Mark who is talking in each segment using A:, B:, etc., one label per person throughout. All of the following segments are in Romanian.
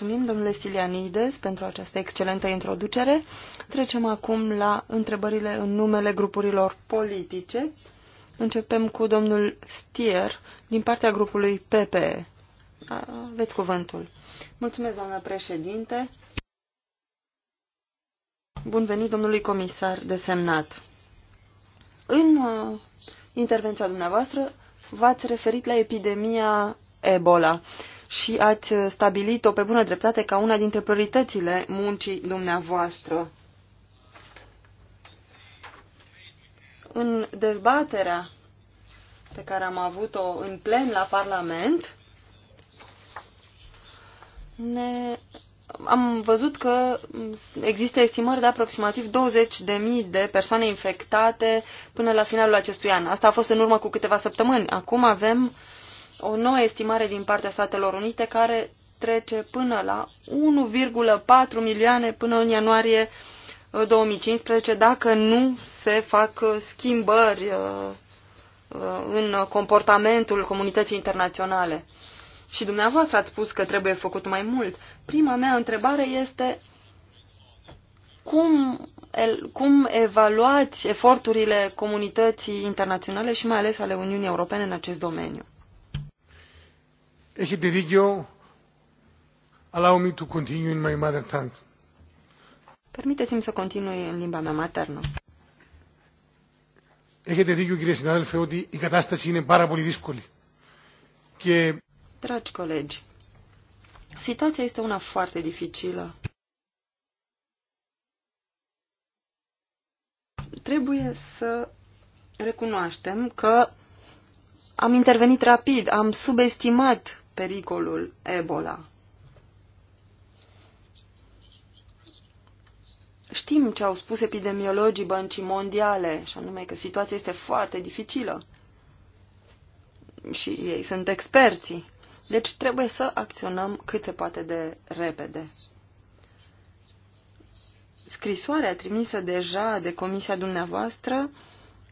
A: Mulțumim, domnule Silianides, pentru această excelentă introducere. Trecem acum la întrebările în numele grupurilor politice. Începem cu domnul Stier, din partea grupului PPE. Aveți cuvântul. Mulțumesc, doamnă președinte. Bun venit, domnului comisar desemnat. În uh, intervenția dumneavoastră v-ați referit la epidemia Ebola. Uh, și ați stabilit-o pe bună dreptate ca una dintre prioritățile muncii dumneavoastră. În dezbaterea pe care am avut-o în plen la Parlament, ne... am văzut că există estimări de aproximativ 20.000 de persoane infectate până la finalul acestui an. Asta a fost în urmă cu câteva săptămâni. Acum avem uh, o nouă estimare din partea Statelor Unite care trece până la 1,4 milioane până în ianuarie 2015 uh, dacă nu se fac uh, schimbări uh, în comportamentul comunității internaționale. Și dumneavoastră ați spus că trebuie făcut mai mult. Prima mea întrebare este cum, cum evaluați eforturile comunității internaționale și mai ales ale Uniunii Europene în acest domeniu?
B: Έχετε δίκιο. Allow me to continue in my mother tongue.
A: Permiteți-mi să continui în limba mea maternă.
B: Έχετε δίκιο κύριε συνάδελφε ότι η κατάσταση είναι πάρα πολύ δύσκολη. Και...
A: Dragi colegi, situația este una foarte dificilă. Trebuie să recunoaștem că am intervenit rapid, am subestimat pericolul Ebola. Știm ce au spus epidemiologii băncii mondiale, și anume că situația este foarte dificilă. Și ei sunt experții. Deci trebuie să acționăm cât se poate de repede. Scrisoarea trimisă deja de comisia dumneavoastră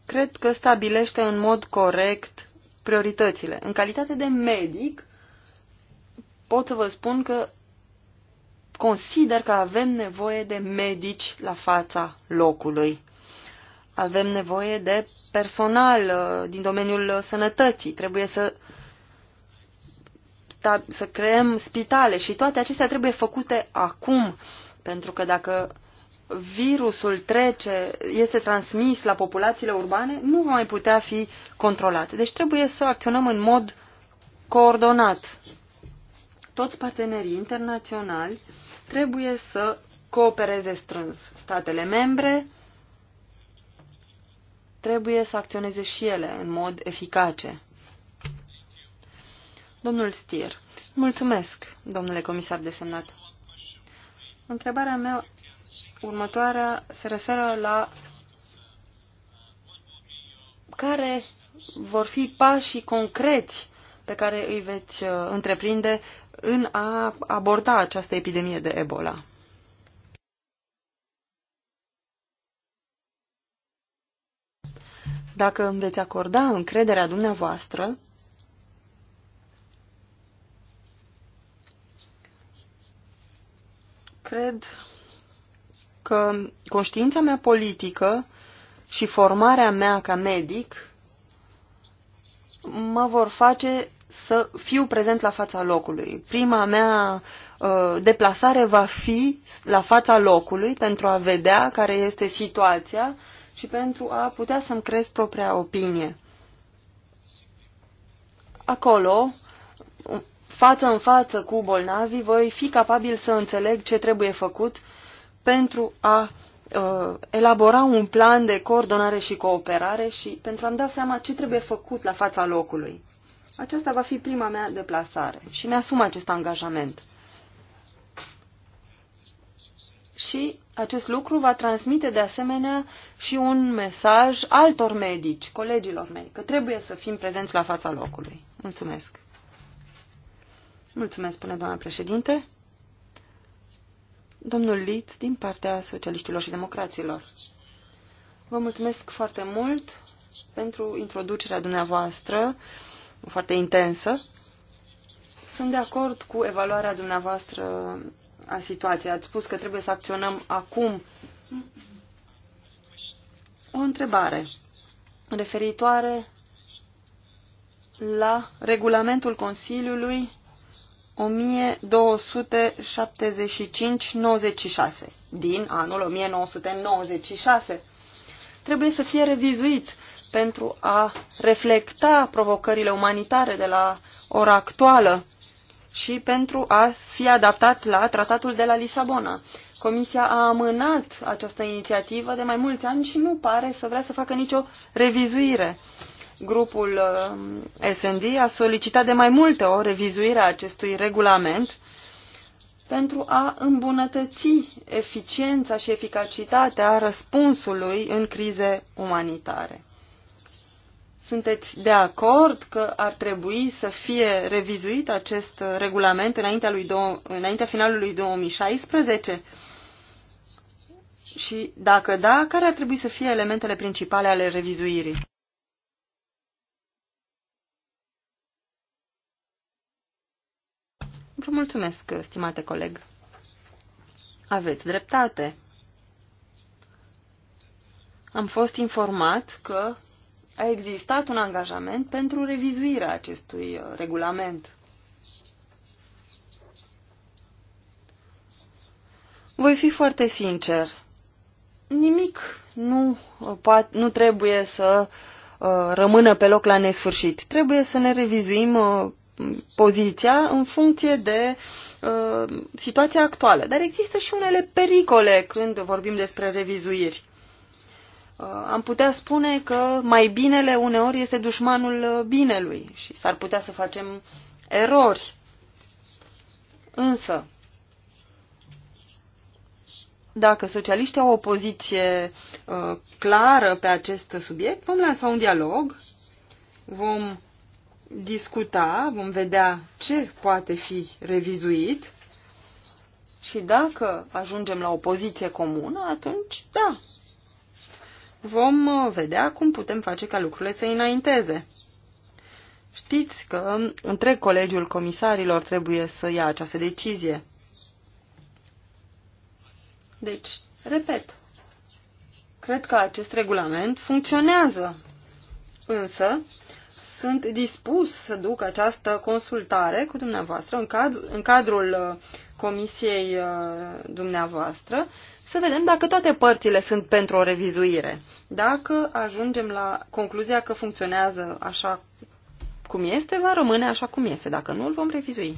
A: cred că stabilește în mod corect prioritățile. În calitate de medic, pot să vă spun că consider că avem nevoie de medici la fața locului. Avem nevoie de personal uh, din domeniul uh, sănătății. Trebuie să, da, să creăm spitale și toate acestea trebuie făcute acum, pentru că dacă virusul trece, este transmis la populațiile urbane, nu va mai putea fi controlat. Deci trebuie să acționăm în mod coordonat toți partenerii internaționali trebuie să coopereze strâns. Statele membre trebuie să acționeze și ele în mod eficace. Domnul Stier, mulțumesc, domnule comisar desemnat. Întrebarea mea următoarea se referă la care vor fi pașii concreți pe care îi veți uh, întreprinde în a aborda această epidemie de Ebola. Dacă îmi veți acorda încrederea dumneavoastră, cred că conștiința mea politică și formarea mea ca medic mă vor face să fiu prezent la fața locului. Prima mea uh, deplasare va fi la fața locului pentru a vedea care este situația și pentru a putea să-mi crez propria opinie. Acolo, față în față cu bolnavii, voi fi capabil să înțeleg ce trebuie făcut pentru a uh, elabora un plan de coordonare și cooperare și pentru a-mi da seama ce trebuie făcut la fața locului. Aceasta va fi prima mea deplasare și mi-asum acest angajament. Și acest lucru va transmite de asemenea și un mesaj altor medici, colegilor mei, că trebuie să fim prezenți la fața locului. Mulțumesc. Mulțumesc, spune doamna președinte. Domnul Litz, din partea socialiștilor și democraților. Vă mulțumesc foarte mult pentru introducerea dumneavoastră foarte intensă. Sunt de acord cu evaluarea dumneavoastră a situației. Ați spus că trebuie să acționăm acum. O întrebare referitoare la regulamentul Consiliului 1275-96 din anul 1996 trebuie să fie revizuiți pentru a reflecta provocările umanitare de la ora actuală și pentru a fi adaptat la tratatul de la Lisabona. Comisia a amânat această inițiativă de mai mulți ani și nu pare să vrea să facă nicio revizuire. Grupul uh, SND a solicitat de mai multe ori revizuirea acestui regulament pentru a îmbunătăți eficiența și eficacitatea răspunsului în crize umanitare. Sunteți de acord că ar trebui să fie revizuit acest regulament înaintea, lui dou- înaintea finalului 2016? Și dacă da, care ar trebui să fie elementele principale ale revizuirii? Vă mulțumesc, stimate coleg. Aveți dreptate. Am fost informat că a existat un angajament pentru revizuirea acestui uh, regulament. Voi fi foarte sincer. Nimic nu, uh, poate, nu trebuie să uh, rămână pe loc la nesfârșit. Trebuie să ne revizuim poziția în funcție de uh, situația actuală. Dar există și unele pericole când vorbim despre revizuiri. Uh, am putea spune că mai binele uneori este dușmanul uh, binelui și s-ar putea să facem erori. Însă, dacă socialiștii au o poziție uh, clară pe acest subiect, vom lansa un dialog, vom discuta, vom vedea ce poate fi revizuit și dacă ajungem la o poziție comună, atunci da, vom uh, vedea cum putem face ca lucrurile să înainteze. Știți că întreg colegiul comisarilor trebuie să ia această decizie. Deci, repet, cred că acest regulament funcționează, însă sunt dispus să duc această consultare cu dumneavoastră în, cad- în cadrul uh, comisiei uh, dumneavoastră să vedem dacă toate părțile sunt pentru o revizuire. Dacă ajungem la concluzia că funcționează așa cum este, va rămâne așa cum este. Dacă nu, îl vom revizui.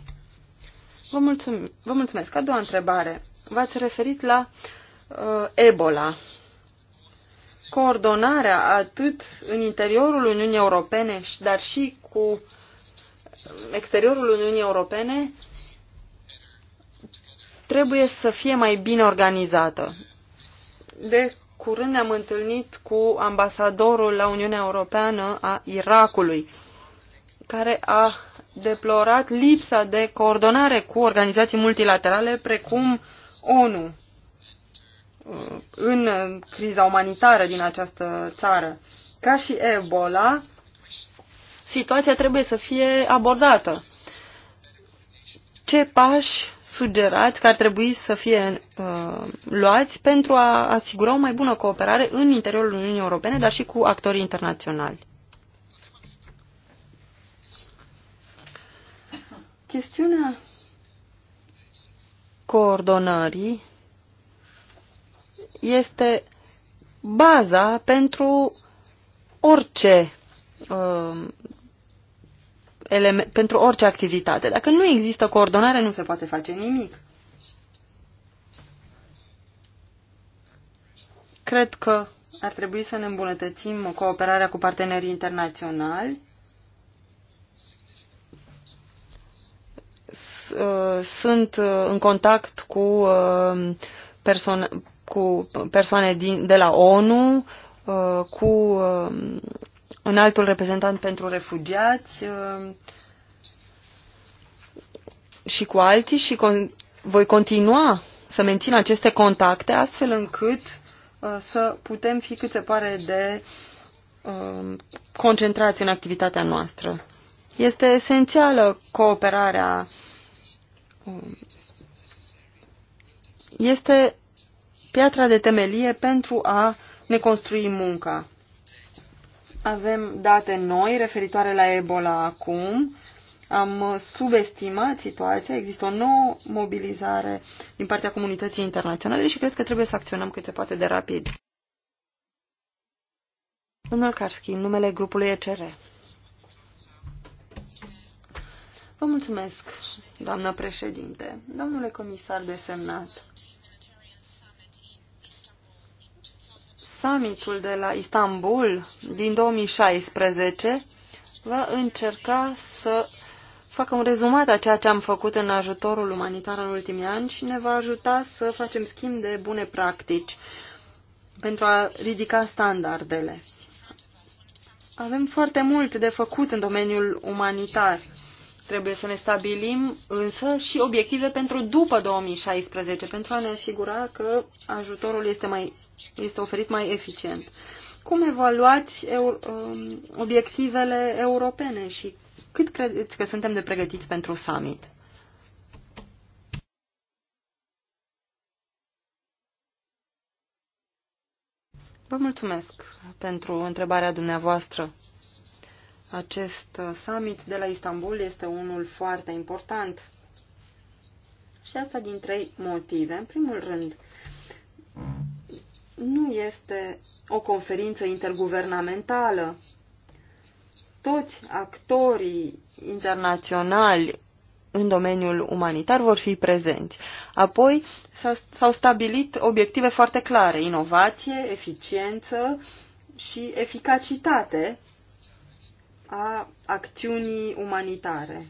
A: Vă, mulțum- vă mulțumesc. A doua întrebare. V-ați referit la uh, Ebola coordonarea atât în interiorul Uniunii Europene, dar și cu exteriorul Uniunii Europene trebuie să fie mai bine organizată. De curând ne-am întâlnit cu ambasadorul la Uniunea Europeană a Irakului, care a deplorat lipsa de coordonare cu organizații multilaterale precum ONU în criza umanitară din această țară. Ca și Ebola, situația trebuie să fie abordată. Ce pași sugerați că ar trebui să fie uh, luați pentru a asigura o mai bună cooperare în interiorul Uniunii Europene, dar și cu actorii internaționali? Chestiunea coordonării este baza pentru orice uh, um, element, pentru orice activitate. Dacă nu există coordonare, nu se poate face nimic. Cred că ar trebui să ne îmbunătățim cooperarea cu partenerii internaționali, uh, sunt uh, în contact cu uh, persoane, cu persoane din, de la ONU, uh, cu uh, un altul reprezentant pentru refugiați uh, și cu alții și con voi continua să mențin aceste contacte astfel încât să putem fi cât se pare de concentrați în activitatea noastră. Este esențială cooperarea. Este piatra de temelie pentru a ne construi munca. Avem date noi referitoare la Ebola acum. Am subestimat situația, există o nouă mobilizare din partea comunității internaționale și cred că trebuie să acționăm cât se poate de rapid. Domnul Karski, numele grupului ECR. Vă mulțumesc, doamnă președinte, domnule comisar desemnat. summitul de la Istanbul din 2016 va încerca să facă un rezumat a ceea ce am făcut în ajutorul umanitar în ultimii ani și ne va ajuta să facem schimb de bune practici pentru a ridica standardele. Avem foarte mult de făcut în domeniul umanitar. Trebuie să ne stabilim însă și obiective pentru după 2016, pentru a ne asigura că ajutorul este mai este oferit mai eficient. Cum evaluați eu, um, obiectivele europene și cât credeți că suntem de pregătiți pentru summit? Vă mulțumesc pentru întrebarea dumneavoastră. Acest uh, summit de la Istanbul este unul foarte important. Și asta din trei motive. În primul rând, nu este o conferință interguvernamentală. Toți actorii internaționali în domeniul umanitar vor fi prezenți. Apoi s-au stabilit obiective foarte clare, inovație, eficiență și eficacitate a acțiunii umanitare.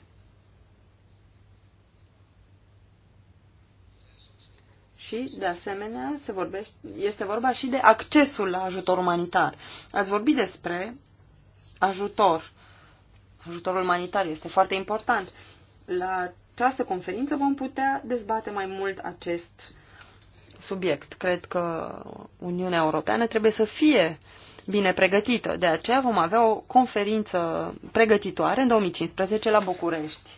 A: Și, de asemenea, se vorbește, este vorba și de accesul la ajutor umanitar. Ați vorbit despre ajutor. Ajutorul umanitar este foarte important. La această conferință vom putea dezbate mai mult acest subiect. Cred că Uniunea Europeană trebuie să fie bine pregătită. De aceea vom avea o conferință pregătitoare în 2015 la București.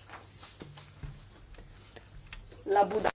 B: La Buda.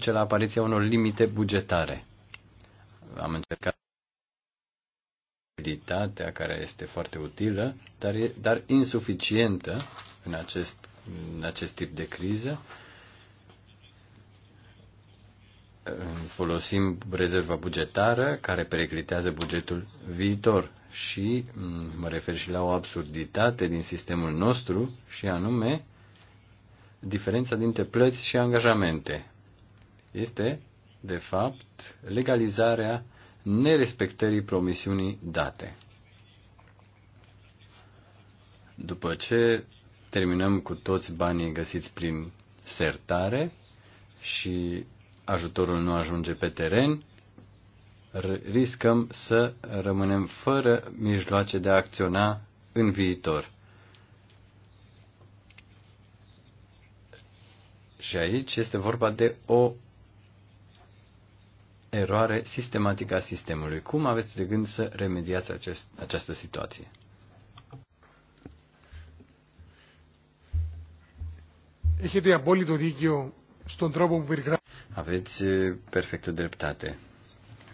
C: duce la apariția unor limite bugetare. Am încercat abilitatea care este foarte utilă, dar, e, dar insuficientă în acest, în acest tip de criză. Folosim rezerva bugetară care periclitează bugetul viitor și mm, mă refer și la o absurditate din sistemul nostru și anume diferența dintre plăți și angajamente este, de fapt, legalizarea nerespectării promisiunii date. După ce terminăm cu toți banii găsiți prin sertare și ajutorul nu ajunge pe teren, riscăm să rămânem fără mijloace de a acționa în viitor. Și aici este vorba de o eroare sistematică a sistemului. Cum aveți de gând să remediați acest, această situație? Έχετε απόλυτο
B: δίκιο στον τρόπο που
C: περιγράφει. Aveți perfectă dreptate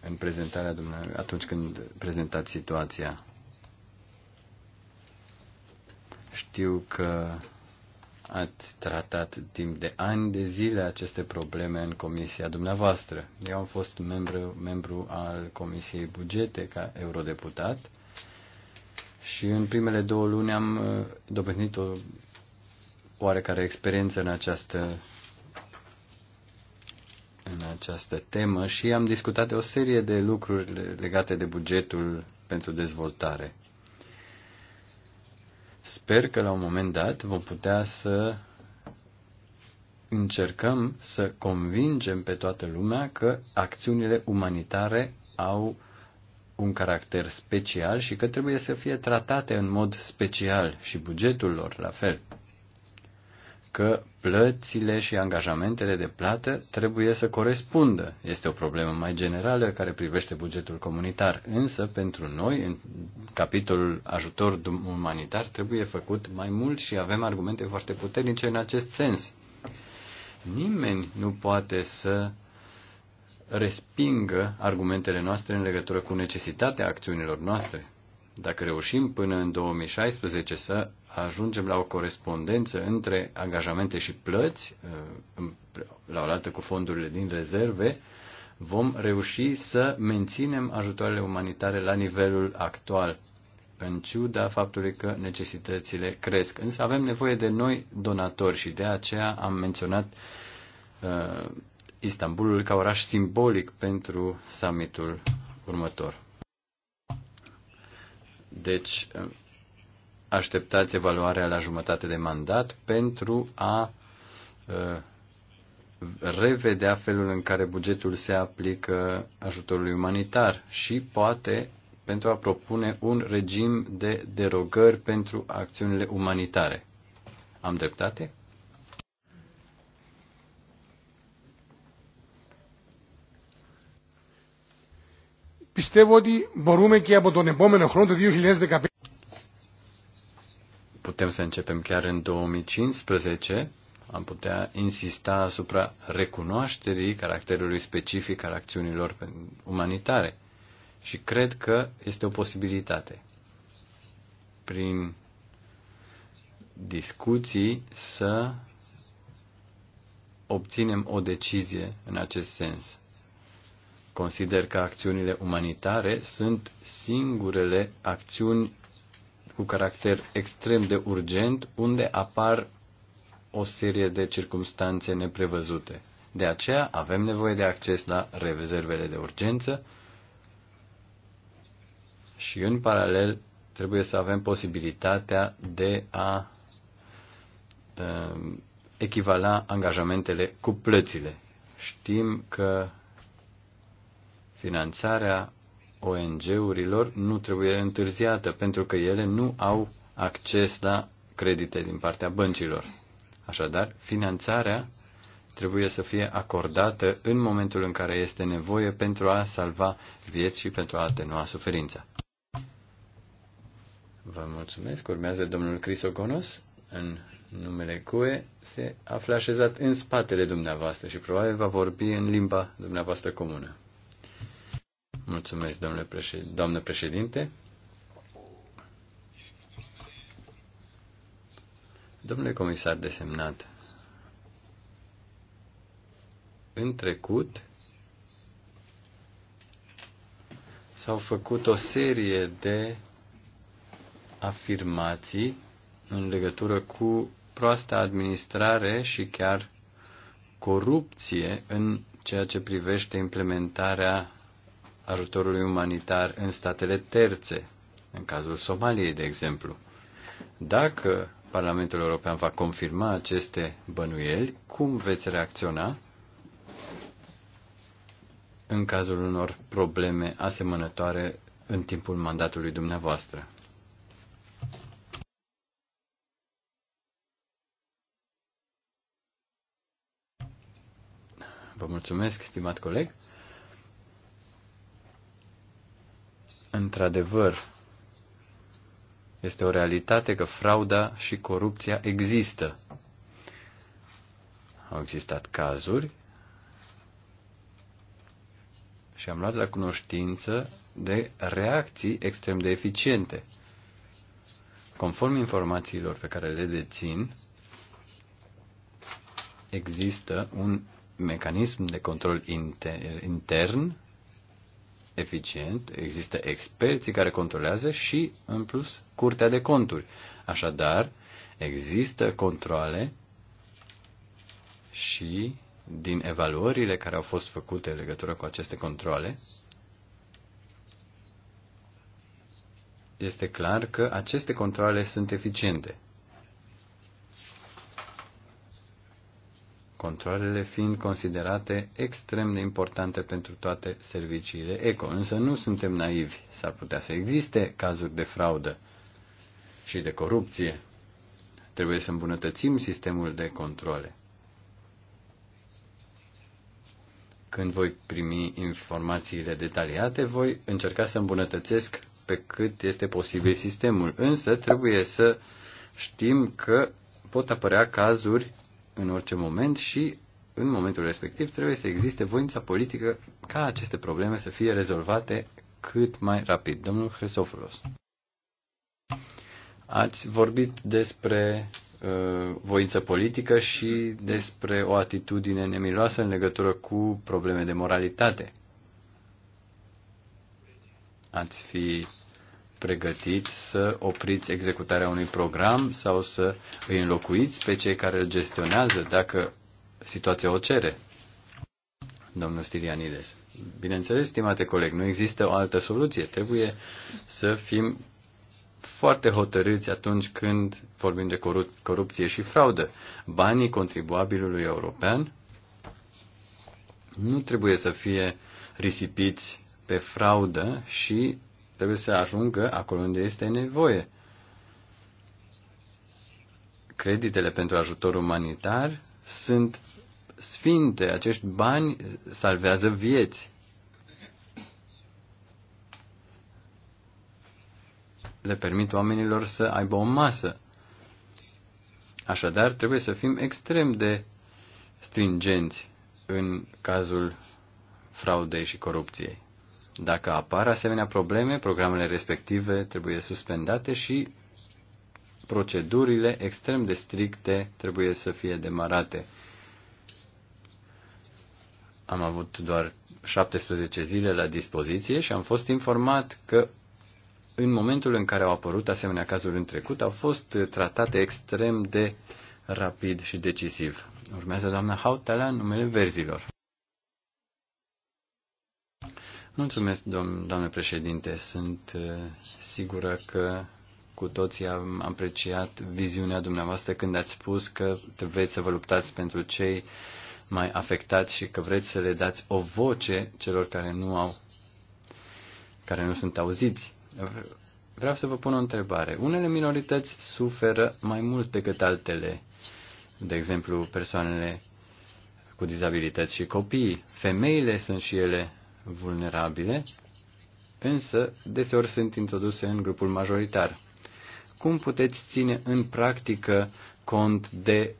C: în prezentarea dumneavoastră, atunci când prezentați situația. Știu că Ați tratat timp de ani de zile aceste probleme în comisia dumneavoastră. Eu am fost membru, membru al Comisiei Bugete ca eurodeputat și în primele două luni am uh, dobândit o oarecare experiență în această în această temă și am discutat o serie de lucruri legate de bugetul pentru dezvoltare. Sper că la un moment dat vom putea să încercăm să convingem pe toată lumea că acțiunile umanitare au un caracter special și că trebuie să fie tratate în mod special și bugetul lor la fel că plățile și angajamentele de plată trebuie să corespundă. Este o problemă mai generală care privește bugetul comunitar, însă pentru noi, în capitolul ajutor umanitar, trebuie făcut mai mult și avem argumente foarte puternice în acest sens. Nimeni nu poate să respingă argumentele noastre în legătură cu necesitatea acțiunilor noastre. Dacă reușim până în 2016 să ajungem la o corespondență între angajamente și plăți, uh, la oaltă cu fondurile din rezerve, vom reuși să menținem ajutoarele umanitare la nivelul actual, în ciuda faptului că necesitățile cresc. Însă avem nevoie de noi donatori și de aceea am menționat uh, Istanbulul ca oraș simbolic pentru summitul următor. Deci, um, așteptați evaluarea la jumătate de mandat pentru a uh, revedea felul în care bugetul se aplică ajutorului umanitar și poate pentru a propune un regim de derogări pentru acțiunile umanitare. Am dreptate?
B: Πιστεύω ότι μπορούμε και από τον επόμενο χρόνο, το 2015,
C: putem să începem chiar în 2015, am putea insista asupra recunoașterii caracterului specific al acțiunilor umanitare. Și cred că este o posibilitate. Prin discuții să obținem o decizie în acest sens. Consider că acțiunile umanitare sunt singurele acțiuni cu caracter extrem de urgent unde apar o serie de circumstanțe neprevăzute. De aceea avem nevoie de acces la rezervele de urgență și în paralel trebuie să avem posibilitatea de a um, echivala angajamentele cu plățile. Știm că Finanțarea ONG-urilor nu trebuie întârziată pentru că ele nu au acces la credite din partea băncilor. Așadar, finanțarea trebuie să fie acordată în momentul în care este nevoie pentru a salva vieți și pentru a atenua suferința. Vă mulțumesc. Urmează domnul Crisogonos. În numele CUE se află așezat în spatele dumneavoastră și probabil va vorbi în limba dumneavoastră comună. Mulțumesc, domnule președinte. Doamnă președinte. Domnule comisar desemnat, în trecut s-au făcut o serie de afirmații în legătură cu proasta administrare și chiar corupție în ceea ce privește implementarea ajutorului umanitar în statele terțe, în cazul Somaliei, de exemplu. Dacă Parlamentul European va confirma aceste bănuieli, cum veți reacționa în cazul unor probleme asemănătoare în timpul mandatului dumneavoastră? Vă mulțumesc, stimat coleg. Într-adevăr, este o realitate că frauda și corupția există. Au existat cazuri și am luat la cunoștință de reacții extrem de eficiente. Conform informațiilor pe care le dețin, există un mecanism de control intern eficient, există experții care controlează și, în plus, curtea de conturi. Așadar, există controle și din evaluările care au fost făcute în legătură cu aceste controle, este clar că aceste controle sunt eficiente. controlele fiind considerate extrem de importante pentru toate serviciile eco. Însă nu suntem naivi, s-ar putea să existe cazuri de fraudă și de corupție. Trebuie să îmbunătățim sistemul de controle. Când voi primi informațiile detaliate, voi încerca să îmbunătățesc pe cât este posibil sistemul. Însă trebuie să știm că pot apărea cazuri în orice moment și în momentul respectiv trebuie să existe voința politică ca aceste probleme să fie rezolvate cât mai rapid. Domnul Hristoforos, ați vorbit despre uh, voință politică și despre o atitudine nemiloasă în legătură cu probleme de moralitate. Ați fi pregătit să opriți executarea unui program sau să îi înlocuiți pe cei care îl gestionează dacă situația o cere. Domnul Stilianides. Bineînțeles, stimate coleg, nu există o altă soluție. Trebuie să fim foarte hotărâți atunci când vorbim de corup- corupție și fraudă. Banii contribuabilului european nu trebuie să fie risipiți pe fraudă și Trebuie să ajungă acolo unde este nevoie. Creditele pentru ajutor umanitar sunt sfinte. Acești bani salvează vieți. Le permit oamenilor să aibă o masă. Așadar, trebuie să fim extrem de stringenți în cazul fraudei și corupției. Dacă apar asemenea probleme, programele respective trebuie suspendate și procedurile extrem de stricte trebuie să fie demarate. Am avut doar 17 zile la dispoziție și am fost informat că în momentul în care au apărut asemenea cazuri în trecut, au fost tratate extrem de rapid și decisiv. Urmează doamna Hautala numele verzilor. Mulțumesc, domn, doamne președinte. Sunt uh, sigură că cu toții am apreciat viziunea dumneavoastră când ați spus că vreți să vă luptați pentru cei mai afectați și că vreți să le dați o voce celor care nu au, care nu sunt auziți. Vreau să vă pun o întrebare. Unele minorități suferă mai mult decât altele. De exemplu, persoanele cu dizabilități și copiii. Femeile sunt și ele vulnerabile, însă deseori sunt introduse în grupul majoritar. Cum puteți ține în practică cont de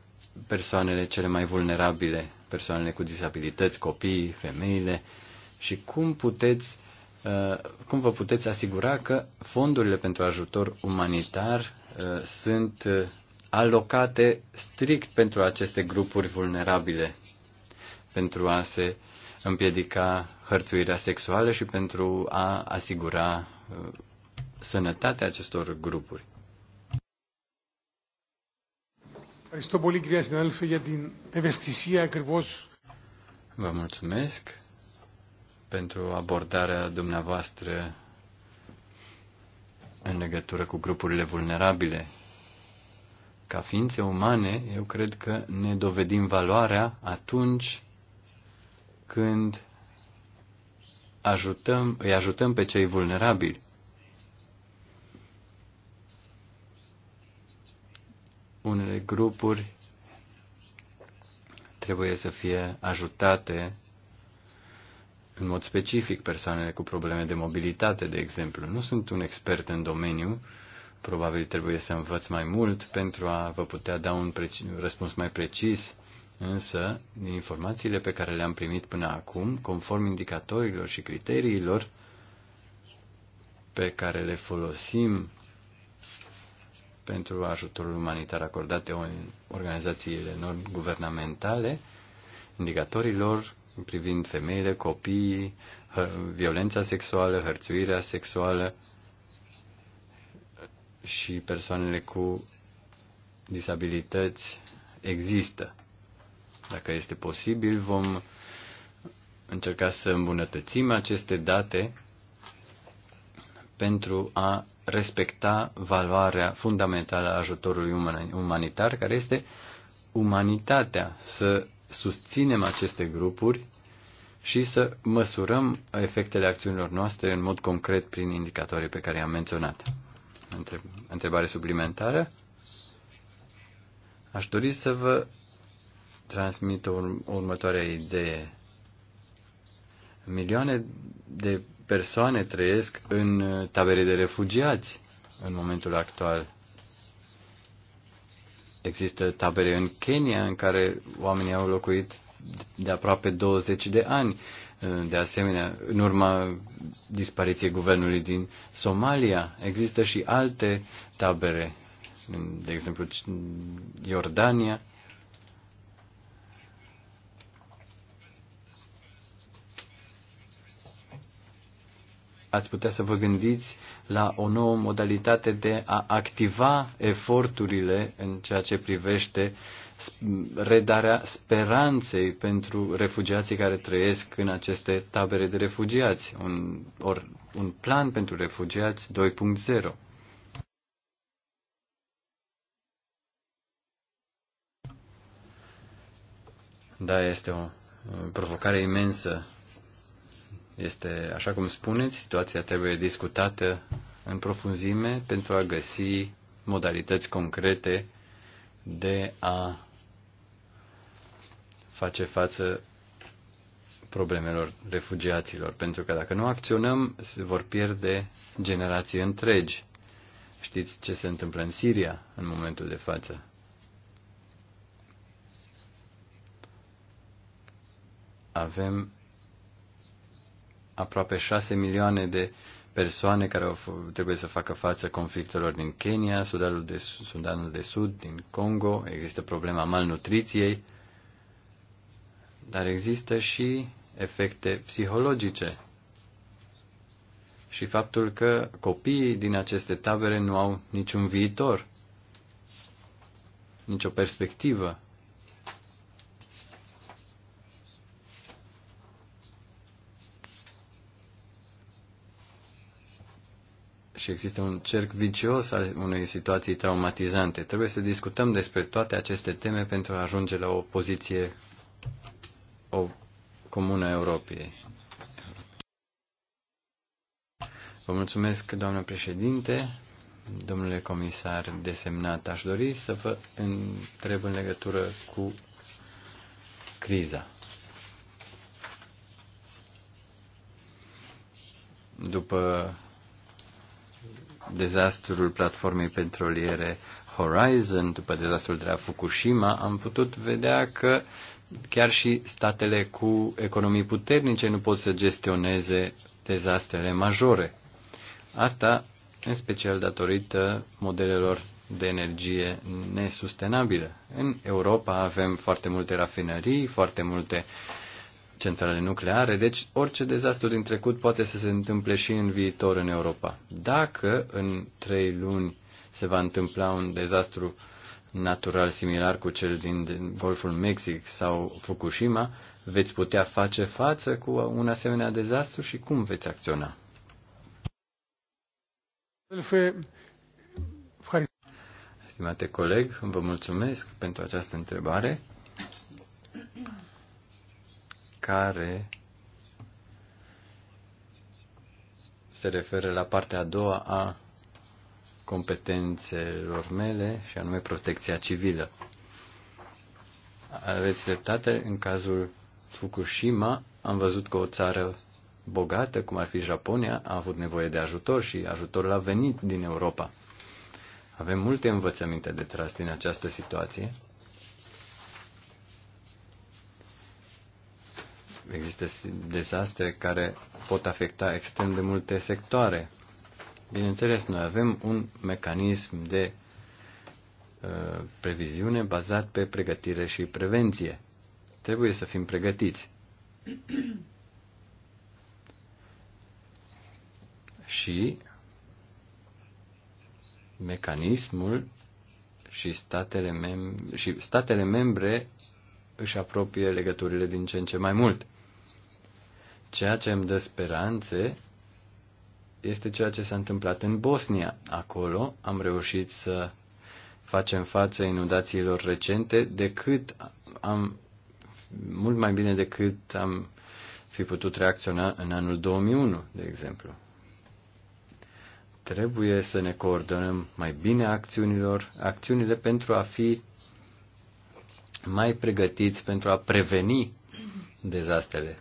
C: persoanele cele mai vulnerabile, persoanele cu disabilități, copiii, femeile și cum puteți uh, cum vă puteți asigura că fondurile pentru ajutor umanitar uh, sunt uh, alocate strict pentru aceste grupuri vulnerabile, pentru a se uh, împiedica hărțuirea sexuală și pentru a asigura uh, sănătatea acestor grupuri. Vă mulțumesc pentru abordarea dumneavoastră în legătură cu grupurile vulnerabile. Ca ființe umane, eu cred că ne dovedim valoarea atunci când ajutăm, îi ajutăm pe cei vulnerabili. Unele grupuri trebuie să fie ajutate în mod specific persoanele cu probleme de mobilitate, de exemplu. Nu sunt un expert în domeniu, probabil trebuie să învăț mai mult pentru a vă putea da un răspuns mai precis Însă, din informațiile pe care le-am primit până acum, conform indicatorilor și criteriilor pe care le folosim pentru ajutorul umanitar acordate organizațiile non-guvernamentale, indicatorilor privind femeile, copiii, violența sexuală, hărțuirea sexuală și persoanele cu disabilități există. Dacă este posibil, vom încerca să îmbunătățim aceste date pentru a respecta valoarea fundamentală a ajutorului umanitar, care este umanitatea, să susținem aceste grupuri și să măsurăm efectele acțiunilor noastre în mod concret prin indicatorii pe care i-am menționat. Întrebare suplimentară? Aș dori să vă transmit următoarea idee. Milioane de persoane trăiesc în uh, tabere de refugiați în momentul actual. Există tabere în Kenya în care oamenii au locuit de aproape 20 de ani. Uh, de asemenea, în urma dispariției guvernului din Somalia, există și alte tabere, de exemplu Iordania, ați putea să vă gândiți la o nouă modalitate de a activa eforturile în ceea ce privește redarea speranței pentru refugiații care trăiesc în aceste tabere de refugiați, un, or, un plan pentru refugiați 2.0. Da, este o provocare imensă este, așa cum spuneți, situația trebuie discutată în profunzime pentru a găsi modalități concrete de a face față problemelor refugiaților, pentru că dacă nu acționăm, se vor pierde generații întregi. Știți ce se întâmplă în Siria în momentul de față? Avem aproape 6 milioane de persoane care au, trebuie să facă față conflictelor din Kenya, Sudanul de, Sudanul de Sud, din Congo, există problema malnutriției, dar există și efecte psihologice și faptul că copiii din aceste tabere nu au niciun viitor, nicio perspectivă. și există un cerc vicios al unei situații traumatizante. Trebuie să discutăm despre toate aceste teme pentru a ajunge la o poziție o comună a Europei. Vă mulțumesc, doamnă președinte, domnule comisar desemnat. Aș dori să vă întreb în legătură cu criza. După dezastrul platformei petroliere Horizon, după dezastrul de la Fukushima, am putut vedea că chiar și statele cu economii puternice nu pot să gestioneze dezastrele majore. Asta în special datorită modelelor de energie nesustenabilă. În Europa avem foarte multe rafinării, foarte multe uh, centrale nucleare, deci orice dezastru din trecut poate să se întâmple și în viitor în Europa. Dacă în trei luni se va întâmpla un dezastru natural similar cu cel din Golful Mexic sau Fukushima, veți putea face față cu un asemenea dezastru și cum veți acționa? Stimate coleg, vă mulțumesc pentru această întrebare care se referă la partea a doua a competențelor mele, și anume protecția civilă. Aveți dreptate, în cazul Fukushima am văzut că o țară bogată, cum ar fi Japonia, a avut nevoie de ajutor și ajutorul a venit din Europa. Avem multe învățăminte de tras din această situație există dezastre care pot afecta extrem de multe sectoare. Bineînțeles, noi avem un mecanism de uh, previziune bazat pe pregătire și prevenție. Trebuie să fim pregătiți. și mecanismul și statele, mem- și statele membre își apropie legăturile din ce în ce mai mult. Ceea ce îmi dă speranțe este ceea ce s-a întâmplat în Bosnia. Acolo am reușit să facem față inundațiilor recente decât am mult mai bine decât am fi putut reacționa în anul 2001, de exemplu. Trebuie să ne coordonăm mai bine acțiunilor, acțiunile pentru a fi mai pregătiți pentru a preveni dezastrele.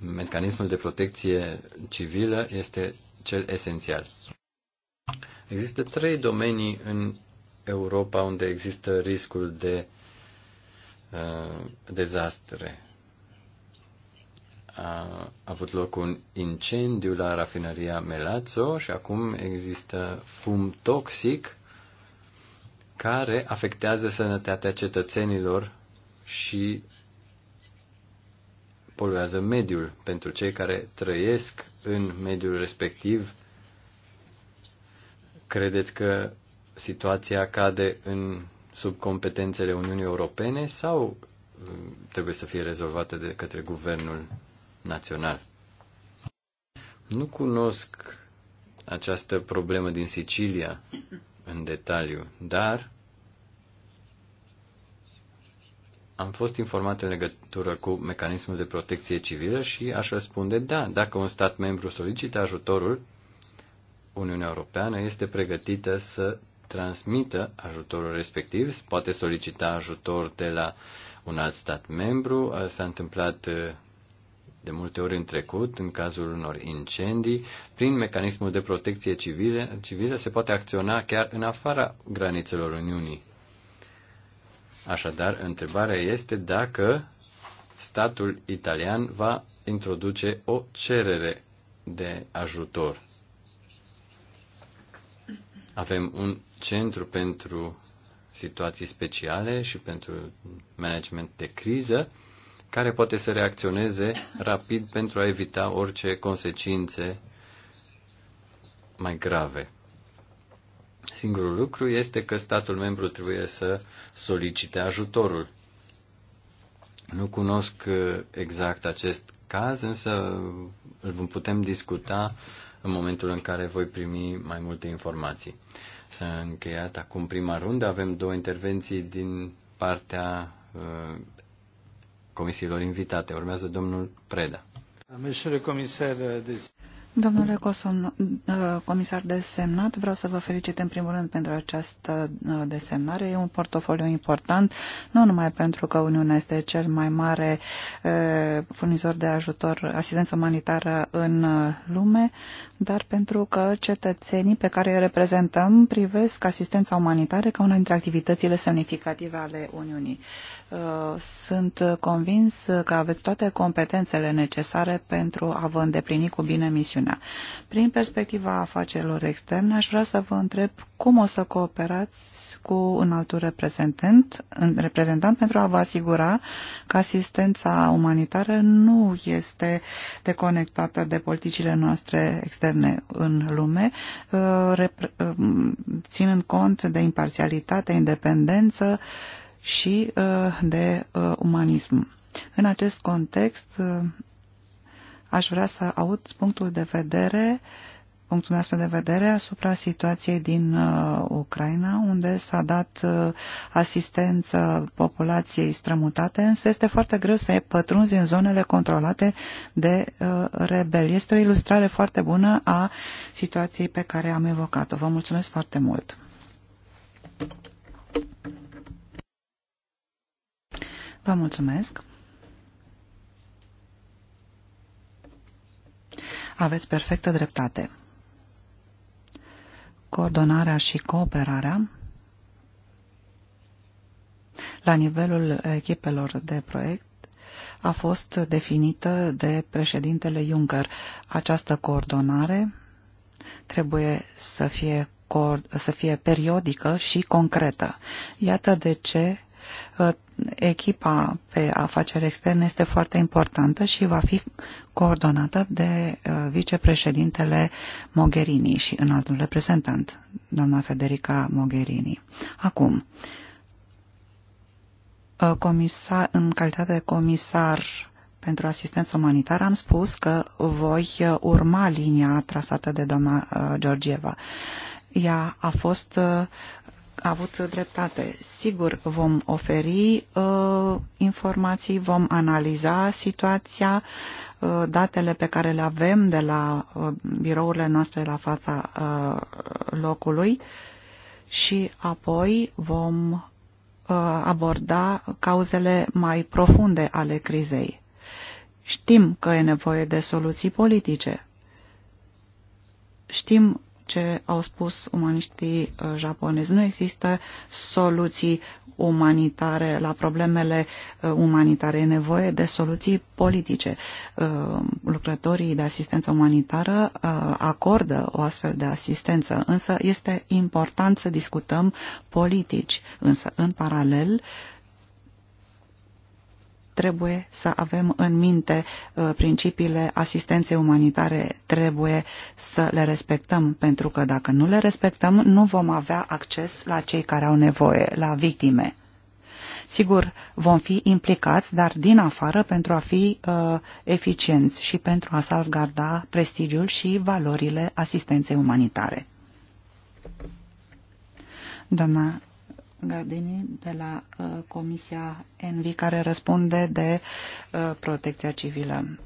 C: mecanismul de protecție civilă este cel esențial. Există trei domenii în Europa unde există riscul de uh, dezastre. A avut loc un incendiu la rafinăria Melazzo și acum există fum toxic care afectează sănătatea cetățenilor și poluează mediul. Pentru cei care trăiesc în mediul respectiv, credeți că situația cade în sub competențele Uniunii Europene sau mm, trebuie să fie rezolvată de către guvernul național? Nu cunosc această problemă din Sicilia în detaliu, dar Am fost informat în legătură cu mecanismul de protecție civilă și aș răspunde da. Dacă un stat membru solicită ajutorul, Uniunea Europeană este pregătită să transmită ajutorul respectiv, poate solicita ajutor de la un alt stat membru. S-a întâmplat uh, de multe ori în trecut, în cazul unor incendii, prin mecanismul de protecție civilă, civilă se poate acționa chiar în afara granițelor Uniunii. Așadar, întrebarea este dacă statul italian va introduce o cerere de ajutor. Avem un centru pentru situații speciale și pentru management de criză care poate să reacționeze rapid pentru a evita orice consecințe mai grave. Singurul lucru este că statul membru trebuie să solicite ajutorul. Nu cunosc uh, exact acest caz, însă uh, îl vom putem discuta în momentul în care voi primi mai multe informații. S-a încheiat acum prima rundă, avem două intervenții din partea uh, comisiilor invitate. Urmează domnul Preda. Domnule comisar, uh,
D: Domnule Cosum, uh, comisar desemnat, vreau să vă felicit în primul rând pentru această uh, desemnare. E un portofoliu important, nu numai pentru că Uniunea este cel mai mare uh, furnizor de ajutor, asistență umanitară în lume, dar pentru că cetățenii pe care îi reprezentăm privesc asistența umanitară ca una dintre activitățile semnificative ale Uniunii. Uh, sunt convins că aveți toate competențele necesare pentru a vă îndeplini cu bine misiunea. Prin perspectiva afacerilor externe, aș vrea să vă întreb cum o să cooperați cu un alt reprezentant, reprezentant pentru a vă asigura că asistența umanitară nu este deconectată de politicile noastre externe în lume, uh, uh, ținând cont de imparțialitate, independență, și uh, de uh, umanism. În acest context, uh, aș vrea să aud punctul de vedere punctul nostru de vedere asupra situației din uh, Ucraina, unde s-a dat uh, asistență populației strămutate, însă este foarte greu să pătrunzi în zonele controlate de uh, rebeli. Este o ilustrare foarte bună a situației pe care am evocat-o. Vă mulțumesc foarte mult! Vă mulțumesc. Aveți perfectă dreptate. Coordonarea și cooperarea la nivelul echipelor de proiect a fost definită de președintele Juncker. Această coordonare trebuie să fie, să fie periodică și concretă. Iată de ce echipa pe afaceri externe este foarte importantă și va fi coordonată de uh, vicepreședintele Mogherini și înaltul reprezentant, doamna Federica Mogherini. Acum, uh, comisar, în calitate de comisar pentru asistență umanitară, am spus că voi uh, urma linia trasată de doamna Georgieva. Ea a fost avut dreptate. Sigur, vom oferi uh, informații, vom analiza situația, uh, datele pe care le avem de la uh, birourile noastre la fața uh, locului și apoi vom uh, aborda cauzele mai profunde ale crizei. Știm că e nevoie de soluții politice. Știm ce au spus umaniștii uh, japonezi. Nu există soluții umanitare la problemele uh, umanitare. E nevoie de soluții politice. Uh, lucrătorii de asistență umanitară acordă o astfel de asistență, însă este important să discutăm politici. Însă, în paralel, trebuie să avem în minte uh, principiile asistenței umanitare, trebuie să le respectăm, pentru că dacă nu le respectăm, nu vom avea acces la cei care au nevoie, la victime. Sigur, vom fi implicați, dar din afară, pentru a fi uh, eficienți și pentru a salvgarda prestigiul și valorile asistenței umanitare. Doamna Gardini de la uh, Comisia ENVI care răspunde de uh, protecția civilă.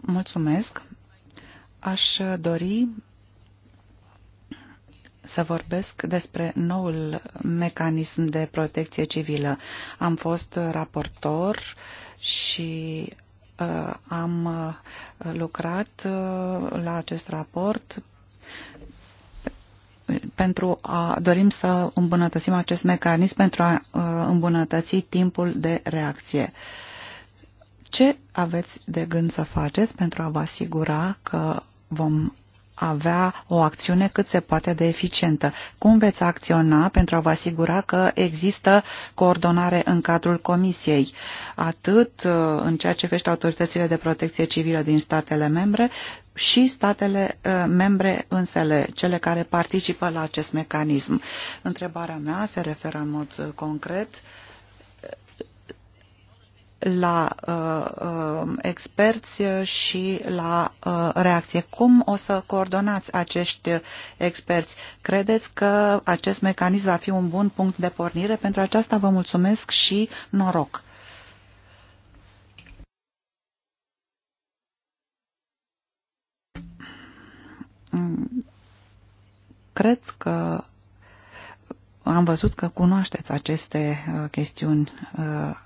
D: Mulțumesc. Aș dori să vorbesc despre noul mecanism de protecție civilă. Am fost raportor și uh, am lucrat la acest raport pentru a dorim să îmbunătățim acest mecanism pentru a uh, îmbunătăți timpul de reacție. Ce aveți de gând să faceți pentru a vă asigura că vom avea o acțiune cât se poate de eficientă. Cum veți acționa pentru a vă asigura că există coordonare în cadrul Comisiei, atât uh, în ceea ce vește autoritățile de protecție civilă din statele membre, și statele uh, membre însele, cele care participă la acest mecanism. Întrebarea mea se referă în mod concret uh, la uh, uh, experți și la uh, reacție. Cum o să coordonați acești experți? Credeți că acest mecanism va fi un bun punct de pornire? Pentru aceasta vă mulțumesc și noroc! Cred că am văzut că cunoașteți aceste uh, chestiuni uh,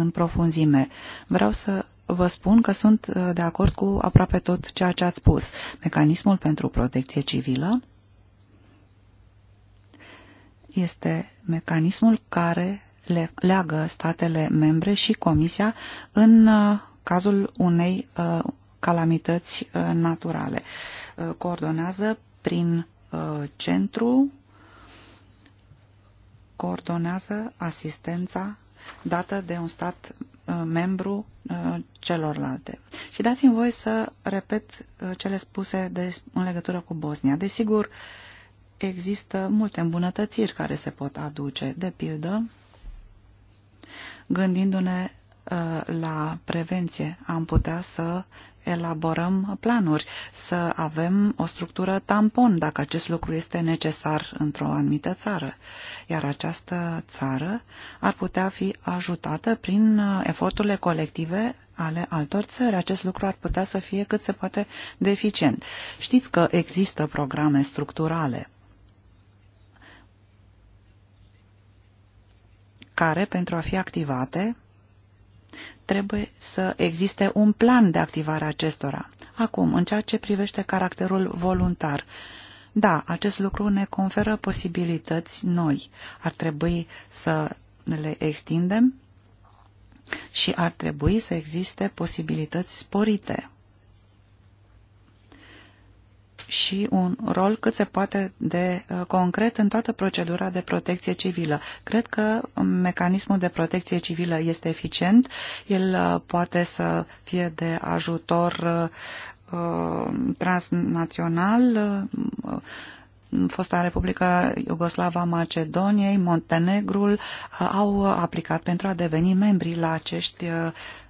D: în profunzime. Vreau să vă spun că sunt uh, de acord cu aproape tot ceea ce ați spus. Mecanismul pentru protecție civilă este mecanismul care le leagă statele membre și Comisia în uh, cazul unei uh, calamități naturale. Coordonează prin centru, coordonează asistența dată de un stat uh, membru uh, celorlalte. Și dați-mi voie să repet uh, cele spuse de, în legătură cu Bosnia. Desigur, există multe îmbunătățiri care se pot aduce. De pildă, gândindu-ne la prevenție, am putea să elaborăm planuri, să avem o structură tampon dacă acest lucru este necesar într-o anumită țară. Iar această țară ar putea fi ajutată prin uh, eforturile colective ale altor țări. Acest lucru ar putea să fie cât se poate deficient. Știți că există programe structurale care, pentru a fi activate, trebuie să existe un plan de activare a acestora. Acum, în ceea ce privește caracterul voluntar, da, acest lucru ne conferă posibilități noi. Ar trebui să le extindem și ar trebui să existe posibilități sporite și un rol cât se poate de uh, concret în toată procedura de protecție civilă. Cred că mecanismul de protecție civilă este eficient, el uh, poate să fie de ajutor uh, transnațional, fosta Republica Iugoslava Macedoniei, Montenegrul au aplicat pentru a deveni membri la, acești,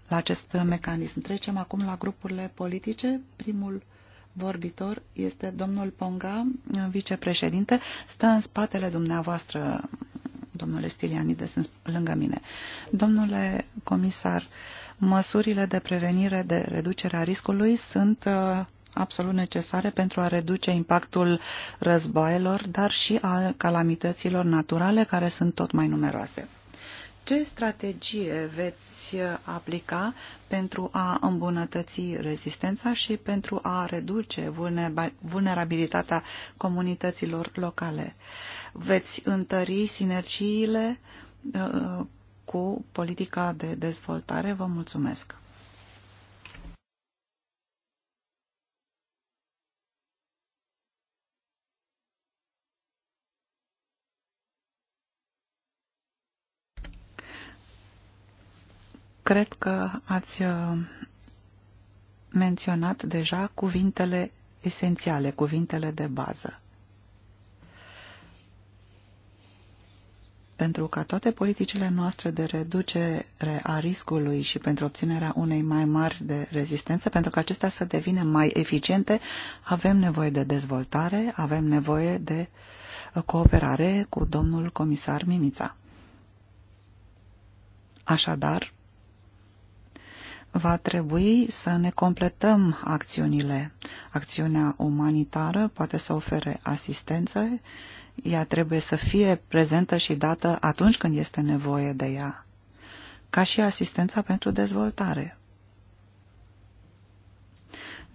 D: la acest mecanism. Trecem acum la grupurile politice. Primul vorbitor este domnul Ponga, vicepreședinte. Stă în spatele dumneavoastră, domnule sunt lângă mine. Domnule comisar, măsurile de prevenire de reducere a riscului sunt uh, absolut necesare pentru a reduce impactul războaielor, dar și a calamităților naturale care sunt tot mai numeroase. Ce strategie veți aplica pentru a îmbunătăți rezistența și pentru a reduce vulnerabilitatea comunităților locale? Veți întări sinergiile uh, cu politica de dezvoltare? Vă mulțumesc! Cred că ați uh, menționat deja cuvintele esențiale, cuvintele de bază. Pentru ca toate politicile noastre de reducere a riscului și pentru obținerea unei mai mari de rezistență, pentru că acestea să devină mai eficiente, avem nevoie de dezvoltare, avem nevoie de uh, cooperare cu domnul comisar Mimița. Așadar, va trebui să ne completăm acțiunile. Acțiunea umanitară poate să ofere asistență, ea trebuie să fie prezentă și dată atunci când este nevoie de ea, ca și asistența pentru dezvoltare.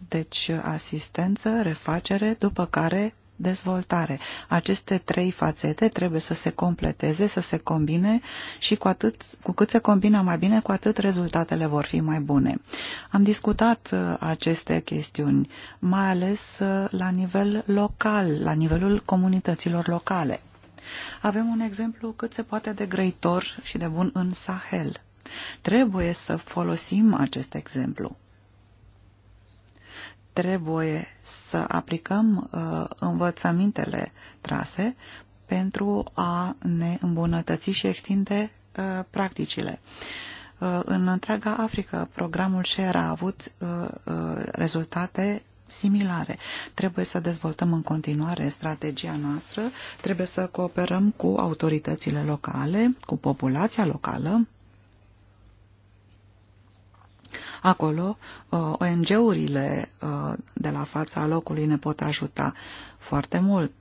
D: Deci asistență, refacere, după care dezvoltare. Aceste trei fațete trebuie să se completeze, să se combine și cu, atât, cu cât se combină mai bine, cu atât rezultatele vor fi mai bune. Am discutat uh, aceste chestiuni, mai ales uh, la nivel local, la nivelul comunităților locale. Avem un exemplu cât se poate de greitor și de bun în Sahel. Trebuie să folosim acest exemplu trebuie să aplicăm uh, învățămintele trase pentru a ne îmbunătăți și extinde uh, practicile. Uh, în întreaga Africă, programul SHARE a avut uh, uh, rezultate similare. Trebuie să dezvoltăm în continuare strategia noastră, trebuie să cooperăm cu autoritățile locale, cu populația locală, Acolo, uh, ONG-urile uh, de la fața locului ne pot ajuta foarte mult.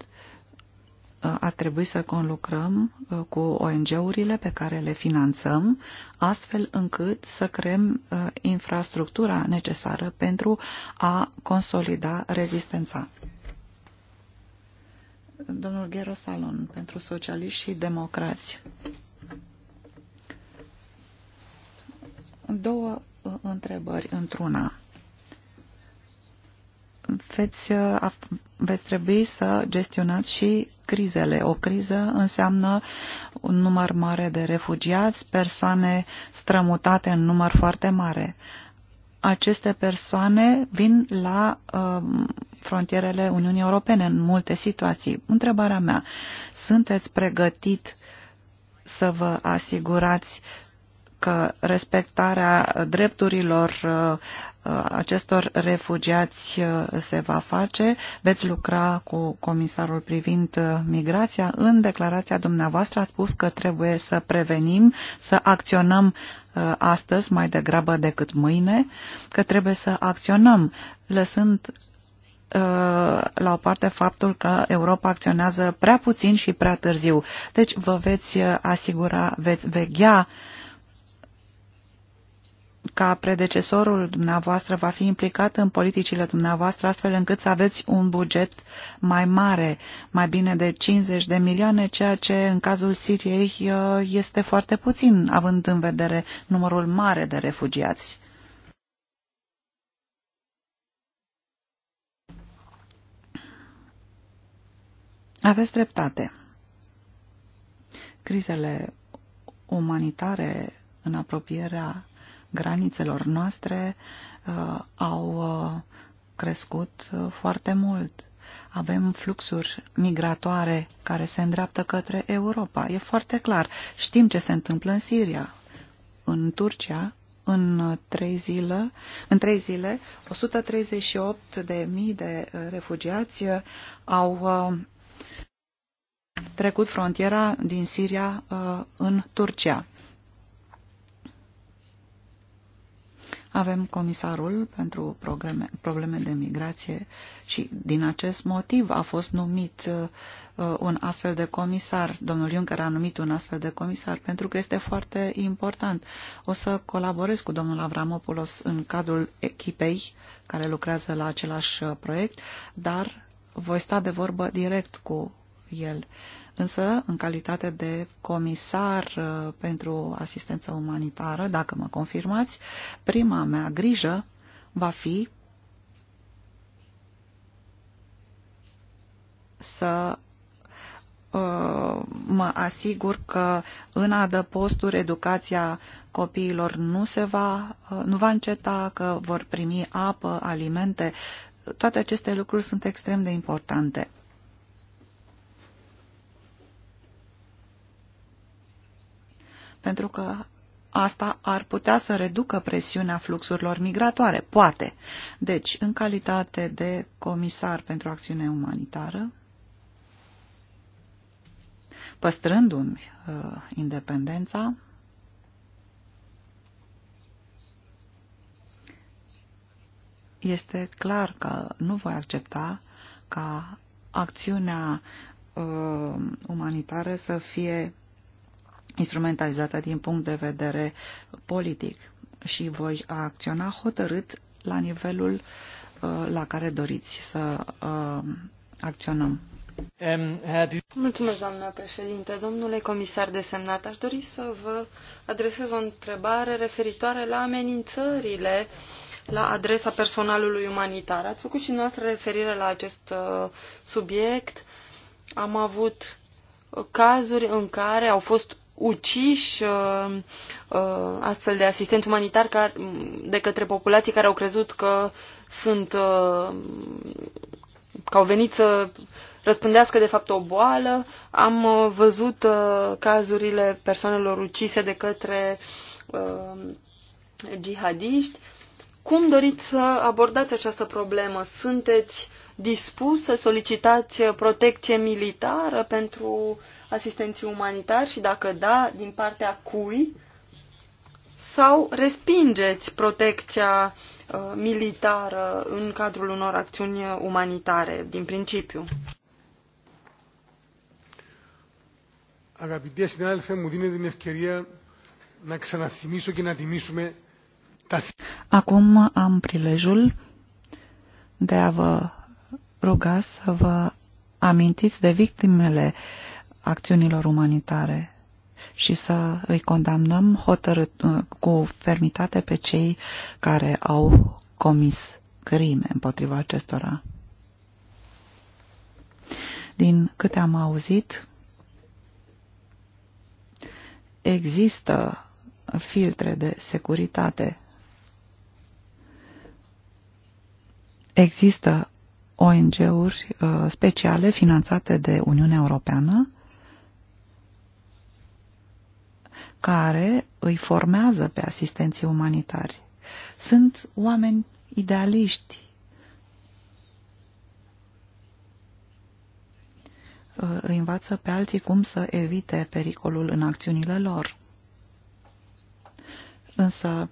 D: Uh, ar trebui să conlucrăm cu ONG-urile pe care le finanțăm, astfel încât să creăm infrastructura necesară pentru a consolida rezistența. Domnul Ghero Salon, pentru socialiști și democrați. Două întrebări într-una. Veți, uh, veți trebui să gestionați și crizele. O criză înseamnă un număr mare de refugiați, persoane strămutate în număr foarte mare. Aceste persoane vin la uh, frontierele Uniunii Europene în multe situații. Întrebarea mea, sunteți pregătit să vă asigurați că respectarea drepturilor uh, acestor refugiați uh, se va face. Veți lucra cu comisarul privind uh, migrația. În declarația dumneavoastră a spus că trebuie să prevenim, să acționăm astăzi mai degrabă decât mâine, că trebuie să acționăm, lăsând la o parte faptul că Europa acționează prea puțin și prea târziu. Deci vă veți asigura, veți veghea uh, ca predecesorul dumneavoastră va fi implicat în politicile dumneavoastră astfel încât să aveți un buget mai mare, mai bine de 50 de milioane, ceea ce în cazul Siriei uh, este foarte puțin, având în vedere numărul mare de refugiați. Aveți dreptate. Crizele umanitare în apropierea granițelor noastre uh, au uh, crescut uh, foarte mult. Avem fluxuri migratoare care se îndreaptă către Europa. E foarte clar. Știm ce se întâmplă în Siria, în Turcia, în trei zile, în trei zile 138 de mii de refugiați au trecut frontiera din Siria în Turcia. Avem comisarul pentru probleme, probleme de migrație și din acest motiv a fost numit uh, uh, un astfel de comisar. Domnul Juncker a numit un astfel de comisar pentru că este foarte important. O să colaborez cu domnul Avramopoulos în cadrul echipei care lucrează la același uh, proiect, dar voi sta de vorbă direct cu el. Uh, Însă, în calitate de comisar uh, pentru asistență umanitară, dacă mă confirmați, prima mea grijă va fi să uh, mă asigur că în adăposturi educația copiilor nu, se va, uh, nu va înceta, că vor primi apă, alimente. Toate aceste lucruri sunt extrem de importante. pentru că asta ar putea să reducă presiunea fluxurilor migratoare, poate. Deci, în calitate de comisar pentru acțiune umanitară, păstrându-mi uh, independența, este clar că nu voi accepta ca acțiunea uh, umanitară să fie instrumentalizată din punct de vedere politic și voi acționa hotărât la nivelul uh, la care doriți să uh, acționăm.
A: Mulțumesc, doamna președinte. Domnule comisar desemnat, aș dori să vă adresez o întrebare referitoare la amenințările la adresa personalului umanitar. Ați făcut și noastră referire la acest uh, subiect. Am avut cazuri în care au fost uciși uh, uh, astfel de asistenți umanitari de către populații care au crezut că sunt uh, că au venit să răspândească de fapt o boală. Am văzut cazurile persoanelor ucise de către jihadiști. Cum doriți să abordați această problemă? Sunteți dispus să solicitați protecție militară pentru uh, asistenții umanitari și dacă da, din partea cui? Sau respingeți protecția uh, militară în cadrul unor acțiuni umanitare, din principiu?
B: Αγαπητέ συνάδελφε, μου δίνετε την ευκαιρία να ξαναθυμίσω και να τιμήσουμε τα...
D: Acum am prilejul de a vă ruga să vă amintiți de victimele uh, acțiunilor umanitare și să îi condamnăm hotărât, uh, cu fermitate pe cei care au comis crime împotriva acestora. Din câte am auzit, există filtre de securitate. Există ONG-uri uh, speciale finanțate de Uniunea Europeană care îi formează pe asistenții umanitari. Sunt oameni idealiști. Ă, îi învață pe alții cum să evite pericolul în acțiunile lor. Însă,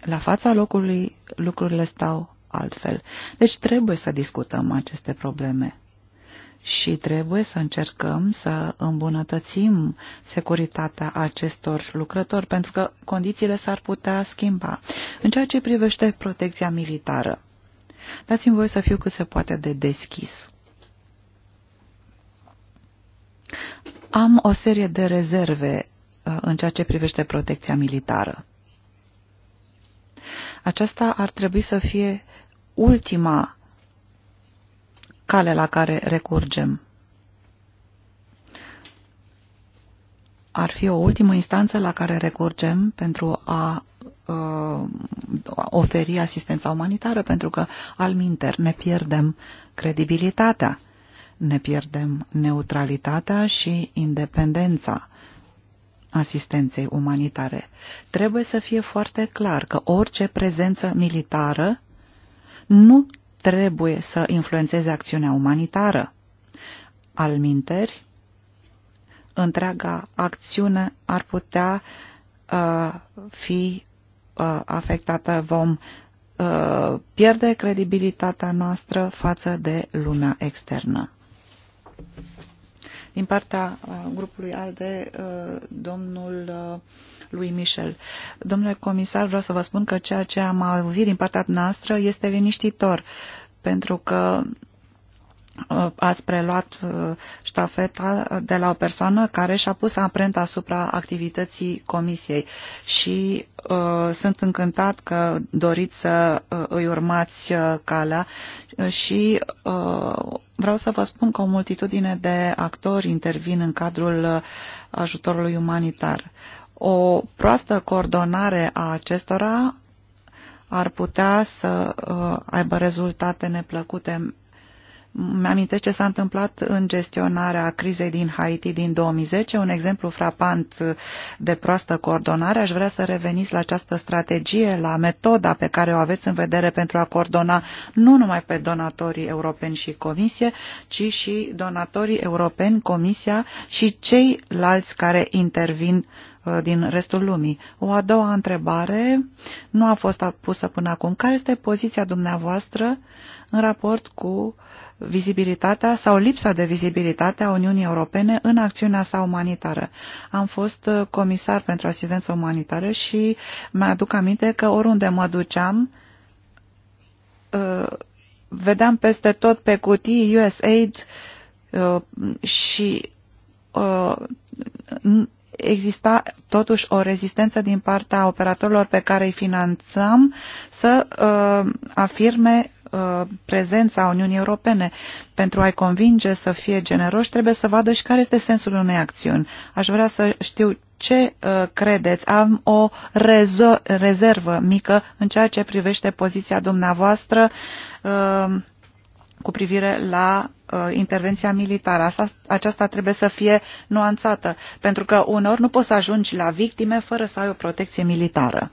D: la fața locului, lucrurile stau altfel. Deci trebuie să discutăm aceste probleme și trebuie să încercăm să îmbunătățim securitatea acestor lucrători, pentru că condițiile s-ar putea schimba. În ceea ce privește protecția militară, dați-mi voi să fiu cât se poate de deschis. Am o serie de rezerve uh, în ceea ce privește protecția militară. Aceasta ar trebui să fie ultima cale la care recurgem. Ar fi o ultimă instanță la care recurgem pentru a uh, oferi asistența umanitară, pentru că, al minter, ne pierdem credibilitatea, ne pierdem neutralitatea și independența asistenței umanitare. Trebuie să fie foarte clar că orice prezență militară nu trebuie să influențeze acțiunea umanitară. Alminteri, întreaga acțiune ar putea uh, fi uh, afectată. Vom uh, pierde credibilitatea noastră față de lumea externă. Din partea uh, grupului ALDE, uh, domnul uh, lui Michel. Domnule comisar, vreau să vă spun că ceea ce am auzit din partea noastră este liniștitor, pentru că Uh, ați preluat uh, ștafeta de la o persoană care și-a pus amprenta asupra activității comisiei și uh, sunt încântat că doriți să uh, îi urmați calea și uh, vreau să vă spun că o multitudine de actori intervin în cadrul ajutorului umanitar. O proastă coordonare a acestora ar putea să uh, aibă rezultate neplăcute mi-amintesc ce s-a întâmplat în gestionarea crizei din Haiti din 2010, un exemplu frapant de proastă coordonare. Aș vrea să reveniți la această strategie, la metoda pe care o aveți în vedere pentru a coordona nu numai pe donatorii europeni și comisie, ci și donatorii europeni, comisia și ceilalți care intervin Uh, din restul lumii. O a doua întrebare nu a fost pusă până acum. Care este poziția dumneavoastră în raport cu vizibilitatea sau lipsa de vizibilitate a Uniunii Europene în acțiunea sa umanitară. Am fost uh, comisar pentru asistență umanitară și mi-aduc aminte că oriunde mă duceam, uh, vedeam peste tot pe cutii USAID și exista totuși o rezistență din partea operatorilor pe care îi finanțăm să uh, afirme uh, prezența Uniunii Europene. Pentru a-i convinge să fie generoși, trebuie să vadă și care este sensul unei acțiuni. Aș vrea să știu ce uh, credeți. Am o rezervă mică în ceea ce privește poziția dumneavoastră. Uh, cu privire la uh, intervenția militară. Asta, aceasta trebuie să fie nuanțată, pentru că uneori nu poți să ajungi la victime fără să ai o protecție militară.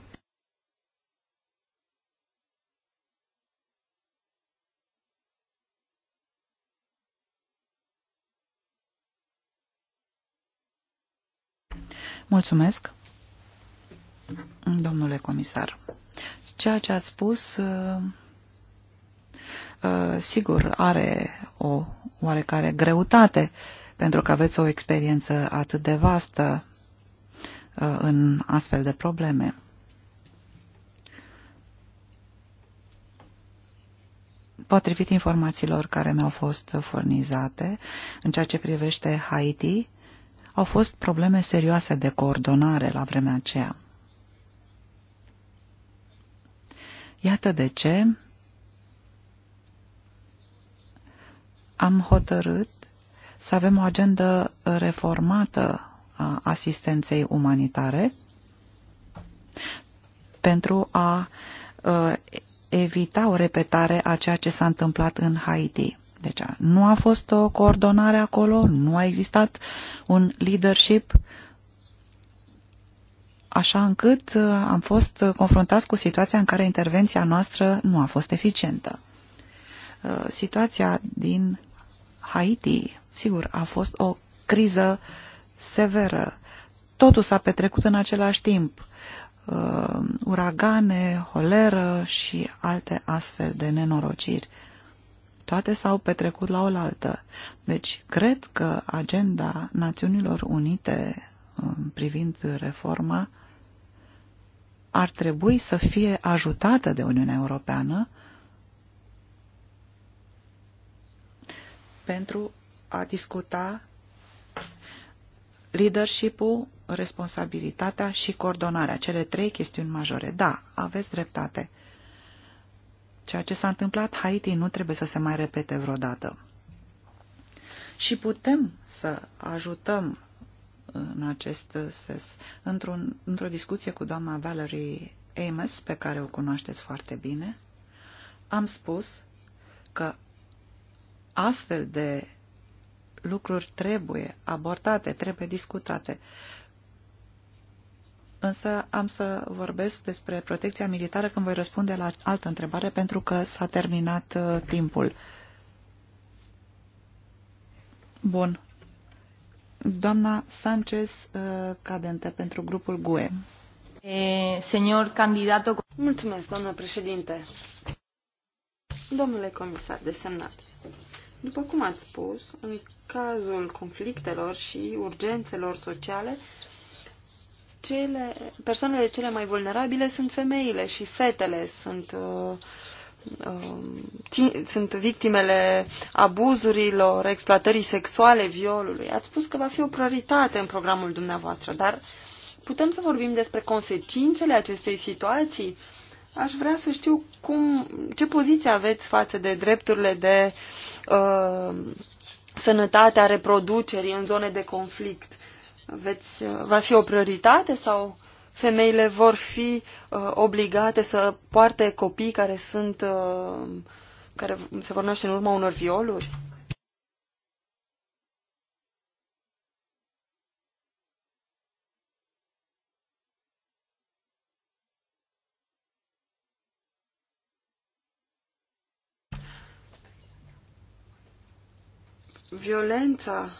D: Mulțumesc, domnule comisar. Ceea ce ați spus uh, Uh, sigur, are o oarecare greutate, pentru că aveți o experiență atât de vastă uh, în astfel de probleme. Potrivit informațiilor care mi-au fost furnizate, în ceea ce privește Haiti, au fost probleme serioase de coordonare la vremea aceea. Iată de ce am hotărât să avem o agendă reformată a asistenței umanitare pentru a uh, evita o repetare a ceea ce s-a întâmplat în Haiti. Deci nu a fost o coordonare acolo, nu a existat un leadership așa încât uh, am fost confruntați cu situația în care intervenția noastră nu a fost eficientă. Uh, situația din Haiti, sigur, a fost o criză severă. Totul s-a petrecut în același timp. Uh, uragane, holeră și alte astfel de nenorociri. Toate s-au petrecut la oaltă. Deci, cred că agenda Națiunilor Unite um, privind reforma ar trebui să fie ajutată de Uniunea Europeană pentru a discuta leadership-ul, responsabilitatea și coordonarea, cele trei chestiuni majore. Da, aveți dreptate. Ceea ce s-a întâmplat Haiti nu trebuie să se mai repete vreodată. Și putem să ajutăm în acest sens într o într-o discuție cu doamna Valerie Ames, pe care o cunoașteți foarte bine, am spus că astfel de lucruri trebuie abordate, trebuie discutate. Însă am să vorbesc despre protecția militară când voi răspunde la altă întrebare, pentru că s-a terminat uh, timpul. Bun. Doamna Sanchez uh, Cadente pentru grupul GUE.
A: E, eh, senior candidato. Mulțumesc, doamnă președinte. Domnule comisar desemnat. După cum ați spus, în cazul conflictelor și urgențelor sociale, cele, persoanele cele mai vulnerabile sunt femeile și fetele sunt, uh, uh, sunt victimele abuzurilor, exploatării sexuale, violului. Ați spus că va fi o prioritate în programul dumneavoastră, dar putem să vorbim despre consecințele acestei situații? Uh, Aș vrea să știu cum, ce poziție aveți față de drepturile de uh, sănătate a reproducerii în zone de conflict. Veți, uh, va fi o prioritate sau femeile vor fi uh, obligate să poarte copii care sunt uh, care se vor naște în urma unor violuri? violența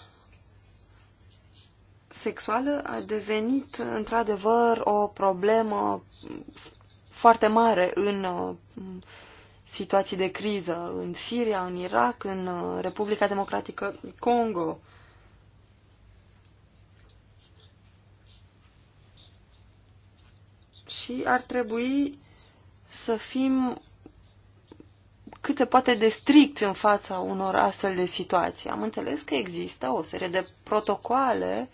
A: sexuală a devenit într-adevăr o problemă foarte mare în uh, situații de criză în Siria, în Irak, în uh, Republica Democratică Congo. Și ar trebui să fim cât se poate de strict în fața unor astfel de situații. Am înțeles că există o serie de protocoale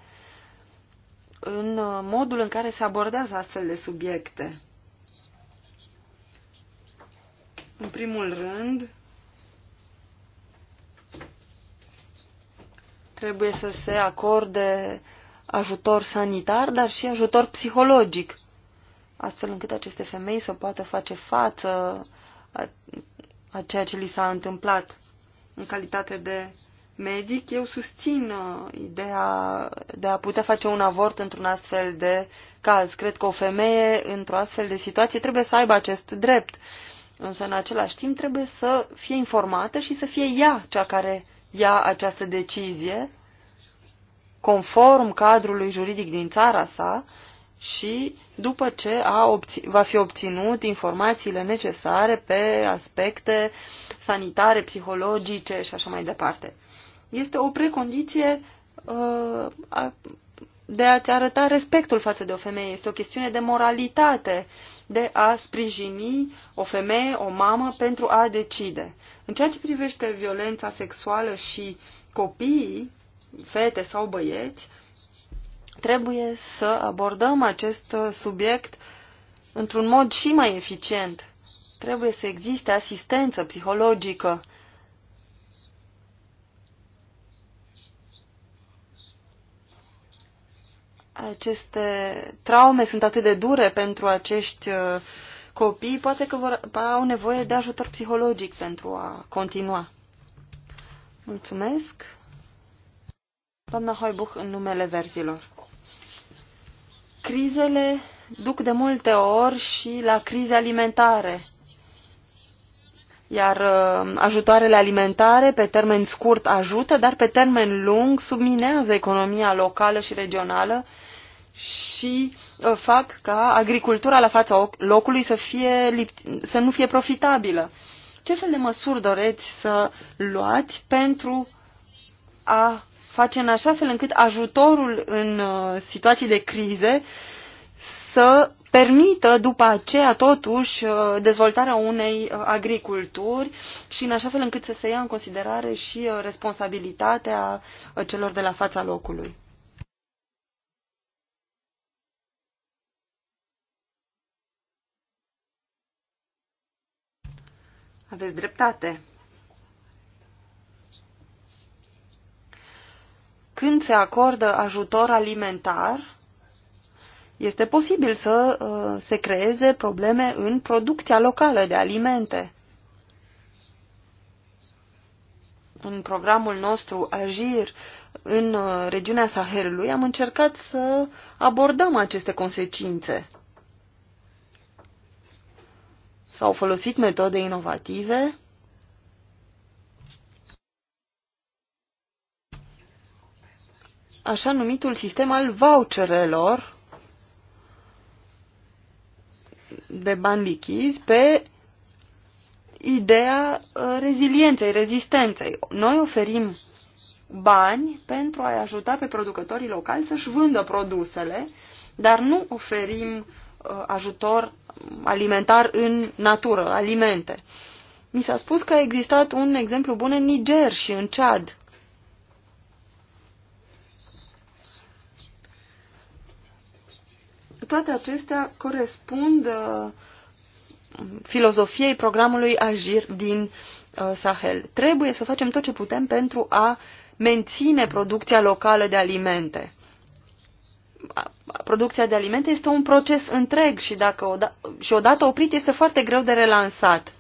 A: în modul în care se abordează astfel de subiecte. În primul rând, trebuie să se acorde ajutor sanitar, dar și ajutor psihologic, astfel încât aceste femei să poată face față ceea ce li s-a întâmplat în calitate de medic, eu susțin uh, ideea de a putea face un avort într-un astfel de caz. Cred că o femeie într-o astfel de situație trebuie să aibă acest drept, însă în același timp trebuie să fie informată și să fie ea cea care ia această decizie conform cadrului juridic din țara sa și după ce a va fi obținut informațiile necesare pe aspecte sanitare, psihologice și așa mai departe. Este o precondiție uh, a, de a-ți arăta respectul față de o femeie. Este o chestiune de moralitate, de a sprijini o femeie, o mamă, pentru a decide. În ceea ce privește violența sexuală și copiii, fete sau băieți, Trebuie să abordăm acest uh, subiect într-un mod și mai eficient. Trebuie să existe asistență psihologică. Aceste traume sunt atât de dure pentru acești uh, copii, poate că vor, au nevoie de ajutor psihologic pentru a continua. Mulțumesc. Doamna Hoibuch, în numele verzilor. Crizele duc de multe ori și la crize alimentare. Iar uh, ajutoarele alimentare pe termen scurt ajută, dar pe termen lung subminează economia locală și regională și uh, fac ca agricultura la fața locului să, fie, să nu fie profitabilă. Ce fel de măsuri doreți să luați pentru a face în așa fel încât ajutorul în uh, situații de crize să permită după aceea totuși uh, dezvoltarea unei uh, agriculturi și în așa fel încât să se ia în considerare și responsabilitatea celor de la fața locului. Aveți dreptate. când se acordă ajutor alimentar, este posibil să uh, se creeze probleme în producția locală de alimente. În programul nostru Agir în uh, regiunea Sahelului am încercat să abordăm aceste consecințe. S-au folosit metode inovative așa numitul sistem al voucherelor de bani lichizi pe ideea uh, rezilienței, rezistenței. Noi oferim bani pentru a-i ajuta pe producătorii locali să-și vândă produsele, dar nu oferim uh, ajutor alimentar în natură, alimente. Mi s-a spus că a existat un exemplu bun în Niger și în Chad. toate acestea corespund uh, filozofiei programului Agir din uh, Sahel. Trebuie să facem tot ce putem pentru a menține producția locală de alimente. Producția de alimente este un proces întreg și, dacă da și odată oprit este foarte greu de relansat.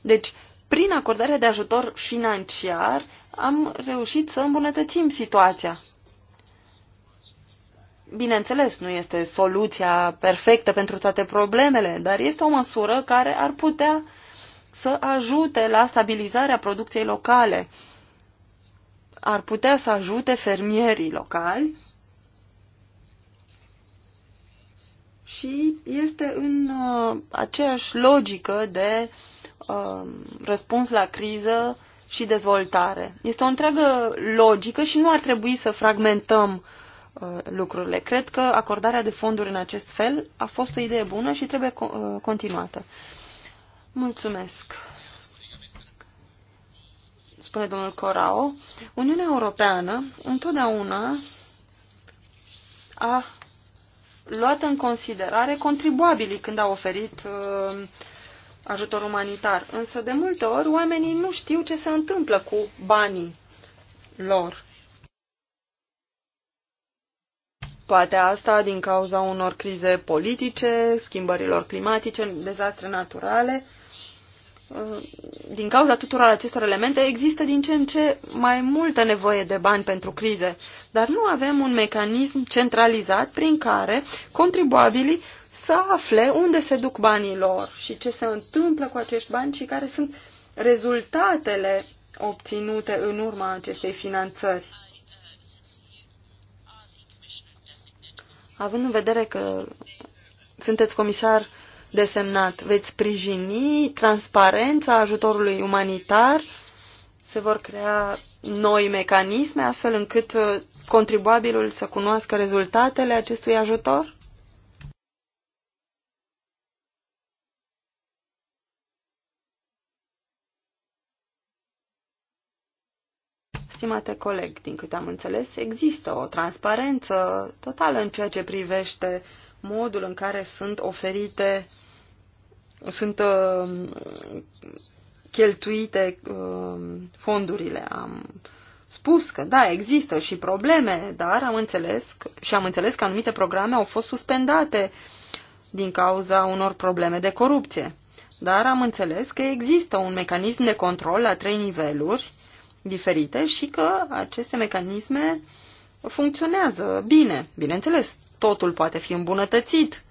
A: Deci, prin acordarea de ajutor financiar, am reușit să îmbunătățim situația bineînțeles, nu este soluția perfectă pentru toate problemele, dar este o măsură care ar putea să ajute la stabilizarea producției locale. Ar putea să ajute fermierii locali și este în uh, aceeași logică de uh, răspuns la criză și dezvoltare. Este o întreagă logică și nu ar trebui să fragmentăm uh, Uh, lucrurile. Cred că acordarea de fonduri în acest fel a fost o idee bună și trebuie uh, continuată. Mulțumesc. Spune domnul Corao, Uniunea Europeană întotdeauna a luat în considerare contribuabilii când au oferit uh, ajutor umanitar. Însă, de multe ori, oamenii nu știu ce se întâmplă cu banii lor. Poate asta din cauza unor crize politice, schimbărilor climatice, dezastre naturale. Din cauza tuturor acestor elemente există din ce în ce mai multă nevoie de bani pentru crize, dar nu avem un mecanism centralizat prin care contribuabilii să afle unde se duc banii lor și ce se întâmplă cu acești bani și care sunt rezultatele obținute în urma acestei finanțări. având în vedere că sunteți comisar desemnat, veți sprijini transparența ajutorului umanitar, se vor crea noi mecanisme astfel încât uh, contribuabilul să cunoască rezultatele
D: acestui ajutor?
A: stimate coleg, din câte am înțeles, există o transparență totală în ceea ce privește modul în care sunt oferite, sunt uh, cheltuite uh, fondurile. Am spus că, da, există și probleme, dar am înțeles și am înțeles că anumite programe au fost suspendate din cauza unor probleme de corupție. Dar am înțeles că există un mecanism de control la trei niveluri diferite și că aceste mecanisme funcționează bine. Bineînțeles, totul poate fi îmbunătățit,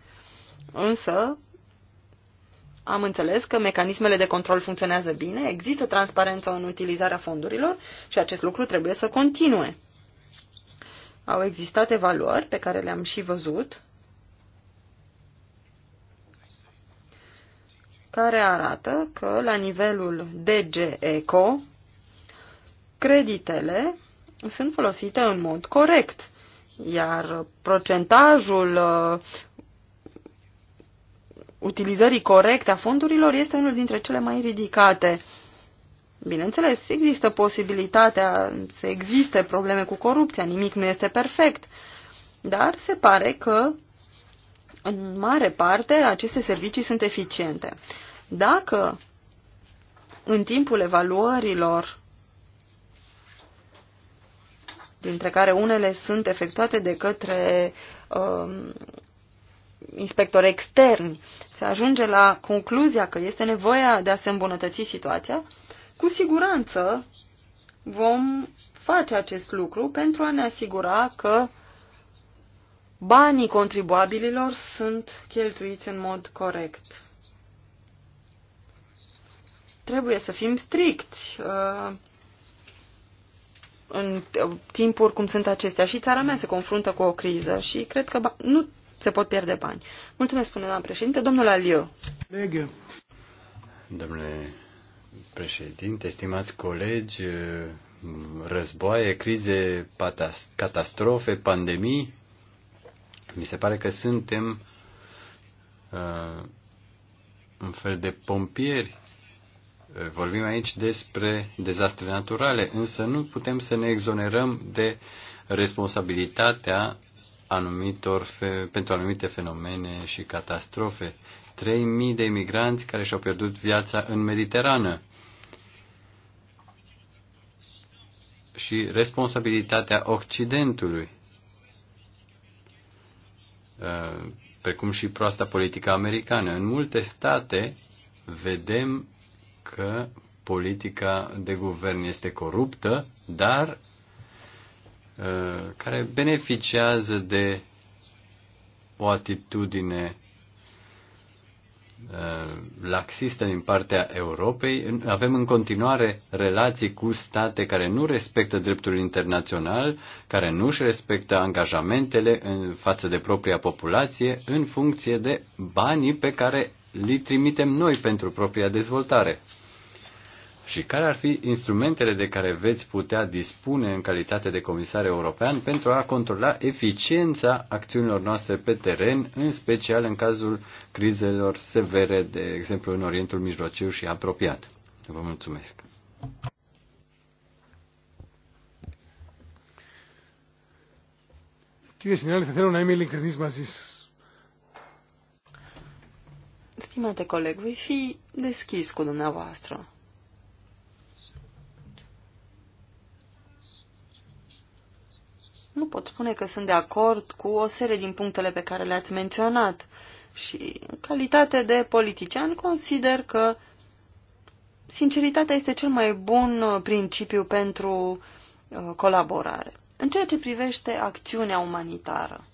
A: însă am înțeles că mecanismele de control funcționează bine, există transparență în utilizarea fondurilor și acest lucru trebuie să continue. Au existat evaluări pe care le-am și văzut, care arată că la nivelul DGECO creditele sunt folosite în mod corect, iar procentajul uh, utilizării corecte a fondurilor este unul dintre cele mai ridicate. Bineînțeles, există posibilitatea să existe probleme cu corupția, nimic nu este perfect, dar se pare că în mare parte aceste servicii sunt eficiente. Dacă în timpul evaluărilor dintre care unele sunt efectuate de către um, inspectori externi, se ajunge la concluzia că este nevoia de a se îmbunătăți situația, cu siguranță vom face acest lucru pentru a ne asigura că banii contribuabililor sunt cheltuiți în mod corect. Trebuie să fim stricți. Uh, în timpuri cum sunt acestea. Și țara mea se confruntă cu o criză și cred că nu se pot pierde bani. Mulțumesc, până la președinte. Domnul Aliu.
C: Domnule președinte, estimați colegi, războaie, crize, catastrofe, pandemii, mi se pare că suntem uh, un fel de pompieri Eh, vorbim aici despre dezastre naturale, însă nu putem să ne exonerăm de responsabilitatea anumitor fe- pentru anumite fenomene și catastrofe. 3.000 de imigranți care și-au pierdut viața în Mediterană. Și responsabilitatea Occidentului, eh, precum și proasta politică americană. În multe state vedem că politica de guvern este coruptă, dar uh, care beneficiază de o atitudine uh, laxistă din partea Europei. Avem în continuare relații cu state care nu respectă dreptul internațional, care nu își respectă angajamentele în față de propria populație în funcție de banii pe care li trimitem noi pentru propria dezvoltare? Și care ar fi instrumentele de care veți putea dispune în calitate de comisar european pentru a controla eficiența acțiunilor noastre pe teren, în special în cazul crizelor severe, de exemplu în Orientul Mijlociu și apropiat? Vă mulțumesc!
B: Κύριε Συνάδελφε, θέλω να είμαι ειλικρινής μαζί zis.
A: Stimate coleg, voi fi deschis cu dumneavoastră. Nu pot spune că sunt de acord cu o serie din punctele pe care le-ați menționat și, în calitate de politician, consider că sinceritatea este cel mai bun uh, principiu pentru uh, colaborare. În ceea ce privește acțiunea umanitară,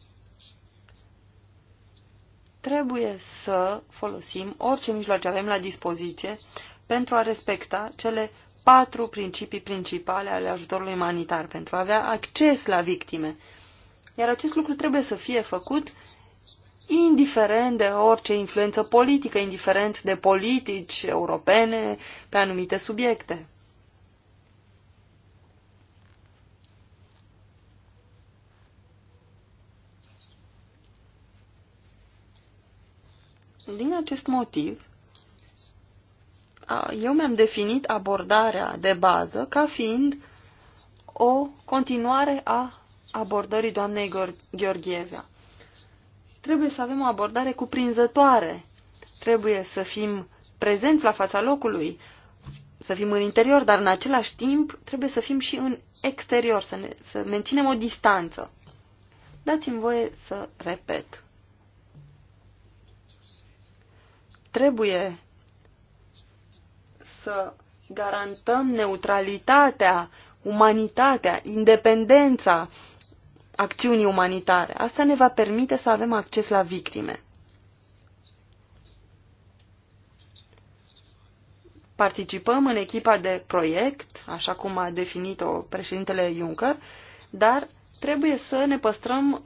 A: Trebuie să folosim orice mijloace avem la dispoziție pentru a respecta cele patru principii principale ale ajutorului umanitar, pentru a avea acces la victime. Iar acest lucru trebuie să fie făcut indiferent de orice influență politică, indiferent de politici europene pe anumite subiecte. Din acest motiv, eu mi-am definit abordarea de bază ca fiind o continuare a abordării doamnei Gheorgheva. Trebuie să avem o abordare cuprinzătoare. Trebuie să fim prezenți la fața locului, să fim în interior, dar în același timp trebuie să fim și în exterior, să, ne, să menținem o distanță. Dați-mi voie să repet. trebuie să garantăm neutralitatea, umanitatea, independența acțiunii umanitare. Asta ne va permite să avem acces la victime. Participăm în echipa de proiect, așa cum a definit-o președintele Juncker, dar trebuie să ne păstrăm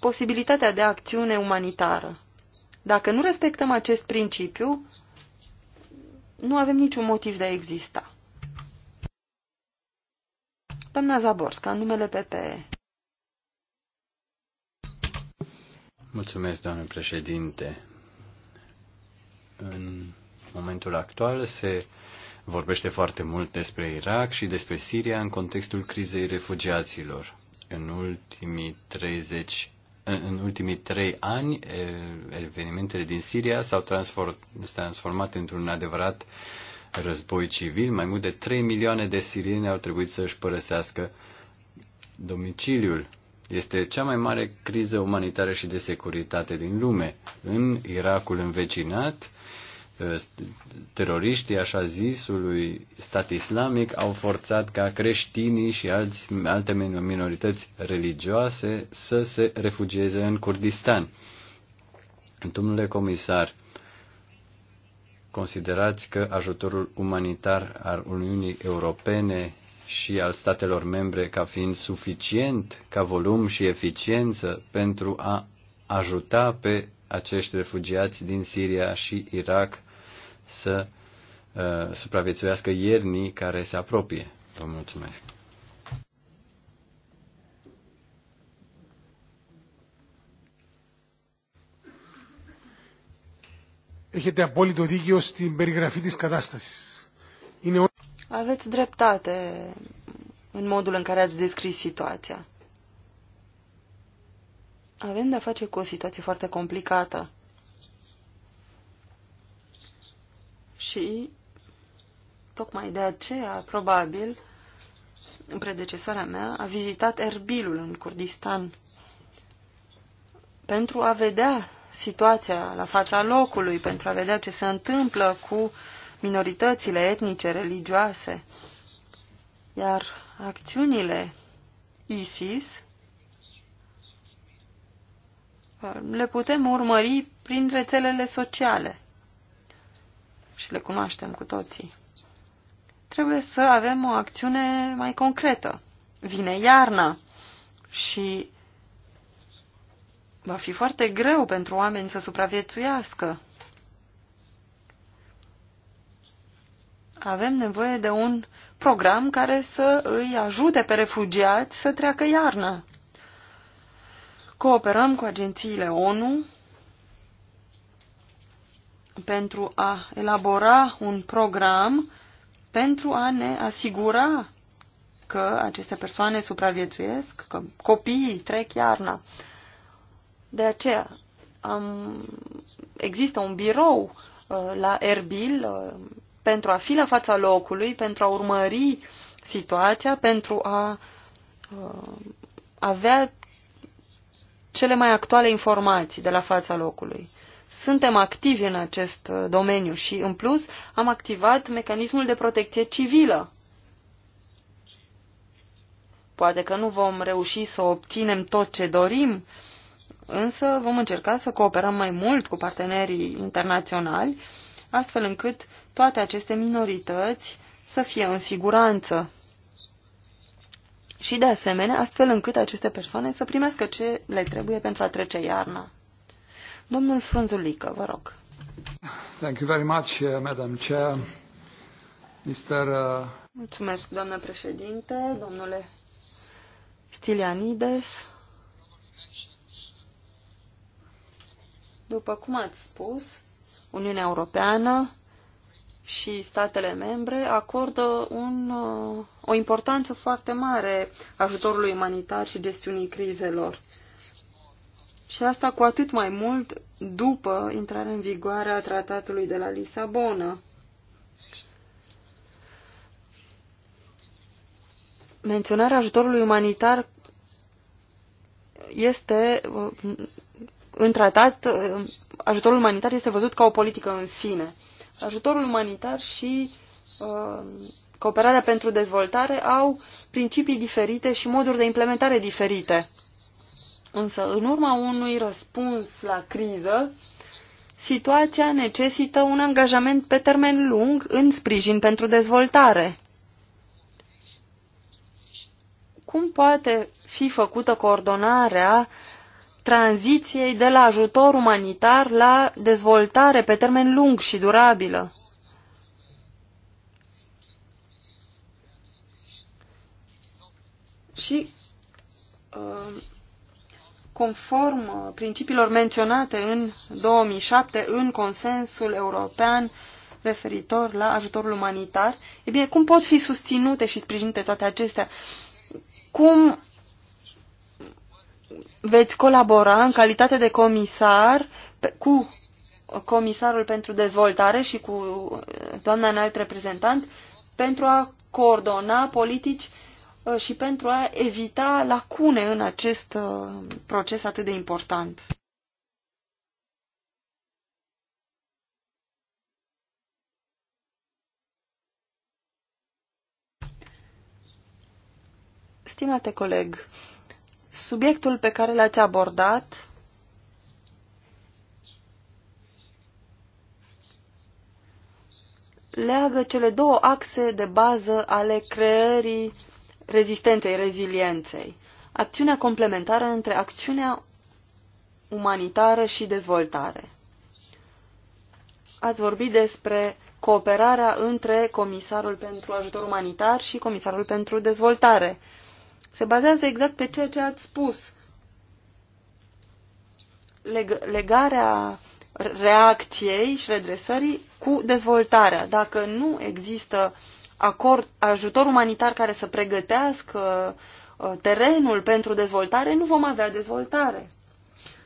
A: posibilitatea de acțiune umanitară. Dacă nu respectăm acest principiu, nu avem niciun motiv de a exista. Doamna Zaborska, numele PPE.
C: Mulțumesc, doamne președinte. În momentul actual se vorbește foarte mult despre Irak și despre Siria în contextul crizei refugiaților. În ultimii 30 în ultimii trei ani, evenimentele din Siria s-au transformat într-un adevărat război civil. Mai mult de 3 milioane de sirieni au trebuit să își părăsească domiciliul. Este cea mai mare criză umanitară și de securitate din lume. În Irakul învecinat, teroriștii așa zisului stat islamic au forțat ca creștinii și alți, alte minorități religioase să se refugieze în Kurdistan. Domnule comisar, considerați că ajutorul umanitar al Uniunii Europene și al statelor membre ca fiind suficient ca volum și eficiență pentru a ajuta pe acești refugiați din Siria și Irak să uh, supraviețuiască iernii care se apropie. Vă mulțumesc!
B: Έχετε απόλυτο δίκιο στην περιγραφή της κατάστασης. Είναι...
A: Aveți dreptate în modul în care ați descris situația. Avem de-a face cu o situație foarte complicată. Și tocmai de aceea, probabil, predecesoarea mea a vizitat Erbilul în Kurdistan pentru a vedea situația la fața locului, pentru a vedea ce se întâmplă cu minoritățile etnice, religioase. Iar acțiunile ISIS le putem urmări prin rețelele sociale și le cunoaștem cu toții. Trebuie să avem o acțiune mai concretă. Vine iarna și va fi foarte greu pentru oameni să supraviețuiască. Avem nevoie de un program care să îi ajute pe refugiați să treacă iarna. Cooperăm cu agențiile ONU pentru a elabora un program pentru a ne asigura că aceste persoane supraviețuiesc, că copiii trec iarna. De aceea am, există un birou uh, la Erbil uh, pentru a fi la fața locului, pentru a urmări situația, pentru a uh, avea cele mai actuale informații de la fața locului suntem activi în acest uh, domeniu și, în plus, am activat mecanismul de protecție civilă. Poate că nu vom reuși să obținem tot ce dorim, însă vom încerca să cooperăm mai mult cu partenerii internaționali, astfel încât toate aceste minorități să fie în siguranță. Și, de asemenea, astfel încât aceste persoane să primească ce le trebuie pentru a trece iarna. Domnul Frunzulică, vă rog.
B: Thank you very much, uh, Madam Chair. Mr. Uh,
A: Mulțumesc, doamnă președinte, domnule Stilianides. După cum ați spus, Uniunea Europeană și statele membre acordă un, uh, o importanță foarte mare ajutorului umanitar și gestiunii crizelor. Și asta cu atât mai mult după intrarea în vigoare a tratatului de la Lisabona. Menționarea ajutorului umanitar este uh, în tratat, uh, ajutorul umanitar este văzut ca o politică în sine. Ajutorul umanitar și uh, cooperarea pentru dezvoltare au principii diferite și moduri de implementare diferite. Însă, în urma unui răspuns la criză, situația necesită un angajament pe termen lung în sprijin pentru dezvoltare. Cum poate fi făcută coordonarea tranziției de la ajutor umanitar la dezvoltare pe termen lung și durabilă? Și uh, conform uh, principiilor menționate în 2007 în consensul european referitor la ajutorul umanitar. E bine, cum pot fi susținute și sprijinite toate acestea? Cum veți colabora în calitate de comisar cu comisarul pentru dezvoltare și cu uh, doamna înalt reprezentant pentru a coordona politici uh, Uh, și pentru a evita lacune în acest uh, proces atât de important. Stimate coleg, subiectul pe care l-ați abordat leagă cele două axe de bază ale creării rezistenței, rezilienței. Acțiunea complementară între acțiunea umanitară și dezvoltare. Ați vorbit despre cooperarea între Comisarul pentru Ajutor Umanitar și Comisarul pentru Dezvoltare. Se bazează exact pe ceea ce ați spus. Leg legarea reacției și redresării cu dezvoltarea. Dacă nu există uh, acord, ajutor umanitar care să pregătească uh, terenul pentru dezvoltare, nu vom avea dezvoltare.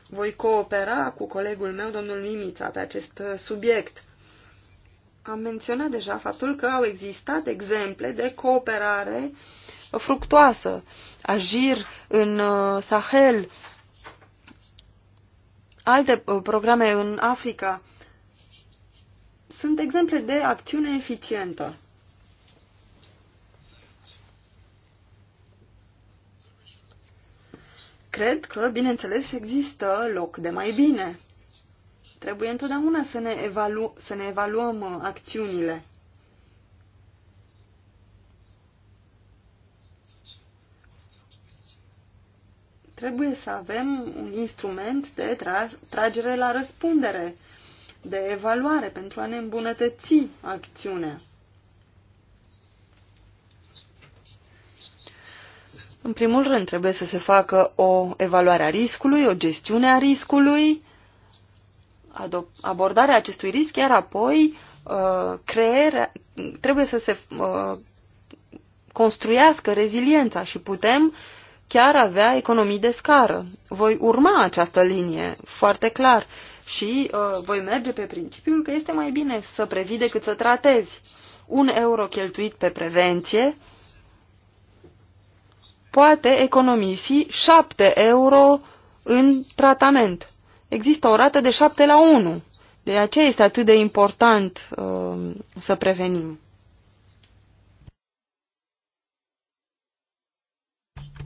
A: Voi coopera cu colegul meu, domnul Mimița, pe acest uh, subiect. Am menționat deja faptul că au existat exemple de cooperare fructoasă. Agir în uh, Sahel, alte programe în Africa sunt exemple de acțiune eficientă. cred că, bineînțeles, există loc de mai bine. Trebuie întotdeauna să ne, evalu- să ne evaluăm uh, acțiunile. Trebuie să avem un instrument de tra- tragere la răspundere, de evaluare pentru a ne îmbunătăți acțiunea. În primul rând, trebuie să se facă o evaluare a riscului, o gestiune a riscului, abordarea acestui risc, iar apoi uh, crearea, trebuie să se uh, construiască reziliența și putem chiar avea economii de scară. Voi urma această linie foarte clar și uh, voi merge pe principiul că este mai bine să previi decât să tratezi. Un euro cheltuit pe prevenție poate economisi 7 euro în tratament. Există o rată de 7 la 1. De aceea este atât de important uh, să prevenim.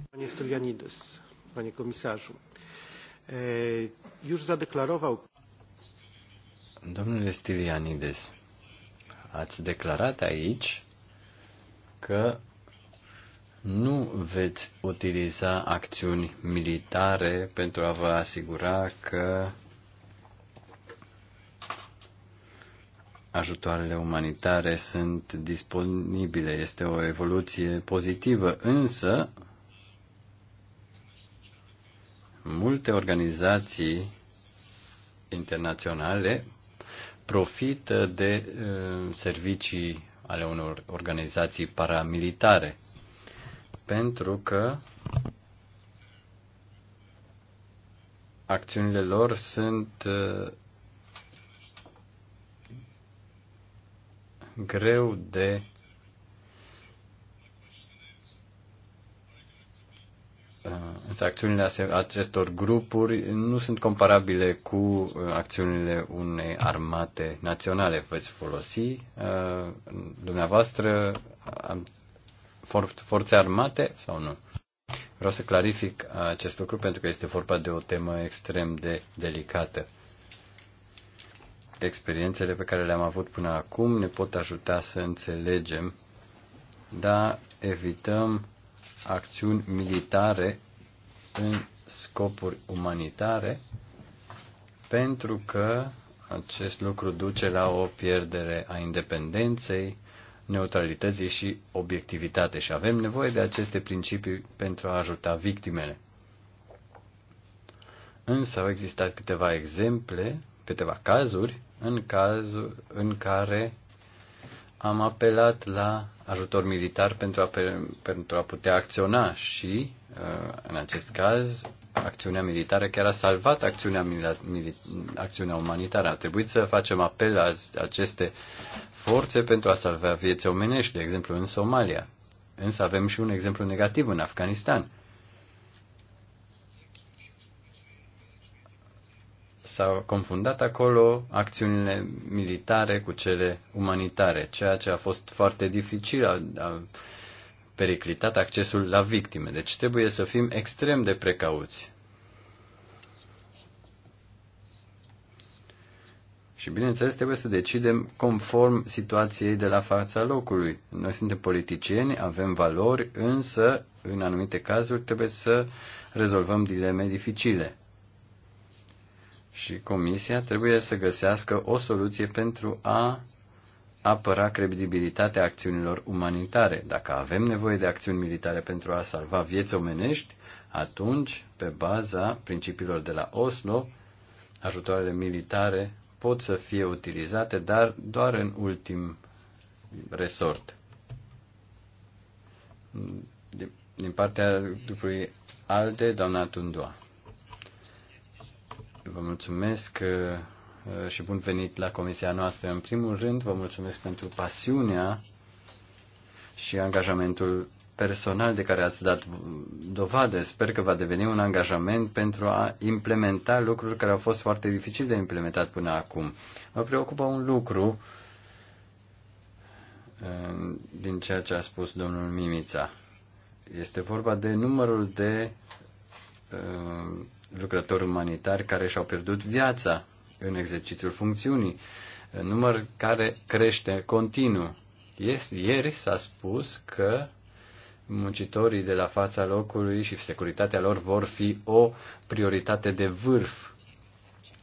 B: Panie Stylianides, panie komisarzu, e, już zadeklarował...
C: Domnule Stylianides, ați declarat aici că nu veți utiliza acțiuni militare pentru a vă asigura că ajutoarele umanitare sunt disponibile. Este o evoluție pozitivă, însă multe organizații internaționale profită de uh, servicii ale unor organizații paramilitare pentru că acțiunile lor sunt uh, greu de uh, Însă acțiunile acestor grupuri nu sunt comparabile cu uh, acțiunile unei armate naționale. Veți folosi dumneavoastră for- forțe armate sau nu? Vreau să clarific acest lucru pentru că este vorba de o temă extrem de delicată. Experiențele pe care le-am avut până acum ne pot ajuta să înțelegem, dar evităm acțiuni militare în scopuri umanitare pentru că acest lucru duce la o pierdere a independenței neutralității și obiectivitate și avem nevoie de aceste principii pentru a ajuta victimele. Însă au existat câteva exemple, câteva cazuri în, cazul, în care am apelat la ajutor militar pentru a, pentru a putea acționa și, uh, în acest caz, acțiunea militară chiar a salvat acțiunea, acțiunea umanitară. A trebuit să facem apel la aceste forțe pentru a salva vieți omenești, de exemplu în Somalia. Însă avem și un exemplu negativ în Afganistan. S-au confundat acolo acțiunile militare cu cele umanitare, ceea ce a fost foarte dificil, a, a periclitat accesul la victime. Deci trebuie să fim extrem de precauți Și bineînțeles trebuie să decidem conform situației de la fața locului. Noi suntem politicieni, avem valori, însă în anumite cazuri trebuie să rezolvăm dileme dificile. Și comisia trebuie să găsească o soluție pentru a apăra credibilitatea acțiunilor umanitare. Dacă avem nevoie de acțiuni militare pentru a salva vieți omenești, atunci, pe baza principiilor de la Oslo, ajutoarele militare pot să fie utilizate, dar doar în ultim resort. Din, din partea grupului ALDE, doamna Tundua. Vă mulțumesc uh, uh, și bun venit la comisia noastră. În primul rând, vă mulțumesc pentru pasiunea și angajamentul personal de care ați dat dovadă. Sper că va deveni un angajament pentru a implementa lucruri care au fost foarte dificil de implementat până acum. Mă preocupă un lucru eh, din ceea ce a spus domnul Mimița. Este vorba de numărul de eh, lucrători umanitari care și-au pierdut viața în exercițiul funcțiunii, număr care crește continuu. Ieri s-a spus că muncitorii de la fața locului și securitatea lor vor fi o prioritate de vârf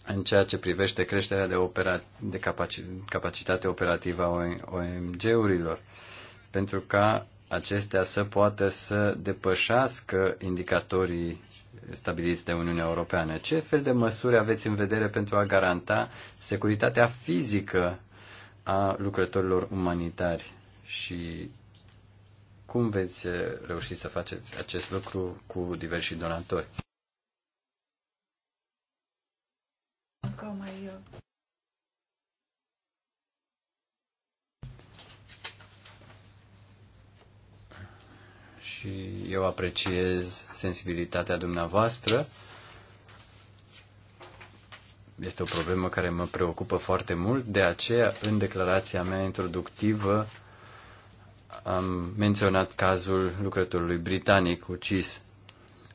C: în ceea ce privește creșterea de, opera, de capaci, capacitate operativă a OMG-urilor, pentru ca acestea să poată să depășească indicatorii stabiliți de Uniunea Europeană. Ce fel de măsuri aveți în vedere pentru a garanta securitatea fizică a lucrătorilor umanitari și cum veți eh, reuși să faceți acest lucru cu diversi donatori?
D: Că mai eu.
C: Eh, și eu apreciez sensibilitatea dumneavoastră. Este o problemă care mă preocupă foarte mult, de aceea în declarația mea introductivă am menționat cazul lucrătorului britanic ucis,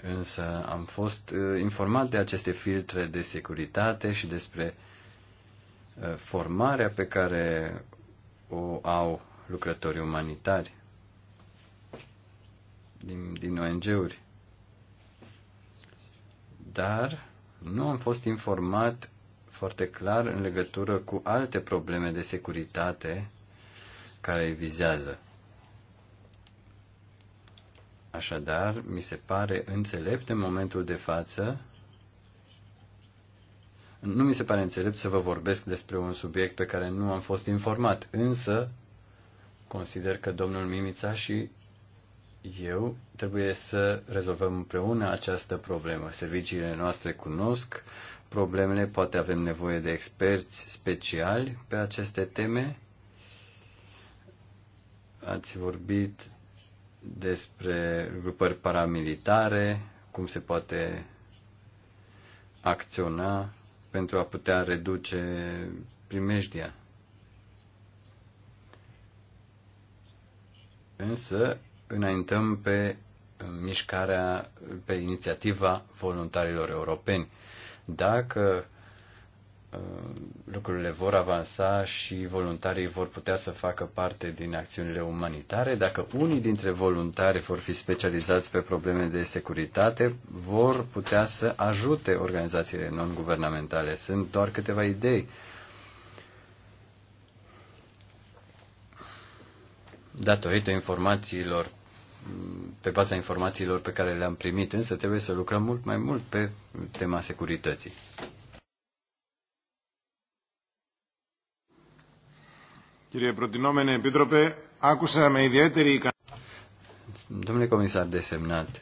C: însă am fost uh, informat de aceste filtre de securitate și despre uh, formarea pe care o au lucrătorii umanitari din, din ONG-uri. Dar nu am fost informat foarte clar în legătură cu alte probleme de securitate care îi vizează. Așadar, mi se pare înțelept în momentul de față nu mi se pare înțelept să vă vorbesc despre un subiect pe care nu am fost informat, însă consider că domnul Mimița și eu trebuie să rezolvăm împreună această problemă. Serviciile noastre cunosc problemele, poate avem nevoie de experți speciali pe aceste teme. Ați vorbit despre grupări paramilitare, cum se poate acționa pentru a putea reduce primejdia. Însă, înaintăm pe uh, mișcarea, pe inițiativa voluntarilor europeni. Dacă Uh, lucrurile vor avansa și voluntarii vor putea să facă parte din acțiunile umanitare. Dacă unii dintre voluntari vor fi specializați pe probleme de securitate, vor putea să ajute organizațiile non-guvernamentale. Sunt doar câteva idei. Datorită informațiilor, pe baza informațiilor pe care le-am primit, însă trebuie să lucrăm mult mai mult pe tema securității. Κύριε
B: Προτινόμενε Επίτροπε,
C: άκουσα με ιδιαίτερη ικανότητα. Domnule comisar desemnat,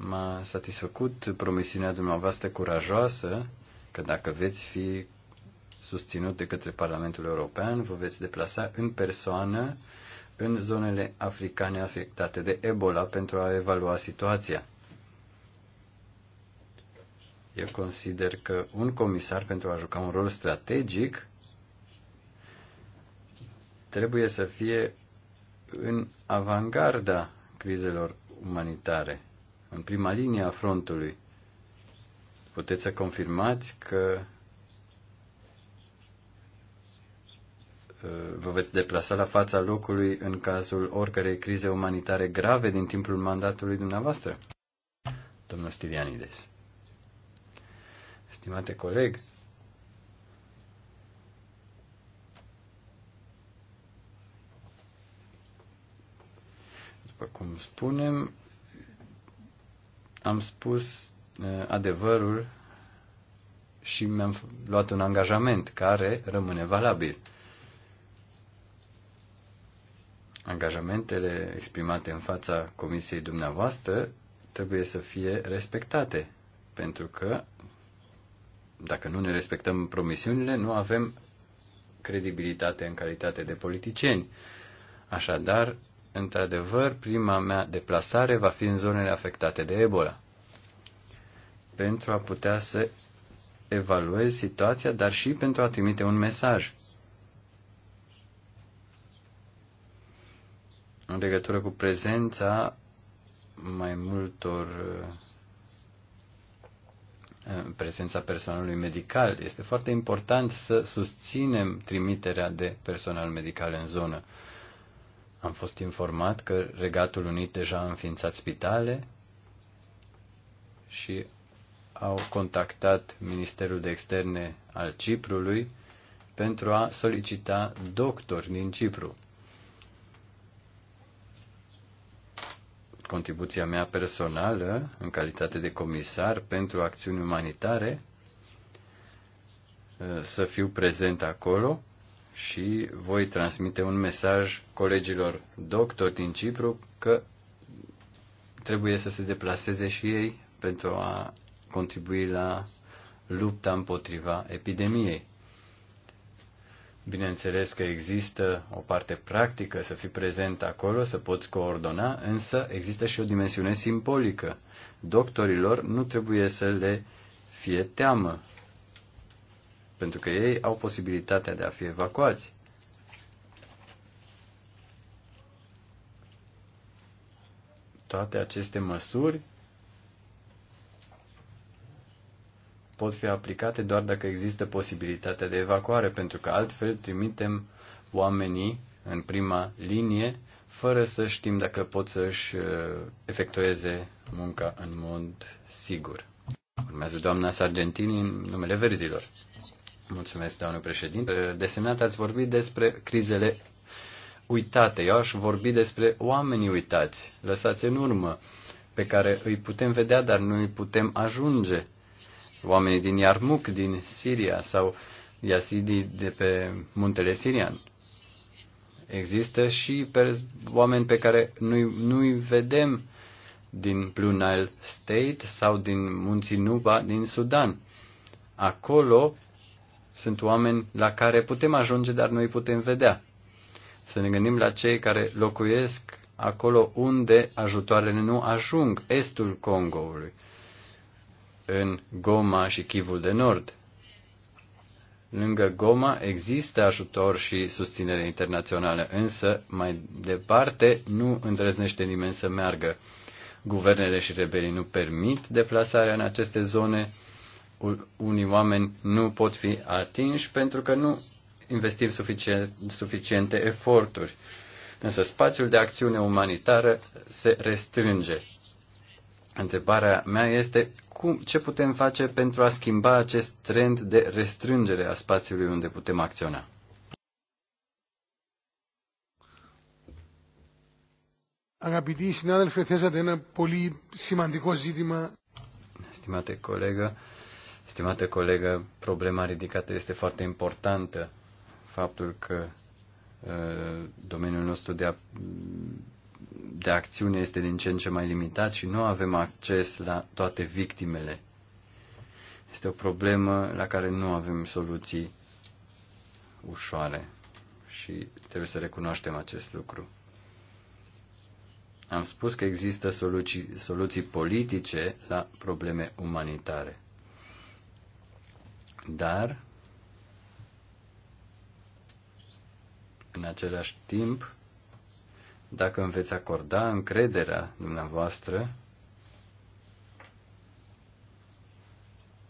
C: m-a satisfăcut promisiunea dumneavoastră curajoasă că dacă veți fi susținut de către Parlamentul European, vă veți deplasa în persoană în zonele africane afectate de Ebola pentru a evalua situația. Eu consider că un comisar pentru a juca un rol strategic trebuie să fie în avangarda crizelor umanitare, în prima linie a frontului. Puteți să confirmați că uh, vă veți deplasa la fața locului în cazul oricărei crize umanitare grave din timpul mandatului dumneavoastră? Domnul Stilianides. Stimate coleg, După cum spunem, am spus uh, adevărul și mi-am luat un angajament care rămâne valabil. Angajamentele exprimate în fața comisiei dumneavoastră trebuie să fie respectate, pentru că dacă nu ne respectăm promisiunile, nu avem credibilitate în calitate de politicieni. Așadar, Într-adevăr, prima mea deplasare va fi în zonele afectate de Ebola. Pentru a putea să evaluez situația, dar și pentru a trimite un mesaj. În legătură cu prezența mai multor uh, uh, prezența personalului medical. Este foarte important să susținem trimiterea de personal medical în zonă. Am fost informat că Regatul Unit deja a înființat spitale și au contactat Ministerul de Externe al Ciprului pentru a solicita doctori din Cipru. Contribuția mea personală, în calitate de comisar pentru acțiuni umanitare, să fiu prezent acolo și voi transmite un mesaj colegilor doctori din Cipru că trebuie să se deplaseze și ei pentru a contribui la lupta împotriva epidemiei. Bineînțeles că există o parte practică să fii prezent acolo, să poți coordona, însă există și o dimensiune simbolică. Doctorilor nu trebuie să le fie teamă pentru că ei au posibilitatea de a fi evacuați. Toate aceste măsuri pot fi aplicate doar dacă există posibilitatea de evacuare, pentru că altfel trimitem oamenii în prima linie fără să știm dacă pot să își uh, efectueze munca în mod sigur. Urmează doamna Sargentini în numele verzilor. Mulțumesc, doamnă președinte. Desemnat ați vorbit despre crizele uitate. Eu aș vorbi despre oamenii uitați, lăsați în urmă, pe care îi putem vedea, dar nu îi putem ajunge. Oamenii din Iarmuc, din Siria sau Yazidii de pe muntele Sirian. Există și pe oameni pe care nu-i, nu-i vedem din Blue Nile State sau din munții Nuba din Sudan. Acolo sunt oameni la care putem ajunge, dar nu îi putem vedea. Să ne gândim la cei care locuiesc acolo unde ajutoarele nu ajung, estul Congoului, în Goma și Chivul de Nord. Lângă Goma există ajutor și susținere internațională, însă mai departe nu îndrăznește nimeni să meargă. Guvernele și rebelii nu permit deplasarea în aceste zone, unii oameni nu pot fi atinși pentru că nu investim suficient, suficiente eforturi. Însă spațiul de acțiune umanitară se restrânge. Întrebarea mea este cum, ce putem face pentru a schimba acest trend de restrângere a spațiului unde putem acționa?
B: Αγαπητοί συνάδελφοι, θέσατε ένα πολύ σημαντικό ζήτημα.
C: Stimate colegă, Stimată colegă, problema ridicată este foarte importantă. Faptul că uh, domeniul nostru de, a, de acțiune este din ce în ce mai limitat și nu avem acces la toate victimele. Este o problemă la care nu avem soluții ușoare și trebuie să recunoaștem acest lucru. Am spus că există soluții, soluții politice la probleme umanitare dar în același timp, dacă îmi veți acorda încrederea dumneavoastră,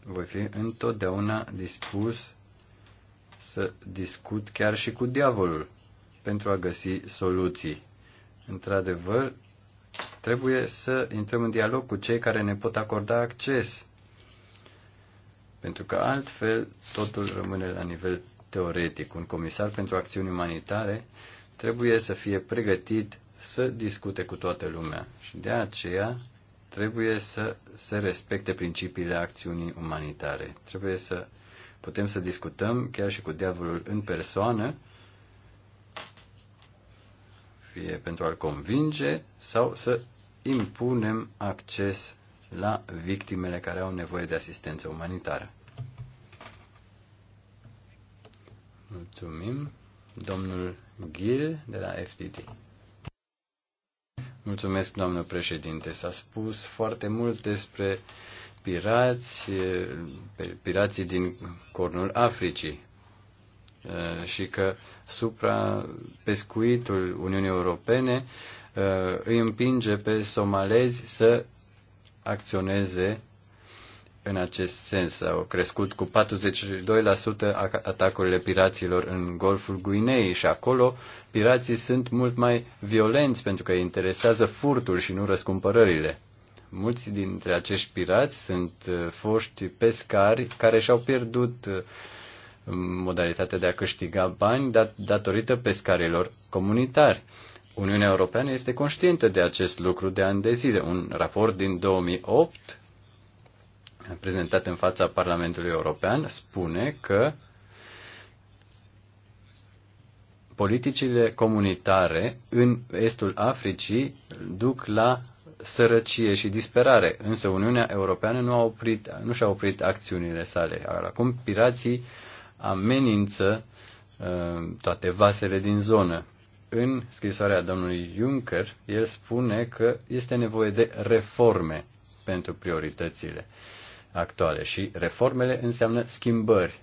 C: voi fi întotdeauna dispus să discut chiar și cu diavolul pentru a găsi soluții. Într-adevăr, trebuie să intrăm în dialog cu cei care ne pot acorda acces pentru că altfel totul rămâne la nivel teoretic. Un comisar pentru acțiuni umanitare trebuie să fie pregătit să discute cu toată lumea și de aceea trebuie să se respecte principiile acțiunii umanitare. Trebuie să putem să discutăm chiar și cu diavolul în persoană, fie pentru a-l convinge sau să impunem acces la victimele care au nevoie de asistență umanitară. Mulțumim. Domnul Gil de la FTT. Mulțumesc, domnul președinte. S-a spus foarte mult despre pirați, pirații din cornul Africii uh, și că suprapescuitul Uniunii Europene uh, îi împinge pe somalezi să acționeze în acest sens. Au crescut cu 42% atacurile piraților în Golful Guinei și acolo pirații sunt mult mai violenți pentru că îi interesează furtul și nu răscumpărările. Mulți dintre acești pirați sunt uh, foști pescari care și-au pierdut uh, modalitatea de a câștiga bani datorită pescarilor comunitari. Uniunea Europeană este conștientă de acest lucru de ani de zile. Un raport din 2008 prezentat în fața Parlamentului European spune că politicile comunitare în estul Africii duc la sărăcie și disperare, însă Uniunea Europeană nu, a oprit, nu și-a oprit acțiunile sale. Acum pirații amenință uh, toate vasele din zonă. În scrisoarea domnului Juncker, el spune că este nevoie de reforme pentru prioritățile actuale și reformele înseamnă schimbări.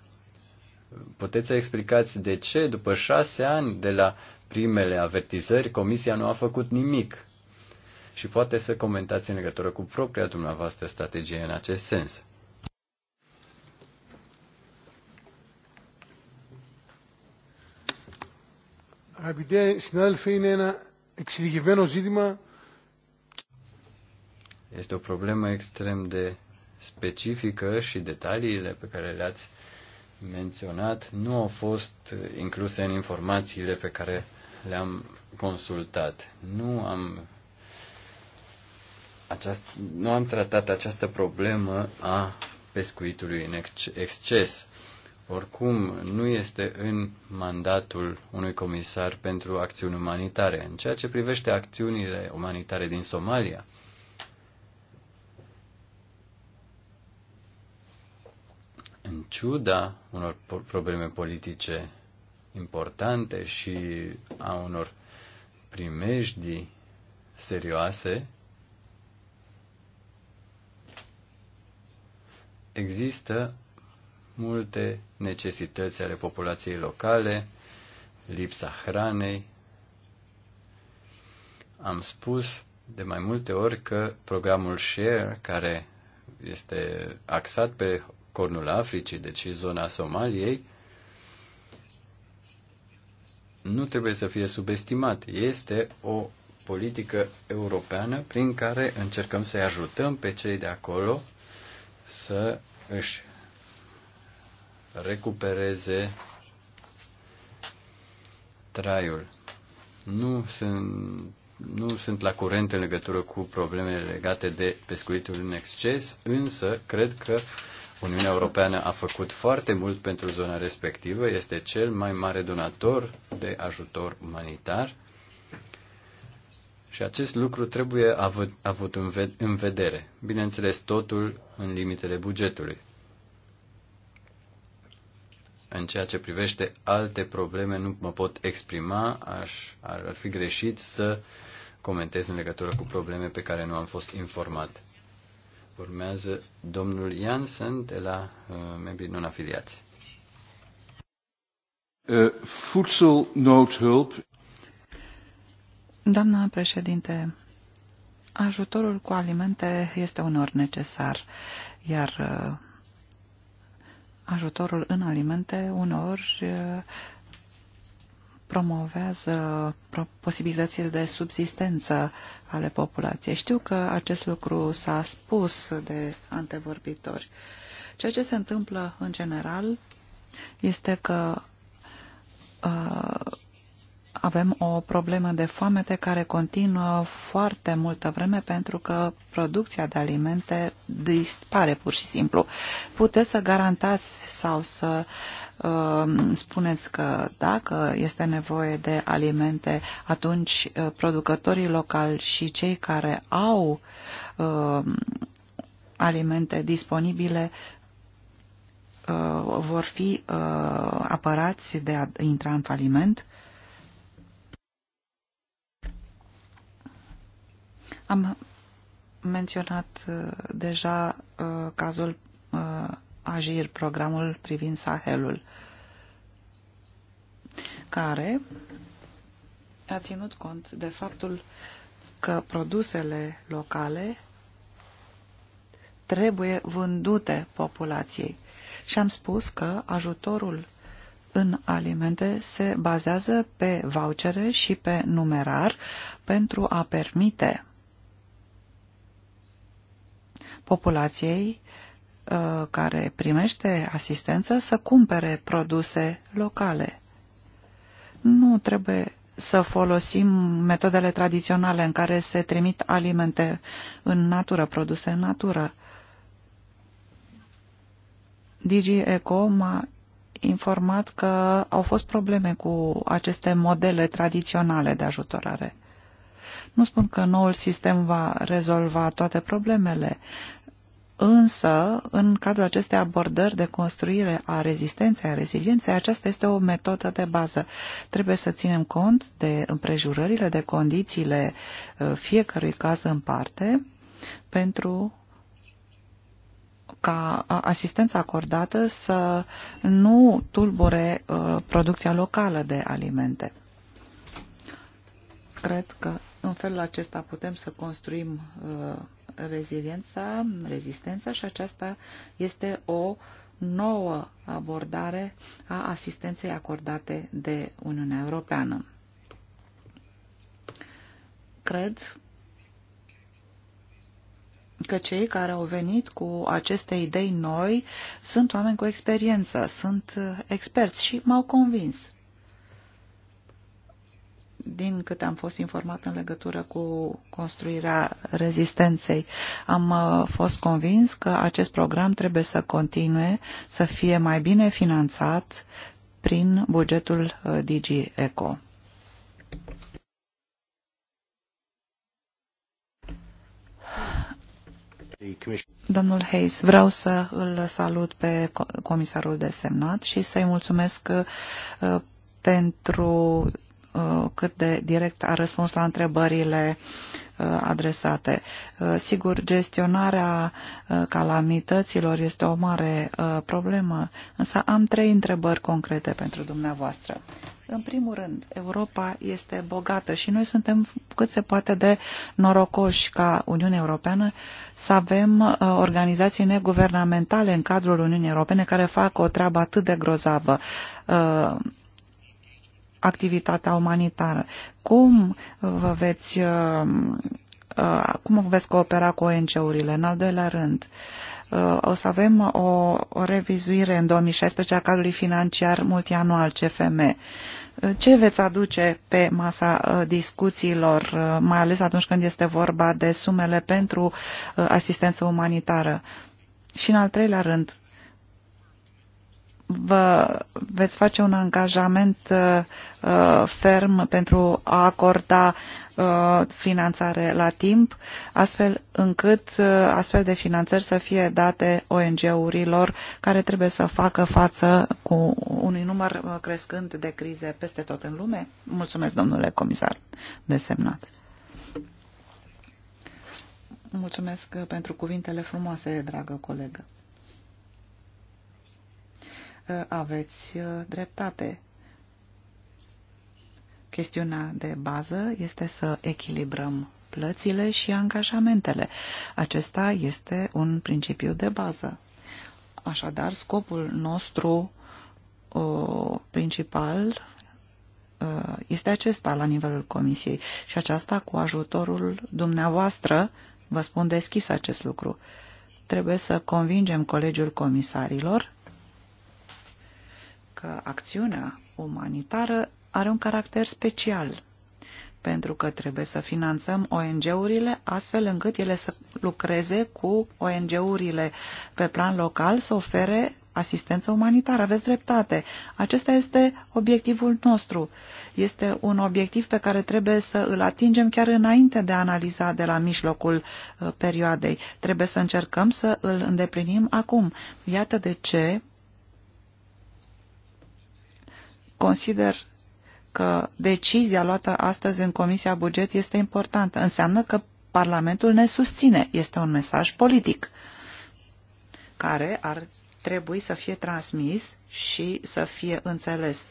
C: Puteți să explicați de ce, după șase ani de la primele avertizări, Comisia nu a făcut nimic și poate să comentați în legătură cu propria dumneavoastră strategie în acest sens.
B: Αγαπητέ συνάδελφοι, είναι ένα εξειδικευμένο ζήτημα.
C: Este o problemă extrem de specifică și detaliile pe care le-ați menționat nu au fost incluse în informațiile pe care le-am consultat. Nu am, aceast, nu am tratat această problemă a pescuitului în exces. Oricum, nu este în mandatul unui comisar pentru acțiuni umanitare. În ceea ce privește acțiunile umanitare din Somalia, în ciuda unor probleme politice importante și a unor primejdii serioase, există multe necesități ale populației locale, lipsa hranei. Am spus de mai multe ori că programul SHARE, care este axat pe cornul Africii, deci zona Somaliei, nu trebuie să fie subestimat. Este o politică europeană prin care încercăm să-i ajutăm pe cei de acolo să își recupereze traiul. Nu sunt, nu sunt la curent în legătură cu problemele legate de pescuitul în exces, însă cred că Uniunea Europeană a făcut foarte mult pentru zona respectivă, este cel mai mare donator de ajutor umanitar și acest lucru trebuie avut, avut în vedere. Bineînțeles, totul în limitele bugetului. În ceea ce privește alte probleme, nu mă pot exprima, aș, ar, fi greșit să comentez în legătură cu probleme pe care nu am fost informat. Urmează domnul Jansen de la uh, membrii non-afiliați. Uh, voedselnoodhulp.
D: Doamna președinte, ajutorul cu alimente este unor necesar, iar uh, ajutorul în alimente uneori uh, promovează posibilitățile de subsistență ale populației. Știu că acest lucru s-a spus de antevorbitori. Ceea ce se întâmplă în general este că uh, avem o problemă de foamete care continuă foarte multă vreme pentru că producția de alimente dispare pur și simplu. Puteți să garantați sau să uh, spuneți că dacă este nevoie de alimente, atunci uh, producătorii locali și cei care au uh, alimente disponibile uh, vor fi uh, apărați de a intra în faliment? Am menționat uh, deja uh, cazul uh, AGIR, programul privind Sahelul, care a ținut cont de faptul că produsele locale trebuie vândute populației. Și am spus că ajutorul în alimente se bazează pe vouchere și pe numerar pentru a permite populației uh, care primește asistență să cumpere produse locale. Nu trebuie să folosim metodele tradiționale în care se trimit alimente în natură, produse în natură. Digi Eco m-a informat că au fost probleme cu aceste modele tradiționale de ajutorare. Nu spun că noul sistem va rezolva toate problemele, însă, în cadrul acestei abordări de construire a rezistenței, a rezilienței, aceasta este o metodă de bază. Trebuie să ținem cont de împrejurările, de condițiile uh, fiecărui caz în parte, pentru ca asistența acordată să nu tulbure uh, producția locală de alimente. Cred că în felul acesta putem să construim uh, reziliența, rezistența și aceasta este o nouă abordare a asistenței acordate de Uniunea Europeană. Cred că cei care au venit cu aceste idei noi sunt oameni cu experiență, sunt uh, experți și m-au convins din câte am fost informat în legătură cu construirea rezistenței, am uh, fost convins că acest program trebuie să continue să fie mai bine finanțat prin bugetul uh, DG ECO. Domnul Hayes, vreau să îl salut pe comisarul desemnat și să-i mulțumesc uh, pentru Uh, cât de direct a răspuns la întrebările uh, adresate. Uh, sigur, gestionarea calamităților este o mare problemă, însă am trei întrebări concrete pentru dumneavoastră. În primul rând, Europa este bogată și noi suntem cât se poate de norocoși ca Uniunea Europeană să avem organizații neguvernamentale în cadrul Uniunii Europene care fac o treabă atât de grozavă activitatea umanitară. Cum vă veți, uh, uh, cum vă veți coopera cu ONG-urile? În al doilea rând, uh, o să avem o, o revizuire în 2016 a cadrului financiar multianual CFM. Ce veți aduce pe masa discuțiilor, mai ales atunci când este vorba de sumele pentru asistență umanitară? Și în al treilea rând, vă veți face un angajament uh, uh, ferm pentru a acorda uh, finanțare la timp, astfel încât uh, astfel de finanțări să fie date ONG-urilor care trebuie să facă față cu unui număr uh, crescând de crize peste tot în lume? Mulțumesc, domnule comisar, desemnat. Mulțumesc uh, pentru cuvintele frumoase, dragă colegă. Uh, aveți uh, dreptate. Chestiunea de bază este să echilibrăm plățile și angajamentele. Acesta este un principiu de bază. Așadar, scopul nostru uh, principal este acesta la nivelul Comisiei și aceasta cu ajutorul dumneavoastră, vă spun deschis acest lucru. Trebuie să convingem Colegiul Comisarilor că acțiunea umanitară are un caracter special, pentru că trebuie să finanțăm ONG-urile astfel încât ele să lucreze cu ONG-urile pe plan local, să ofere asistență umanitară. Aveți dreptate. Acesta este obiectivul nostru. Este un obiectiv pe care trebuie să îl atingem chiar înainte de a analiza de la mijlocul uh, perioadei. Trebuie să încercăm să îl îndeplinim acum. Iată de ce Consider că decizia luată astăzi în Comisia Buget este importantă. Înseamnă că Parlamentul ne susține. Este un mesaj politic care ar trebui să fie transmis și să fie înțeles.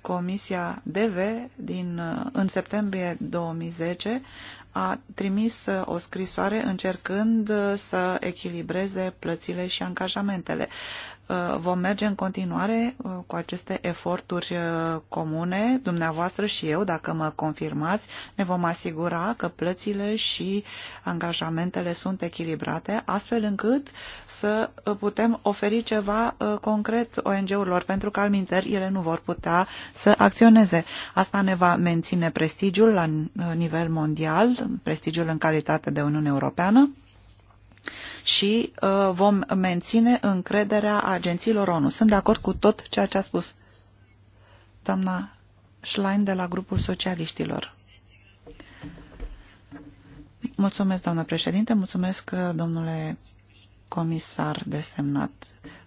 D: Comisia DV din, uh, în septembrie 2010 a trimis uh, o scrisoare încercând uh, să echilibreze plățile și angajamentele. Uh, vom merge în continuare uh, cu aceste eforturi uh, comune, dumneavoastră și eu, dacă mă confirmați, ne vom asigura că plățile și angajamentele sunt echilibrate, astfel încât să putem oferi ceva concret ONG-urilor, pentru că alminteri ele nu vor putea să acționeze. Asta ne va menține prestigiul la nivel mondial, prestigiul în calitate de Uniune Europeană, și uh, vom menține încrederea agențiilor ONU. Sunt de acord cu tot ceea ce a spus doamna Schlein de la grupul socialiștilor. Mulțumesc, doamnă președinte, mulțumesc, uh, domnule comisar desemnat.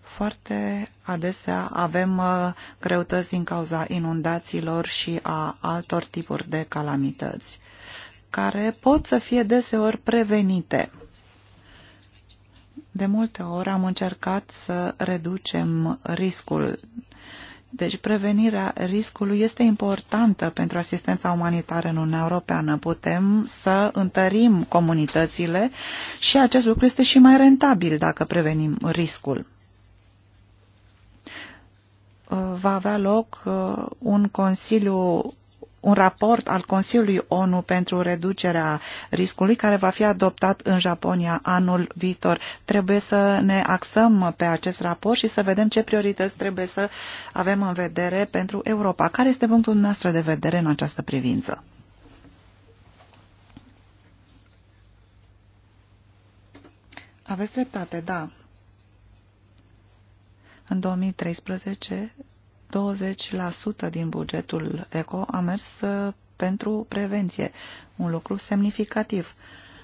D: Foarte adesea avem uh, greutăți din cauza inundațiilor și a altor tipuri de calamități, care pot să fie deseori prevenite de multe ori am încercat să reducem riscul. Deci prevenirea riscului este importantă pentru asistența umanitară în Uniunea Europeană. Putem să întărim comunitățile și acest lucru este și mai rentabil dacă prevenim riscul va avea loc uh, un Consiliu un raport al Consiliului ONU pentru reducerea riscului care va fi adoptat în Japonia anul viitor. Trebuie să ne axăm pe acest raport și să vedem ce priorități trebuie să avem în vedere pentru Europa. Care este punctul nostru de vedere în această privință? Aveți dreptate, da. În 2013 20% din bugetul ECO a mers uh, pentru prevenție, un lucru semnificativ.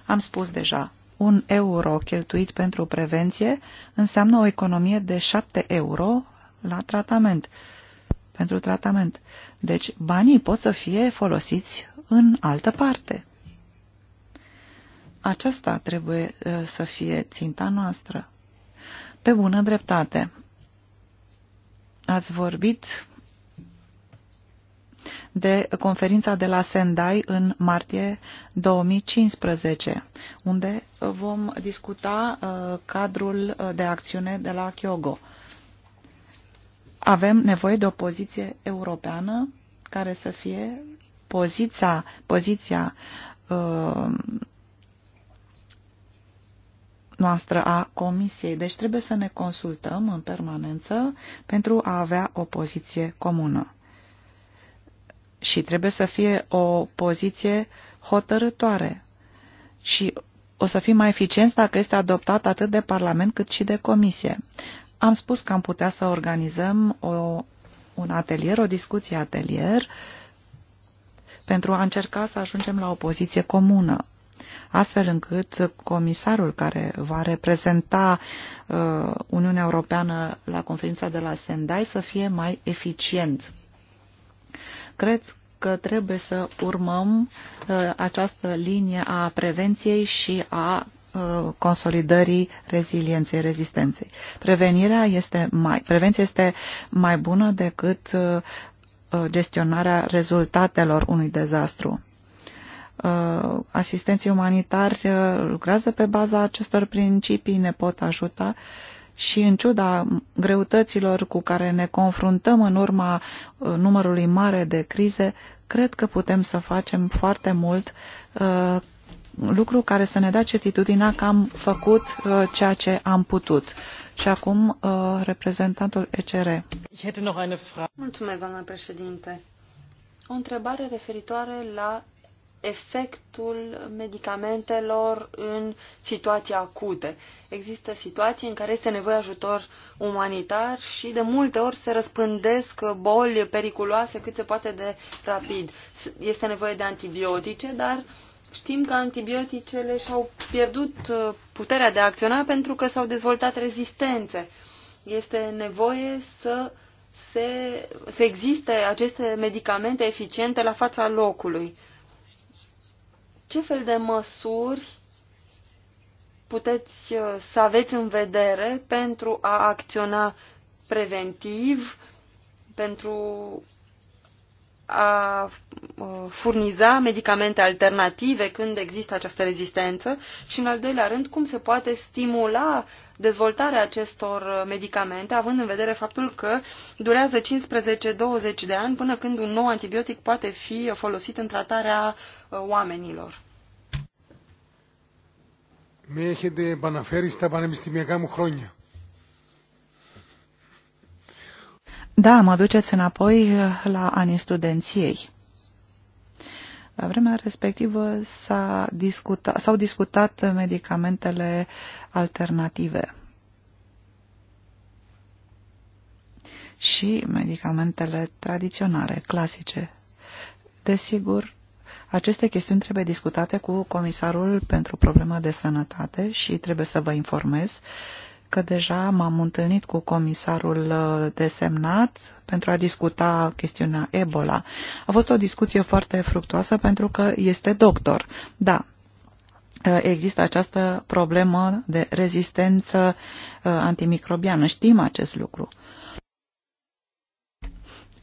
D: Am spus deja, un euro cheltuit pentru prevenție înseamnă o economie de 7 euro la tratament, pentru tratament. Deci banii pot să fie folosiți în altă parte. Aceasta trebuie uh, să fie ținta noastră. Pe bună dreptate, Ați vorbit de conferința de la Sendai în martie 2015, unde vom discuta uh, cadrul uh, de acțiune de la Kyogo. Avem nevoie de o poziție europeană care să fie poziția, poziția uh, noastră a Comisiei, deci trebuie să ne consultăm în permanență pentru a avea o poziție comună. Și trebuie să fie o poziție hotărătoare. Și o să fim mai eficienți dacă este adoptat atât de Parlament cât și de Comisie. Am spus că am putea să organizăm o, un atelier, o discuție atelier, pentru a încerca să ajungem la o poziție comună astfel încât comisarul care va reprezenta uh, Uniunea Europeană la conferința de la Sendai să fie mai eficient. Cred că trebuie să urmăm uh, această linie a prevenției și a uh, consolidării rezilienței, rezistenței. Prevenirea este mai, prevenția este mai bună decât gestionarea rezultatelor unui dezastru. Uh, asistenții umanitari uh, lucrează pe baza acestor principii, ne pot ajuta și în ciuda greutăților cu care ne confruntăm în urma uh, numărului mare de crize, cred că putem să facem foarte mult lucru care să ne dea certitudinea că am făcut ceea ce am putut. Și acum reprezentantul ECR.
A: Mulțumesc, doamnă
B: președinte.
A: O întrebare referitoare la efectul medicamentelor în situații acute. Există situații în care este nevoie ajutor umanitar și de multe ori se răspândesc boli periculoase cât se poate de rapid. Este nevoie de antibiotice, dar știm că antibioticele și-au pierdut uh, puterea de a acționa pentru că s-au dezvoltat rezistențe. Este nevoie să, se, să existe aceste medicamente eficiente la fața locului ce fel de măsuri puteți uh, să aveți în vedere pentru a acționa preventiv, pentru a uh, furniza medicamente alternative când există această rezistență și, în al doilea rând, cum se poate stimula dezvoltarea acestor uh, medicamente, având în vedere faptul că durează 15-20 de ani până când un nou antibiotic poate fi folosit în tratarea Uh, oamenilor.
B: mi έχετε επαναφέρει στα πανεπιστημιακά μου χρόνια.
D: Da, mă duceți înapoi uh, la anii studenției. La vremea respectivă s-au discuta, discutat medicamentele alternative și medicamentele tradiționale, clasice. Desigur, aceste chestiuni trebuie discutate cu comisarul pentru problema de sănătate și trebuie să vă informez că deja m-am întâlnit cu comisarul uh, desemnat pentru a discuta chestiunea Ebola. A fost o discuție foarte fructuoasă pentru că este doctor. Da, uh, există această problemă de rezistență uh, antimicrobiană. Știm acest lucru.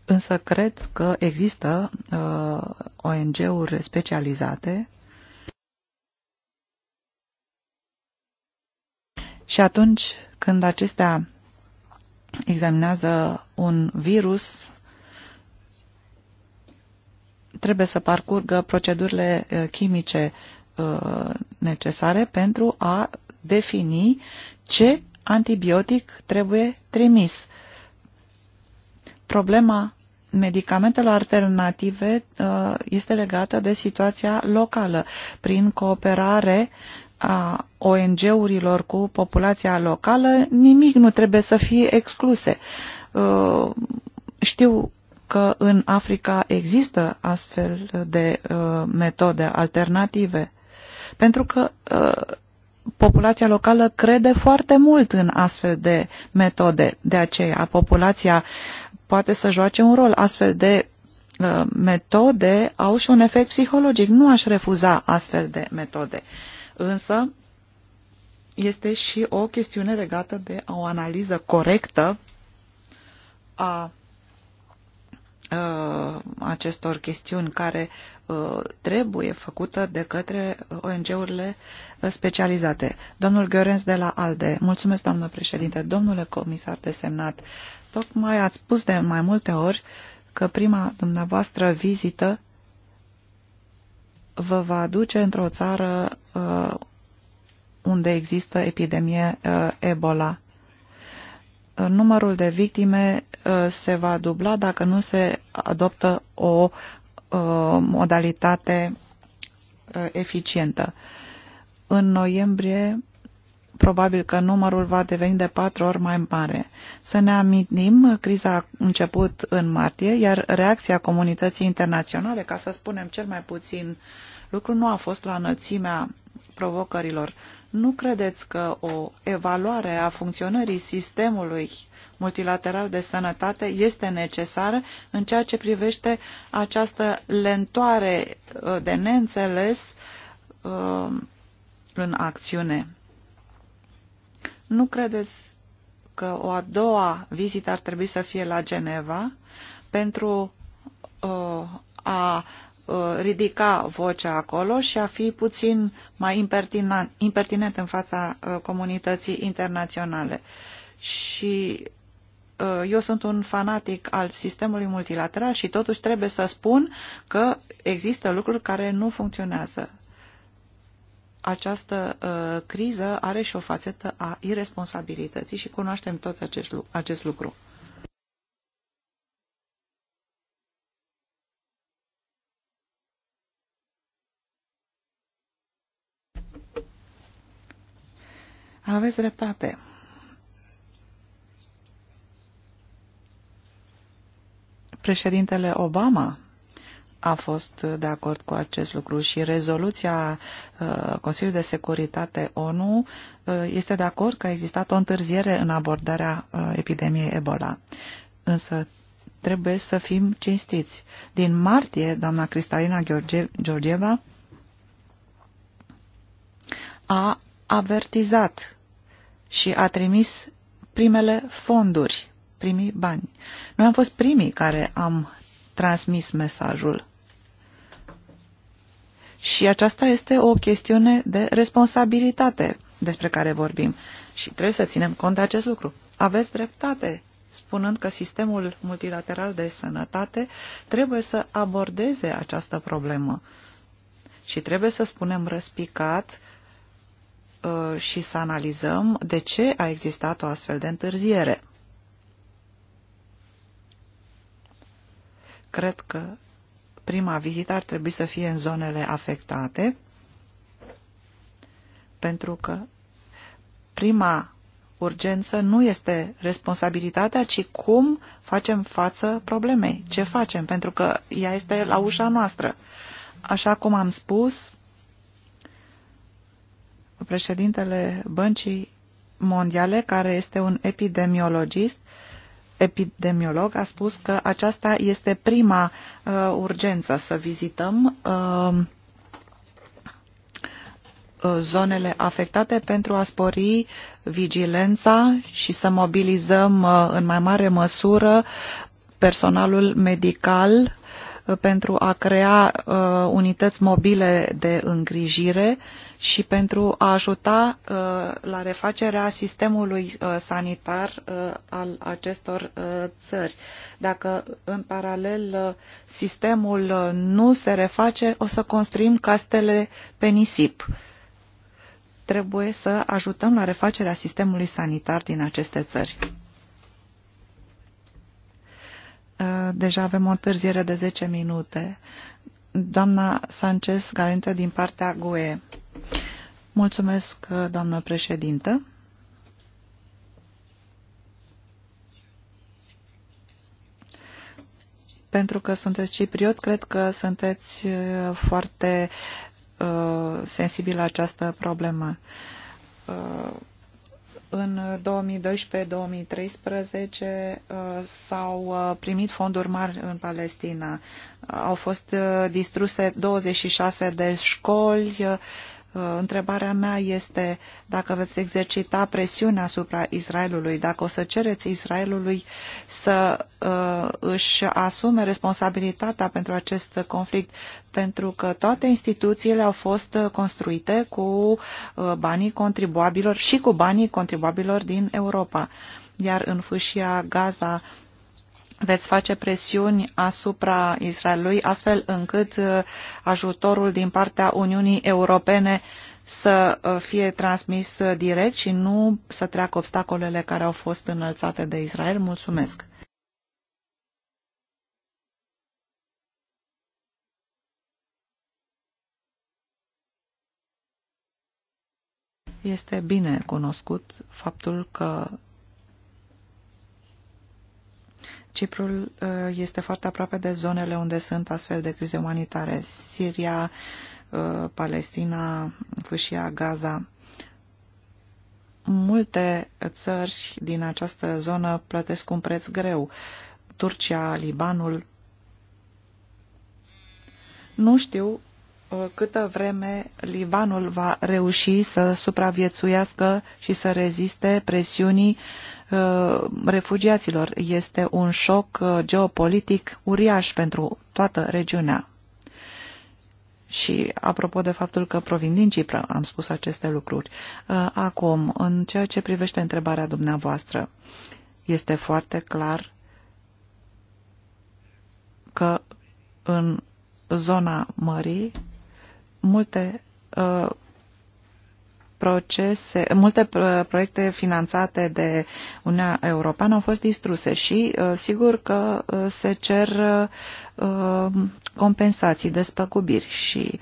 D: Însă cred că există uh, ONG-uri specializate și atunci când acestea examinează un virus, trebuie să parcurgă procedurile uh, chimice uh, necesare pentru a defini ce antibiotic trebuie trimis Problema medicamentelor alternative uh, este legată de situația locală. Prin cooperare a ONG-urilor cu populația locală, nimic nu trebuie să fie excluse. Uh, știu că în Africa există astfel de uh, metode alternative, pentru că populația locală crede foarte mult în astfel de metode. De aceea, populația poate să joace un rol. Astfel de uh, metode au și un efect psihologic. Nu aș refuza astfel de metode. Însă, este și o chestiune legată de o analiză corectă a Uh, acestor chestiuni care uh, trebuie făcută de către ONG-urile specializate. Domnul Gheorens de la ALDE, mulțumesc doamnă președinte, domnule comisar desemnat, tocmai ați spus de mai multe ori că prima dumneavoastră vizită vă va duce într-o țară uh, unde există epidemie Ebola numărul de victime Uh, se va dubla dacă nu se adoptă o uh, modalitate uh, eficientă. În noiembrie probabil că numărul va deveni de patru ori mai mare. Să ne amintim, criza a început în martie, iar reacția comunității internaționale, ca să spunem cel mai puțin lucru, nu a fost la înălțimea provocărilor. Nu credeți că o evaluare a funcționării sistemului multilateral de sănătate este necesară în ceea ce privește această lentoare uh, de neînțeles uh, în acțiune. Nu credeți că o a doua vizită ar trebui să fie la Geneva pentru uh, a ridica vocea acolo și a fi puțin mai impertinent în fața comunității internaționale. Și eu sunt un fanatic al sistemului multilateral și totuși trebuie să spun că există lucruri care nu funcționează. Această uh, criză are și o fațetă a irresponsabilității și cunoaștem tot acest, acest lucru. Aveți dreptate. Președintele Obama a fost de acord cu acest lucru și rezoluția uh, Consiliului de Securitate ONU uh, este de acord că a existat o întârziere în abordarea uh, epidemiei Ebola. Însă trebuie să fim cinstiți. Din martie, doamna Cristalina Georgieva a avertizat și a trimis primele fonduri primi bani. Noi am fost primii care am transmis mesajul. Și aceasta este o chestiune de responsabilitate despre care vorbim și trebuie să ținem cont de acest lucru. Aveți dreptate spunând că sistemul multilateral de sănătate trebuie să abordeze această problemă și trebuie să spunem răspicat uh, și să analizăm de ce a existat o astfel de întârziere. Cred că prima vizită ar trebui să fie în zonele afectate, pentru că prima urgență nu este responsabilitatea, ci cum facem față problemei, ce facem, pentru că ea este la ușa noastră. Așa cum am spus, președintele Băncii Mondiale, care este un epidemiologist, uh, epidemiolog a spus că aceasta este prima uh, urgență, să vizităm uh, uh, zonele afectate pentru a spori vigilența și să mobilizăm uh, în mai mare măsură personalul medical uh, pentru a crea uh, unități mobile de îngrijire uh, și pentru a ajuta uh, la refacerea sistemului uh, sanitar uh, al acestor țări. Dacă în paralel sistemul nu se reface, o să construim castele pe nisip. Trebuie să ajutăm la refacerea sistemului sanitar din aceste țări. Deja avem o întârziere de 10 minute. Doamna Sanchez Galente din partea GUE. Mulțumesc, doamnă președintă. Pentru că sunteți cipriot, cred că sunteți uh, foarte uh, sensibil la această problemă. Uh, în 2012-2013 uh, s-au uh, primit fonduri mari în Palestina. Au fost distruse 26 de școli, Uh, întrebarea mea este dacă veți exercita presiunea asupra Israelului, dacă o să cereți Israelului să uh, își asume responsabilitatea pentru acest conflict, pentru că toate instituțiile au fost construite cu uh, banii contribuabilor și cu banii contribuabilor din Europa. Iar în fâșia Gaza veți face presiuni asupra Israelului astfel încât uh, ajutorul din partea Uniunii Europene să uh, fie transmis uh, direct și nu să treacă obstacolele care au fost înălțate de Israel. Mulțumesc! Este bine cunoscut faptul că Ciprul uh, este foarte aproape de zonele unde sunt astfel de crize umanitare. Siria, uh, Palestina, Fâșia, Gaza. Multe țări din această zonă plătesc un preț greu. Turcia, Libanul. Nu știu uh, câtă vreme Libanul va reuși să supraviețuiască și să reziste presiunii uh, Uh, refugiaților. Este un șoc uh, geopolitic uriaș pentru toată regiunea. Și apropo de faptul că provin din Cipră, am spus aceste lucruri. Uh, acum, în ceea ce privește întrebarea dumneavoastră, este foarte clar că în zona mării multe procese, multe proiecte finanțate de Uniunea Europeană au fost distruse și uh, sigur că uh, se cer uh, compensații, despăgubiri și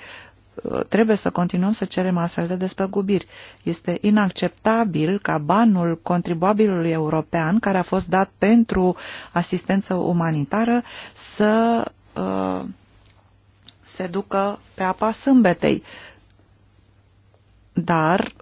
D: trebuie să continuăm să cerem astfel de despăgubiri. Este inacceptabil ca banul contribuabilului european care a fost dat pentru asistență umanitară să se ducă pe apa sâmbetei dar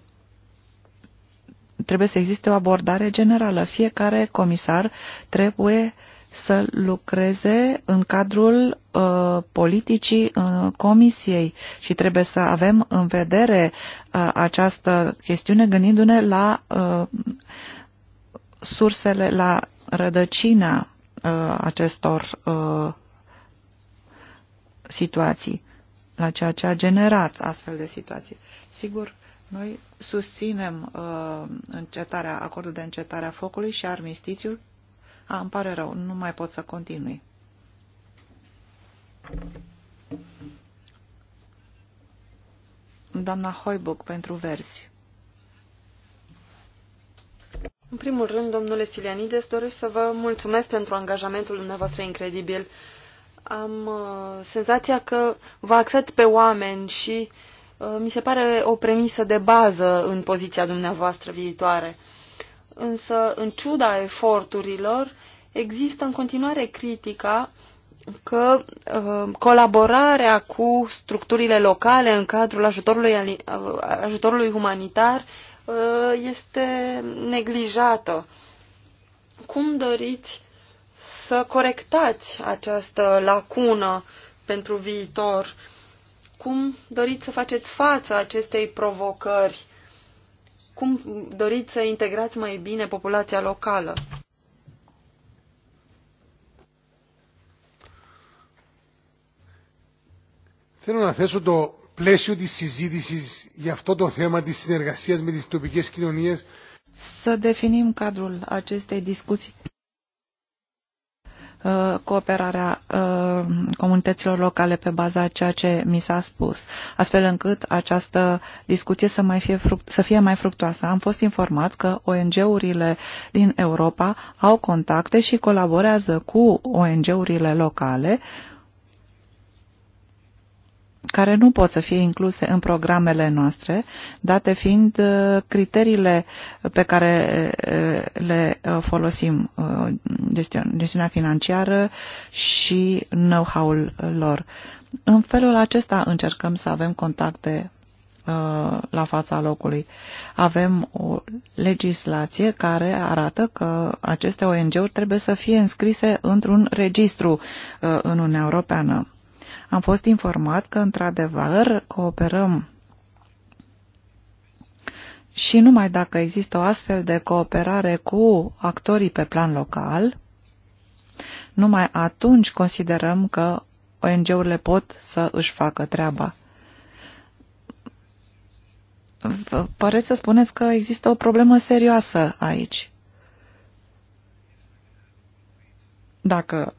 D: trebuie să existe o abordare generală. Fiecare comisar trebuie să lucreze în cadrul uh, politicii uh, comisiei și trebuie să avem în vedere uh, această chestiune gândindu-ne la uh, sursele, la rădăcina uh, acestor uh, situații, la ceea ce a generat astfel de situații. Sigur, noi susținem uh, încetarea, acordul de încetare a focului și armistițiul. A, îmi pare rău, nu mai pot să continui. Doamna Hoibuc pentru verzi. În primul
A: rând, domnule Silianides, doresc să vă mulțumesc pentru angajamentul dumneavoastră incredibil. Am uh, senzația că vă axați pe oameni și uh, Uh, mi se pare o premisă de bază în poziția dumneavoastră viitoare. Însă, în ciuda eforturilor, există în continuare critica că uh, colaborarea cu structurile locale în cadrul ajutorului, uh, ajutorului humanitar uh, este neglijată. Cum doriți să corectați această lacună pentru viitor? Uh, cum doriți să faceți față acestei provocări? Cum doriți să integrați mai bine populația locală?
B: Θέλω να θέσω το πλαίσιο της συζήτησης για αυτό το θέμα της συνεργασίας με τις τοπικές κοινωνίες.
D: Să definim cadrul acestei discuții Uh, cooperarea uh, comunităților locale pe baza ceea ce mi s-a spus, astfel încât această discuție să, mai fie, fruct, să fie mai fructoasă. Am fost informat că ONG-urile din Europa au contacte și colaborează cu ONG-urile locale uh, care nu pot să fie incluse în programele noastre, date fiind uh, criteriile pe care uh, le uh, folosim, gestiunea financiară și know-how-ul lor. În felul acesta încercăm să avem contacte la fața locului. Avem o legislație care arată că aceste ONG-uri trebuie să fie înscrise într-un registru în Uniunea Europeană. Am fost informat că, într-adevăr, cooperăm și numai dacă există o astfel de cooperare cu actorii pe plan local, numai atunci considerăm că ONG-urile pot să își facă treaba. Vă pareți să spuneți că există o problemă serioasă aici. Dacă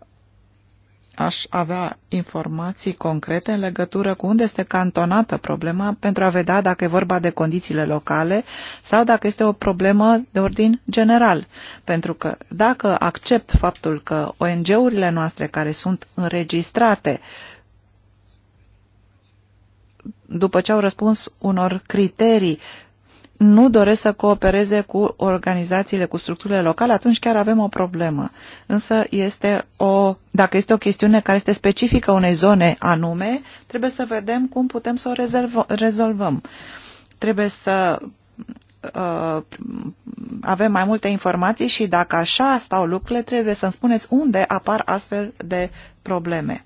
D: aș avea informații concrete în legătură cu unde este cantonată problema pentru a vedea dacă e vorba de condițiile locale sau dacă este o problemă de ordin general. Pentru că dacă accept faptul că ONG-urile noastre care sunt înregistrate după ce au răspuns unor criterii nu doresc să coopereze cu organizațiile, cu structurile locale, atunci chiar avem o problemă. Însă este o, dacă este o chestiune care este specifică unei zone anume, trebuie să vedem cum putem să o rezolvă, rezolvăm. Trebuie să uh, avem mai multe informații și dacă așa stau lucrurile, trebuie să-mi spuneți unde apar astfel de probleme.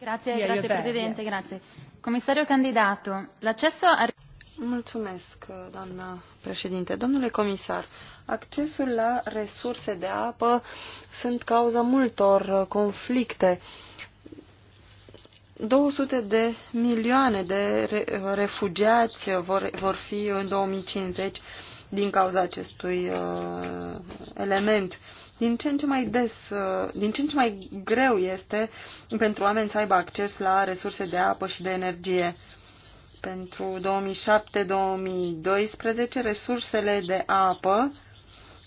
A: Grazie, yeah, grazie Presidente, grazie. Comisariu candidatul, l'accesso a... Mulțumesc, doamna președinte. Domnule comisar, accesul la resurse de apă sunt cauza multor conflicte. 200 de milioane de refugiați vor, vor fi în 2050 din cauza acestui uh, element din ce în ce mai des, din ce în ce mai greu este pentru oameni să aibă acces la resurse de apă și de energie. Pentru 2007-2012, resursele de apă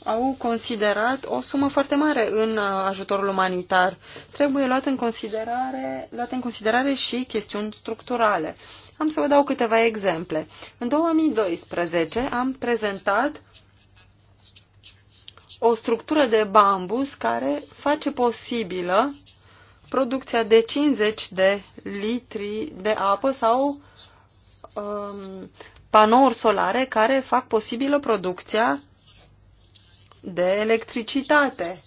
A: au considerat o sumă foarte mare în uh, ajutorul umanitar. Trebuie luat în considerare, luat în considerare și chestiuni structurale. Am să vă dau câteva exemple. În 2012 am prezentat o structură de bambus care face posibilă producția de 50 de litri de apă sau um, panouri solare care fac posibilă producția de electricitate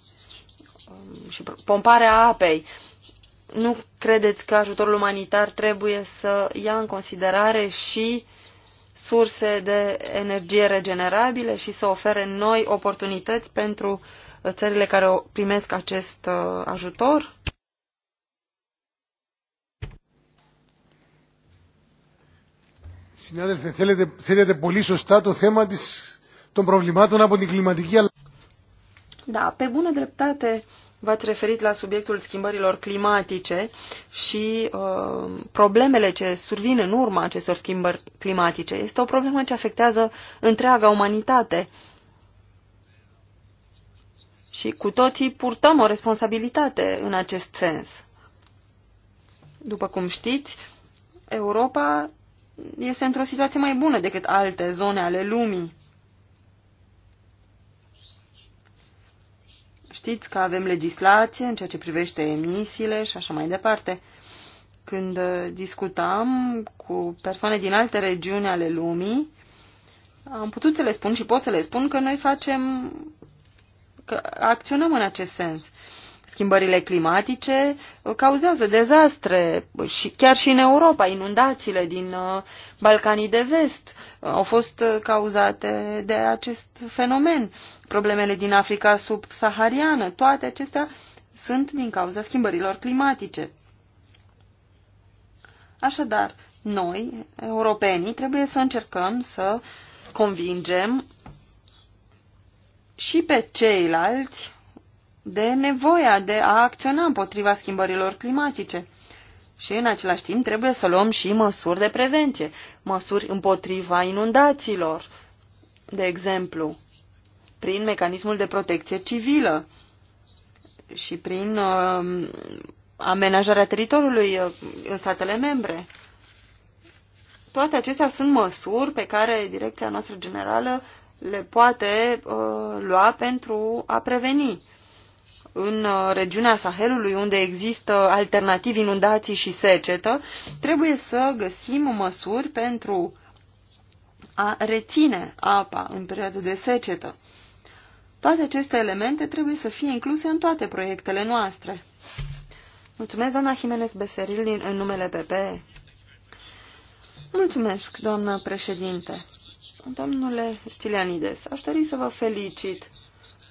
A: um, și pomparea apei. Nu credeți că ajutorul umanitar trebuie să ia în considerare și uh, surse de energie regenerabile și să ofere noi oportunități pentru uh, țările care primesc acest uh, ajutor?
B: Συνάδελφε, θέλετε, θέλετε πολύ σωστά το θέμα της, των προβλημάτων από την κλιματική αλλαγή.
A: Da, pe bună dreptate V-ați referit la subiectul schimbărilor climatice și uh, problemele ce survin în urma acestor schimbări climatice. Este o problemă ce afectează întreaga umanitate. Și cu toții purtăm o responsabilitate în acest sens. După cum știți, Europa este într-o situație mai bună decât alte zone ale lumii. Știți că avem legislație în ceea ce privește emisiile și așa mai departe. Când uh, discutam cu persoane din alte regiuni ale lumii, am putut să le spun și pot să le spun că noi facem, că acționăm în acest sens. Schimbările climatice uh, cauzează dezastre și chiar și în Europa. Inundațiile din uh, Balcanii de Vest uh, au fost cauzate de acest fenomen. Problemele din Africa subsahariană, toate acestea sunt din cauza schimbărilor climatice. Așadar, noi, europenii, trebuie să încercăm să convingem și pe ceilalți de nevoia de a acționa împotriva schimbărilor climatice. Și în același timp trebuie să luăm și măsuri de prevenție, măsuri împotriva inundațiilor, de exemplu, prin mecanismul de protecție civilă și prin uh, amenajarea teritoriului uh, în statele membre. Toate acestea sunt măsuri pe care direcția noastră generală le poate uh, lua pentru a preveni în uh, regiunea Sahelului, unde există alternativ inundații și secetă, trebuie să găsim măsuri pentru a reține apa în perioada de secetă. Toate aceste elemente trebuie să fie incluse în toate proiectele noastre. Mulțumesc, doamna Jimenez Beseril, în numele PPE. Mulțumesc, doamnă președinte. Domnule Stilianides, aș dori să vă felicit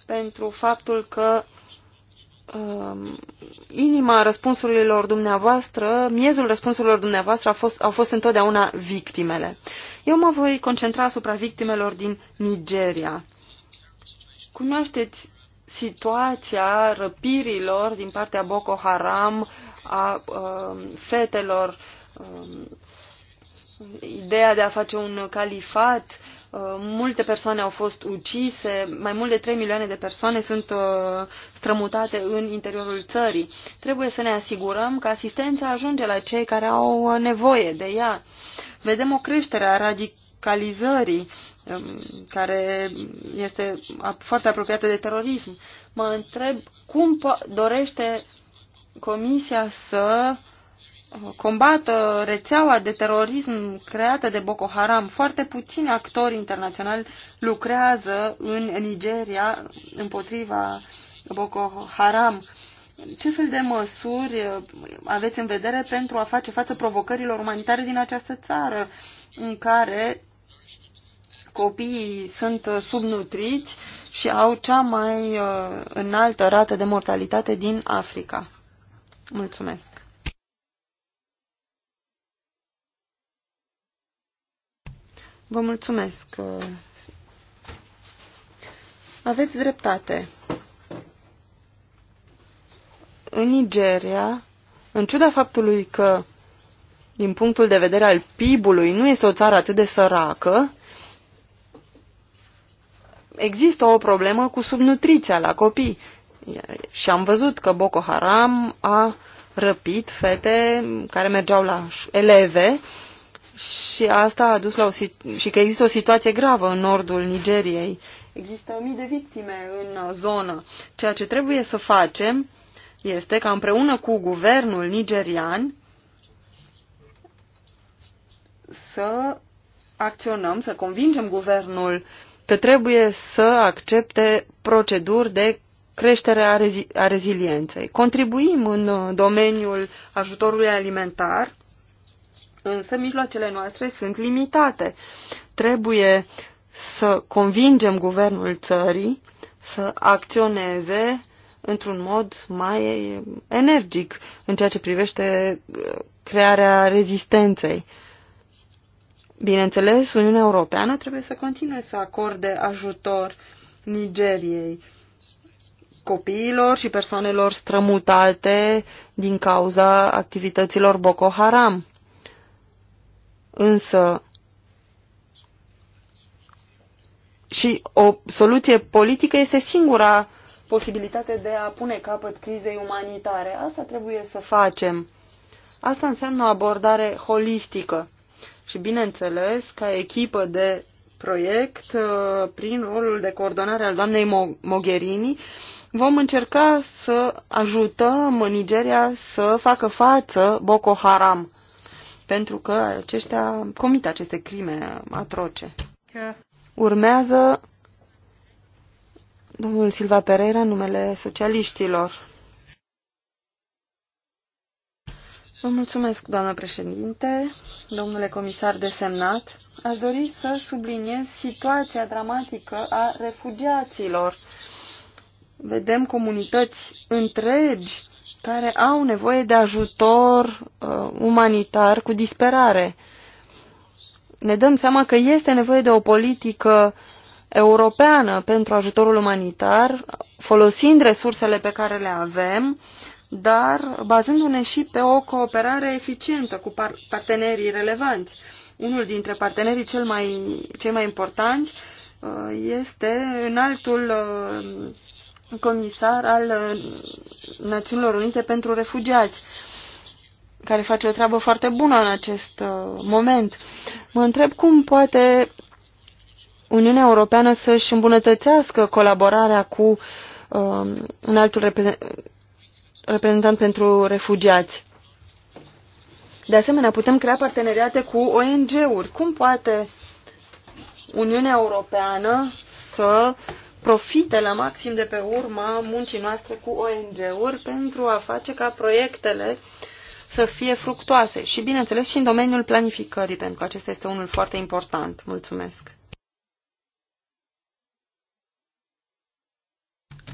A: pentru faptul că um, inima răspunsurilor dumneavoastră, miezul răspunsurilor dumneavoastră a fost, au fost întotdeauna victimele. Eu mă voi concentra asupra victimelor din Nigeria. Cunoașteți situația răpirilor din partea Boko Haram, a uh, fetelor, uh, ideea de a face un califat, multe persoane au fost ucise, mai mult de 3 milioane de persoane sunt uh, strămutate în interiorul țării. Trebuie să ne asigurăm că asistența ajunge la cei care au uh, nevoie de ea. Vedem o creștere a radicalizării um, care este foarte apropiată de terorism. Mă întreb cum dorește Comisia să uh, combată rețeaua de terorism creată de Boko Haram. Foarte puțini actori internaționali lucrează în Nigeria împotriva Boko Haram. Ce fel de măsuri aveți în vedere pentru a face față provocărilor umanitare din această țară în care copiii sunt subnutriți și au cea mai uh, înaltă rată de mortalitate din Africa? Mulțumesc! Vă mulțumesc. Aveți dreptate. În Nigeria, în ciuda faptului că, din punctul de vedere al PIB-ului, nu este o țară atât de săracă, există o problemă cu subnutriția la copii. Și am văzut că Boko Haram a răpit fete care mergeau la eleve și asta a dus la o și că există o situație gravă în nordul Nigeriei. Există mii de victime în uh, zonă. Ceea ce trebuie să facem este ca împreună cu guvernul nigerian să acționăm, să convingem guvernul că trebuie să accepte proceduri de creștere a, rezi a rezilienței. Contribuim în uh, domeniul ajutorului alimentar Însă mijloacele noastre sunt limitate. Trebuie să convingem guvernul țării să acționeze într-un mod mai energic în ceea ce privește uh, crearea rezistenței. Bineînțeles, Uniunea Europeană trebuie să continue să acorde ajutor Nigeriei, copiilor și persoanelor strămutate din cauza activităților Boko Haram. Însă și o soluție politică este singura posibilitate de a pune capăt crizei umanitare. Asta trebuie să facem. Asta înseamnă o abordare holistică. Și bineînțeles, ca echipă de proiect, uh, prin rolul de coordonare al doamnei Mogherini, vom încerca să ajutăm Nigeria să facă față Boko Haram pentru că aceștia comit aceste crime atroce. Urmează domnul Silva Pereira, numele socialiștilor. Vă mulțumesc, doamnă președinte, domnule comisar desemnat. Aș dori să subliniez situația dramatică a refugiaților. Vedem comunități întregi care au nevoie de ajutor uh, umanitar cu disperare. Ne dăm seama că este nevoie de o politică europeană pentru ajutorul umanitar, folosind resursele pe care le avem, dar bazându-ne și pe o cooperare eficientă cu par partenerii relevanți. Unul dintre partenerii cel mai, cei mai importanți uh, este altul. Uh, comisar al uh, Națiunilor Unite pentru Refugiați, care face o treabă foarte bună în acest uh, moment. Mă întreb cum poate Uniunea Europeană să-și îmbunătățească colaborarea cu um, un altul reprezentant pentru refugiați. De asemenea, putem crea parteneriate cu ONG-uri. Cum poate Uniunea Europeană să uh, profite la maxim de pe urma muncii noastre cu ONG-uri pentru a face ca proiectele să fie fructoase și, bineînțeles, și în domeniul planificării, pentru că acesta este unul foarte important. Mulțumesc!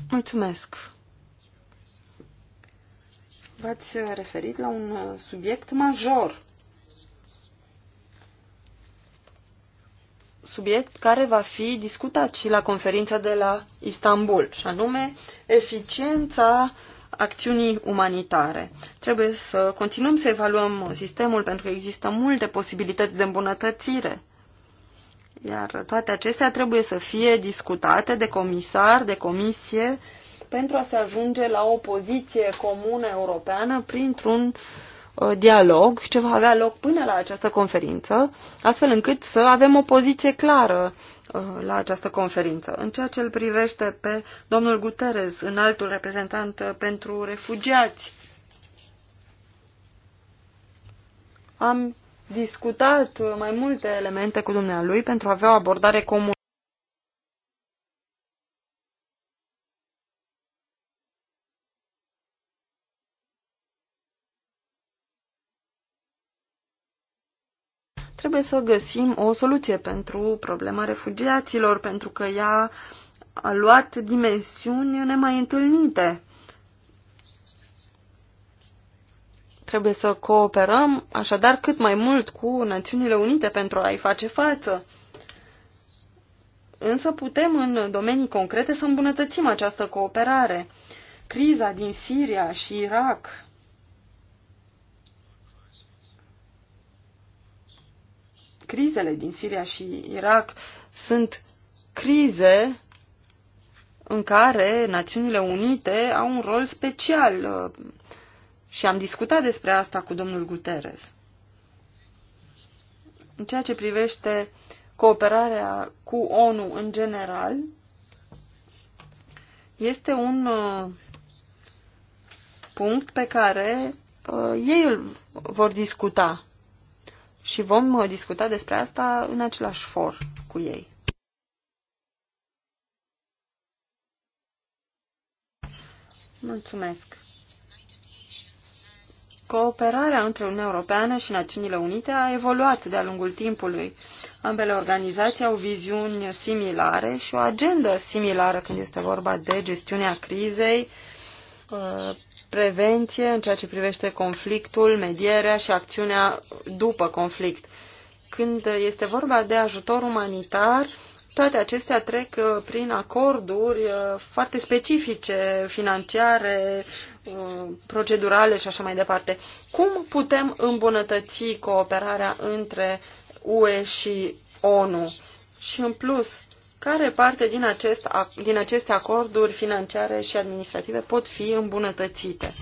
A: Mulțumesc! V-ați referit la un subiect major subiect care va fi discutat și la conferința de la Istanbul, și anume eficiența acțiunii umanitare. Trebuie să continuăm să evaluăm sistemul pentru că există multe posibilități de îmbunătățire. Iar toate acestea trebuie să fie discutate de comisar, de comisie, pentru a se ajunge la o poziție comună europeană printr-un uh, Uh, dialog ce va avea loc până la această conferință, astfel încât să avem o poziție clară uh, la această conferință. În ceea ce îl privește pe domnul Guterres, înaltul reprezentant uh, pentru refugiați, am discutat mai multe elemente cu dumnealui pentru a avea o abordare comună. Trebuie să găsim o soluție pentru problema refugiaților, pentru că ea a luat dimensiuni nemai întâlnite. Trebuie să cooperăm așadar cât mai mult cu Națiunile Unite pentru a-i face față. Însă putem în domenii concrete să îmbunătățim această cooperare. Criza din Siria și Irak crizele din Siria și Irak sunt crize în care Națiunile Unite au un rol special uh, și am discutat despre asta cu domnul Guterres. În ceea ce privește cooperarea cu ONU în general, este un uh, punct pe care uh, ei îl vor discuta și vom uh, discuta despre asta în același for cu ei. Mulțumesc. Cooperarea între Uniunea Europeană și Națiunile Unite a evoluat de-a lungul timpului. Ambele organizații au viziuni similare și o agendă similară când este vorba de gestiunea crizei, uh, prevenție în ceea ce privește conflictul, medierea și acțiunea după conflict. Când este vorba de ajutor umanitar, toate acestea trec uh, prin acorduri uh, foarte specifice, financiare, uh, procedurale și așa mai departe. Cum putem îmbunătăți cooperarea între UE și ONU? Și în plus, care parte din, acest, din aceste acorduri financiare și administrative pot fi îmbunătățite?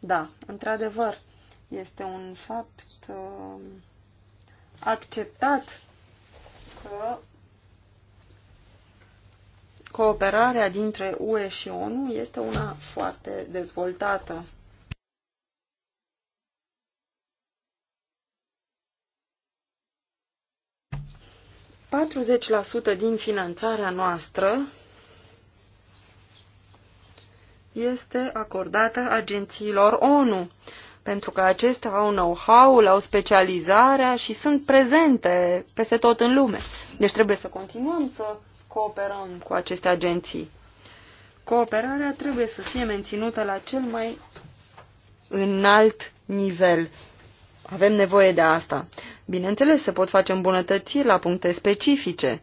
A: Da, într-adevăr, este un fapt uh, acceptat că Cooperarea dintre UE și ONU este una foarte dezvoltată. Patruzeci la sută din finanțarea noastră este acordată agențiilor ONU, pentru că acestea au know-how-ul, au specializarea și sunt prezente peste tot în lume. Deci trebuie să continuăm să cooperăm cu aceste agenții. Cooperarea trebuie să fie menținută la cel mai înalt nivel. Avem nevoie de asta. Bineînțeles, se pot face îmbunătățiri la puncte specifice,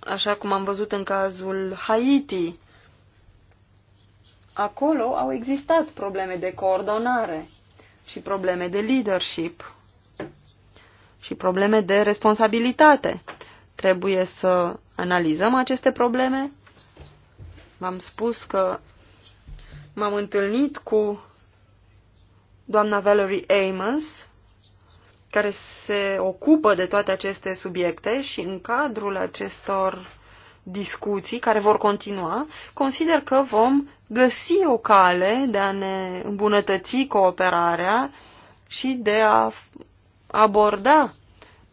A: așa cum am văzut în cazul Haiti. Acolo au existat probleme de coordonare și probleme de leadership și probleme de responsabilitate. Trebuie să analizăm aceste probleme. V-am spus că m-am întâlnit cu doamna Valerie Amos, care se ocupă de toate aceste subiecte și în cadrul acestor discuții care vor continua, consider că vom găsi o cale de a ne îmbunătăți cooperarea și de a aborda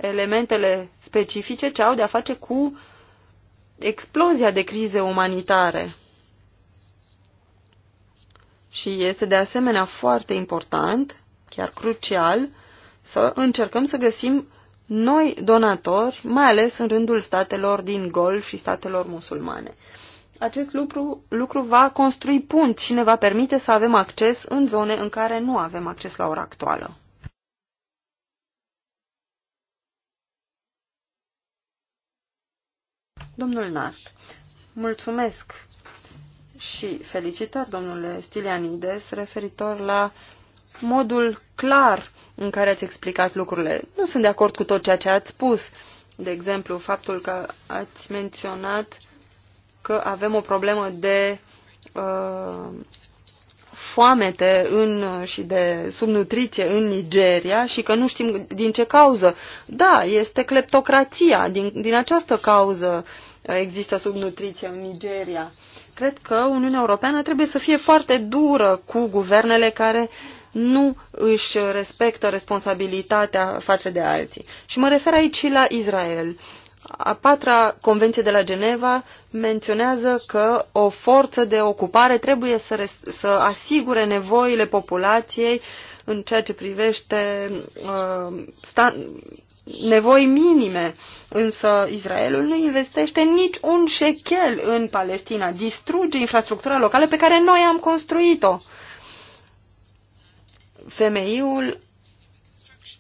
A: elementele specifice ce au de a face cu explozia de crize umanitare. Și este de asemenea foarte important, chiar crucial, să încercăm să găsim noi donatori, mai ales în rândul statelor din Golf și statelor musulmane. Acest lucru, lucru va construi punți și ne va permite să avem acces în zone în care nu avem acces la ora actuală. Domnul Nart, mulțumesc și felicitări, domnule Stilianides, referitor la modul clar în care ați explicat lucrurile. Nu sunt de acord cu tot ceea ce ați spus. De exemplu, faptul că ați menționat că avem o problemă de uh, foamete în, și de subnutriție în Nigeria și că nu știm din ce cauză. Da, este cleptocrația. Din, din această cauză uh, există subnutriție în Nigeria. Cred că Uniunea Europeană trebuie să fie foarte dură cu guvernele care nu își respectă responsabilitatea față de alții. Și mă refer aici și la Israel. A patra convenție de la Geneva menționează că o forță de ocupare trebuie să, să asigure nevoile populației în ceea ce privește uh, nevoi minime, însă Israelul nu investește nici un șechel în Palestina, distruge infrastructura locală pe care noi am construit-o. Femeiul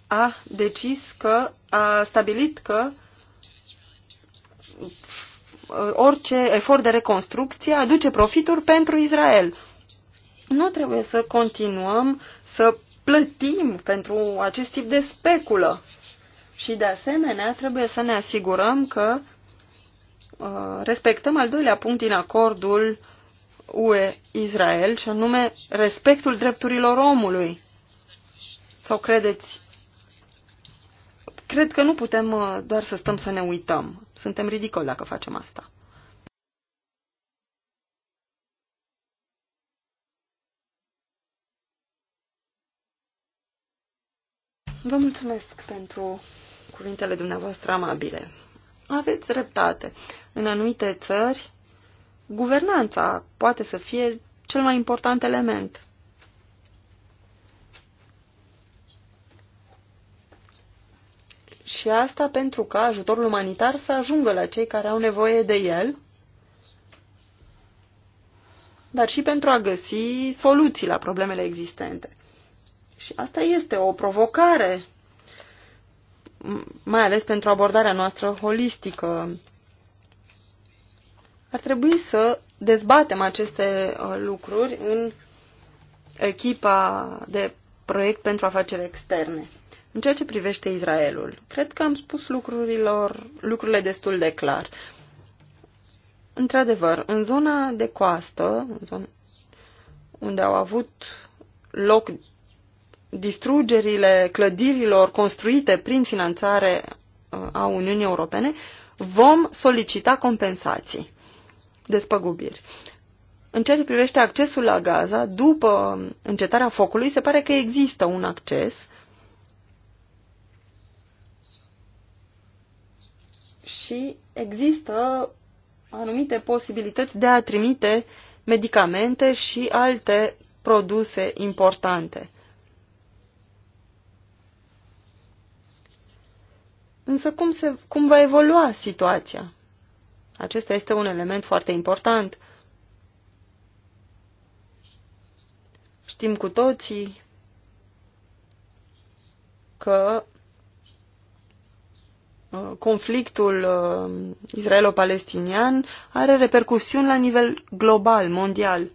A: a decis că, a stabilit că orice efort de reconstrucție aduce profituri pentru Israel. Nu trebuie să continuăm să plătim pentru acest tip de speculă. Și de asemenea trebuie să ne asigurăm că uh, respectăm al doilea punct din acordul UE-Israel și anume respectul drepturilor omului. Sau credeți? Cred că nu putem uh, doar să stăm să ne uităm. Suntem ridicoli dacă facem asta. Vă mulțumesc pentru cuvintele dumneavoastră amabile. Aveți dreptate. În anumite țări, guvernanța poate să fie cel mai important element. Și asta pentru ca ajutorul umanitar să ajungă la cei care au nevoie de el, dar și pentru a găsi soluții la problemele existente. Și asta este o provocare, mai ales pentru abordarea noastră holistică. Ar trebui să dezbatem aceste uh, lucruri în echipa de proiect pentru afaceri externe. În ceea ce privește Israelul, cred că am spus lucrurilor, lucrurile destul de clar. Într-adevăr, în zona de coastă, în zona unde au avut loc distrugerile clădirilor construite prin finanțare uh, a Uniunii Europene, vom solicita compensații, despăgubiri. În ceea ce privește accesul la Gaza, după încetarea focului, se pare că există un acces și există anumite posibilități de a trimite medicamente și alte produse importante. Însă cum, se, cum va evolua situația? Acesta este un element foarte important. Știm cu toții că uh, conflictul uh, israelo-palestinian are repercusiuni la nivel global, mondial.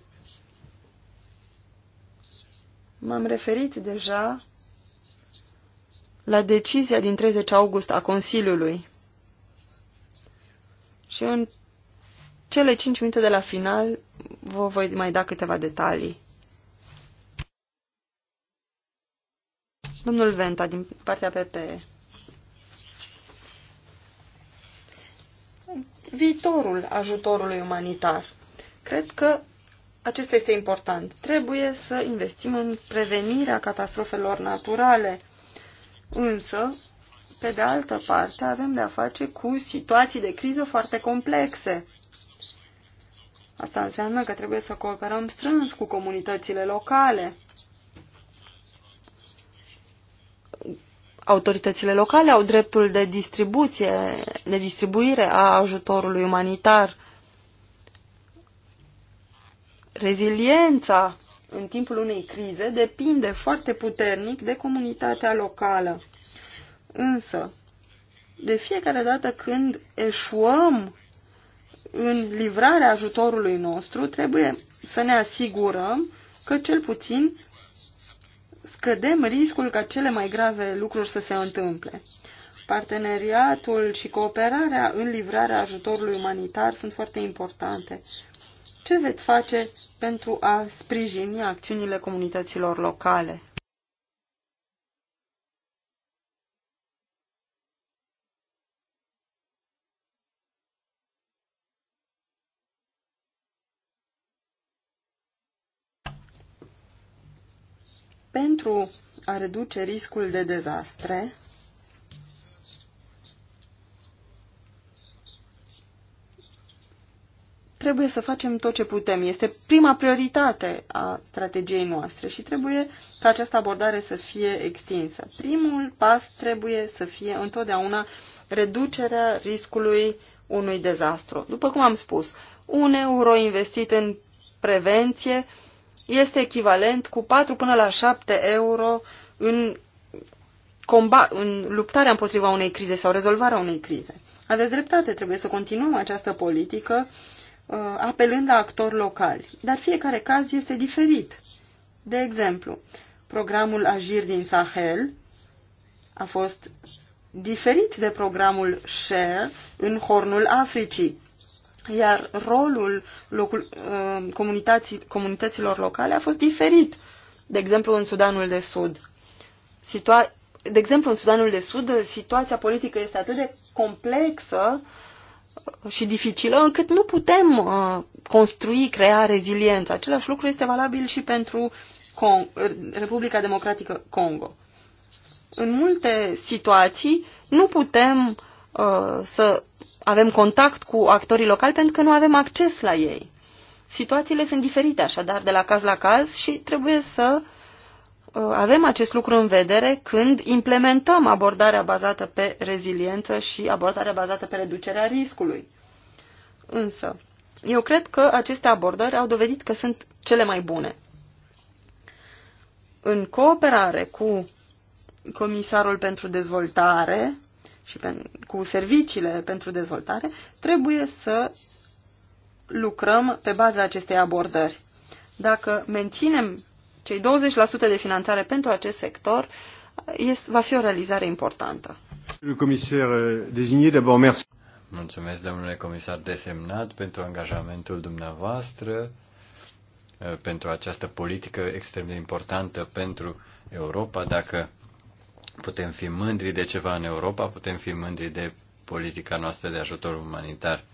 A: M-am referit deja la decizia din 30 august a Consiliului. Și în cele 5 minute de la final vă voi mai da câteva detalii. Domnul Venta, din partea PPE. Viitorul ajutorului umanitar. Cred că acesta este important. Trebuie să investim în prevenirea catastrofelor naturale Însă, pe de altă parte, avem de-a face cu situații de criză foarte complexe. Asta înseamnă că trebuie să cooperăm strâns cu comunitățile locale. Autoritățile locale au dreptul de distribuție, de distribuire a ajutorului umanitar. Reziliența în timpul unei crize depinde foarte puternic de comunitatea locală. Însă, de fiecare dată când eșuăm în livrarea ajutorului nostru, trebuie să ne asigurăm că cel puțin scădem riscul ca cele mai grave lucruri să se întâmple. Parteneriatul și cooperarea în livrarea ajutorului umanitar sunt foarte importante. Ce veți face pentru a sprijini acțiunile comunităților locale? Pentru a reduce riscul de dezastre, Trebuie să facem tot ce putem. Este prima prioritate a strategiei noastre și trebuie ca această abordare să fie extinsă. Primul pas trebuie să fie întotdeauna reducerea riscului unui dezastru. După cum am spus, un euro investit în prevenție este echivalent cu 4 până la 7 euro în, combat, în luptarea împotriva unei crize sau rezolvarea unei crize. Aveți dreptate, trebuie să continuăm această politică Uh, apelând la actori locali. Dar fiecare caz este diferit. De exemplu, programul Agir din Sahel a fost diferit de programul Share în Hornul Africii, iar rolul locul, uh, comunităților locale a fost diferit. De exemplu, în Sudanul de Sud. Situa de exemplu, în Sudanul de Sud, situația politică este atât de complexă uh, și dificilă, încât nu putem uh, construi, crea reziliență. Același lucru este valabil și pentru Con- Republica Democratică Congo. În multe situații nu putem uh, să avem contact cu actorii locali pentru că nu avem acces la ei. Situațiile sunt diferite așadar de la caz la caz și trebuie să Uh, avem acest lucru în vedere când implementăm abordarea bazată pe reziliență și abordarea bazată pe reducerea riscului. Însă, eu cred că aceste abordări au dovedit că sunt cele mai bune. În cooperare cu Comisarul pentru Dezvoltare și pe, cu serviciile pentru dezvoltare, trebuie să lucrăm pe baza acestei abordări. Dacă menținem cei 20% de finanțare pentru acest sector este, va fi o realizare importantă.
C: Mulțumesc, domnule comisar desemnat, pentru angajamentul dumneavoastră, eh, pentru această politică extrem de importantă pentru Europa. Dacă putem fi mândri de ceva în Europa, putem fi mândri de politica noastră de ajutor umanitar.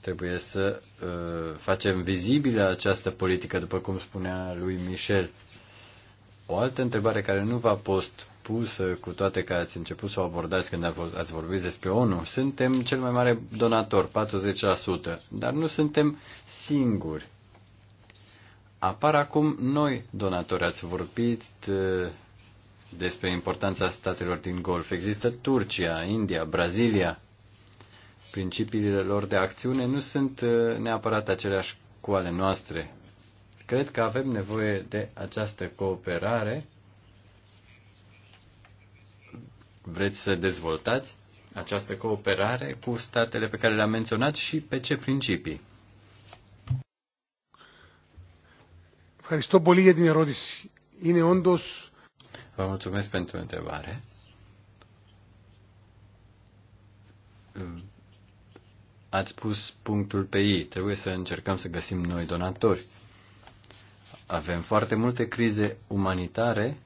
C: Trebuie să uh, facem vizibilă această politică, după cum spunea lui Michel. O altă întrebare care nu v-a fost pusă, cu toate că ați început să o abordați când ați vorbit despre ONU, suntem cel mai mare donator, 40%, dar nu suntem singuri. Apar acum noi donatori. Ați vorbit uh, despre importanța statelor din Golf. Există Turcia, India, Brazilia, principiile lor de acțiune nu sunt uh, neapărat aceleași cu ale noastre. Cred că avem nevoie de această cooperare. Vreți să dezvoltați această cooperare cu statele pe care le-am menționat și pe ce principii?
B: Haristopolie din Erodis. Ine ondos...
C: Vă mulțumesc pentru întrebare ați pus punctul pe ei. Trebuie să încercăm să găsim noi donatori. Avem foarte multe crize umanitare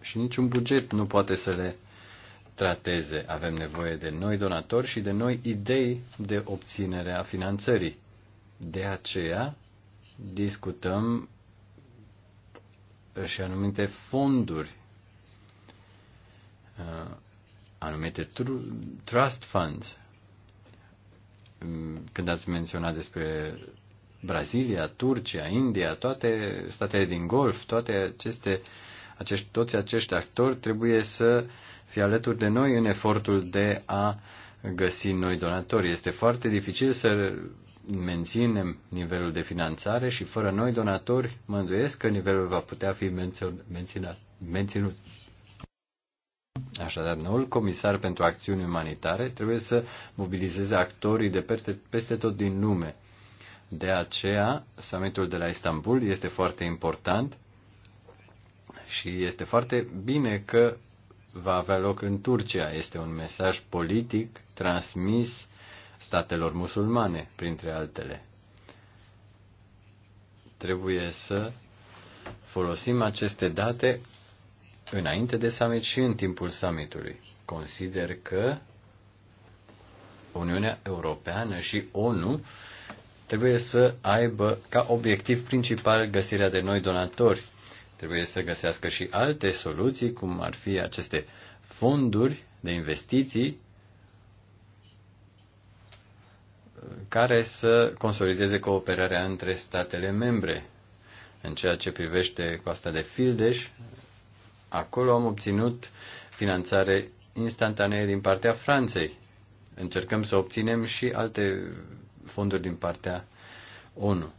C: și niciun buget nu poate să le trateze. Avem nevoie de noi donatori și de noi idei de obținere a finanțării. De aceea discutăm și anumite fonduri, uh, anumite trust funds, când ați menționat despre Brazilia, Turcia, India, toate statele din Golf, toate aceste, acești, toți acești actori trebuie să fie alături de noi în efortul de a găsi noi donatori. Este foarte dificil să menținem nivelul de finanțare și fără noi donatori mă că nivelul va putea fi menținut, menținut. Așadar, noul comisar pentru acțiuni umanitare trebuie să mobilizeze actorii de peste, peste tot din lume. De aceea, summitul de la Istanbul este foarte important și este foarte bine că va avea loc în Turcia. Este un mesaj politic transmis statelor musulmane, printre altele. Trebuie să folosim aceste date înainte de summit și în timpul summitului. Consider că Uniunea Europeană și ONU trebuie să aibă ca obiectiv principal găsirea de noi donatori. Trebuie să găsească și alte soluții, cum ar fi aceste fonduri de investiții care să consolideze cooperarea între statele membre. În ceea ce privește coasta de Fildeș, Acolo am obținut finanțare instantanee din partea Franței. Încercăm să obținem și alte fonduri din partea ONU.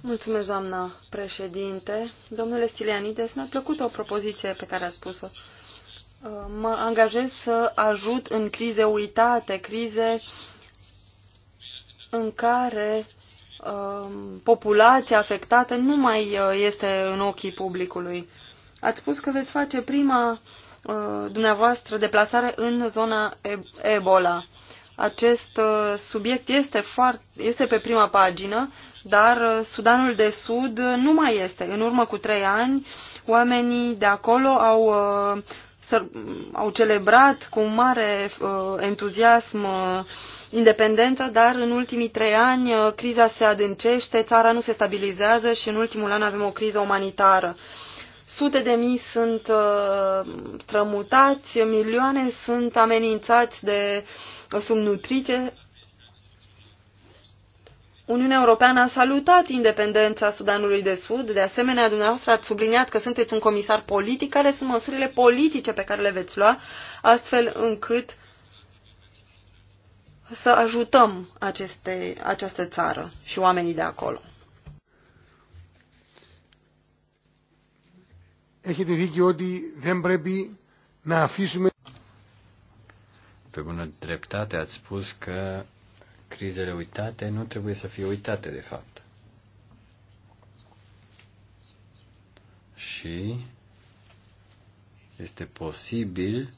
A: Mulțumesc, doamnă președinte. Domnule Stilianides, mi-a plăcut o propoziție pe care a spus-o. Uh, mă angajez să ajut în crize uitate, crize în care Um, populația afectată nu mai uh, este în ochii publicului. Ați spus că veți face prima uh, dumneavoastră deplasare în zona Ebola. Acest uh, subiect este, foarte, este pe prima pagină, dar Sudanul de Sud nu mai este. În urmă cu trei ani, oamenii de acolo au, au celebrat cu mare entuziasm independență, dar în ultimii trei ani uh, criza se adâncește, țara nu se stabilizează și în ultimul an avem o criză umanitară. Sute de mii sunt uh, strămutați, milioane sunt amenințați de uh, subnutrite. Uniunea Europeană a salutat independența Sudanului de Sud. De asemenea, dumneavoastră ați subliniat că sunteți un comisar politic. Care sunt măsurile politice pe care le veți lua astfel încât uh, să ajutăm aceste, această țară și oamenii de acolo.
B: Έχετε δίκιο ότι δεν πρέπει να αφήσουμε...
C: Pe bună dreptate ați spus că crizele uitate nu trebuie să fie uitate, de fapt. Și este posibil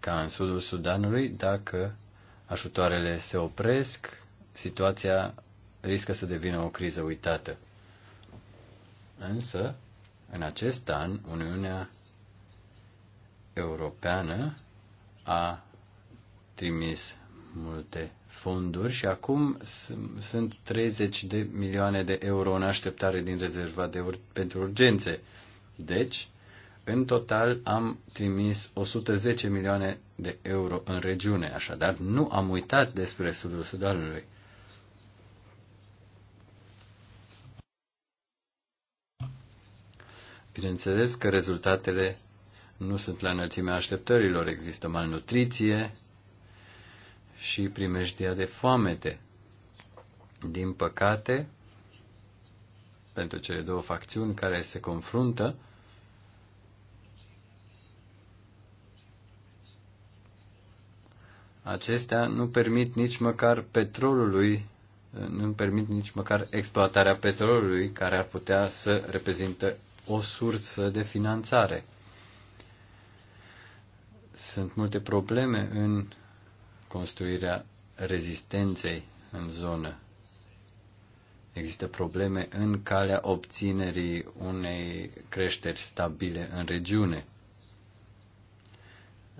C: ca în sudul Sudanului, dacă ajutoarele se opresc, situația riscă să devină o criză uitată. Însă, în acest an, Uniunea Europeană a trimis multe fonduri și acum sunt 30 de milioane de euro în așteptare din rezerva de ur- pentru urgențe. Deci, în total am trimis 110 milioane de euro în regiune, așadar nu am uitat despre sudul Sudanului. Bineînțeles că rezultatele nu sunt la înălțimea așteptărilor. Există malnutriție și primejdia de foamete. Din păcate, pentru cele două facțiuni care se confruntă, acestea nu permit nici măcar petrolului, eh, nu permit nici măcar exploatarea petrolului, care ar putea să reprezintă o sursă de finanțare. Sunt multe probleme în construirea rezistenței în zonă. Există probleme în calea obținerii unei creșteri stabile în regiune.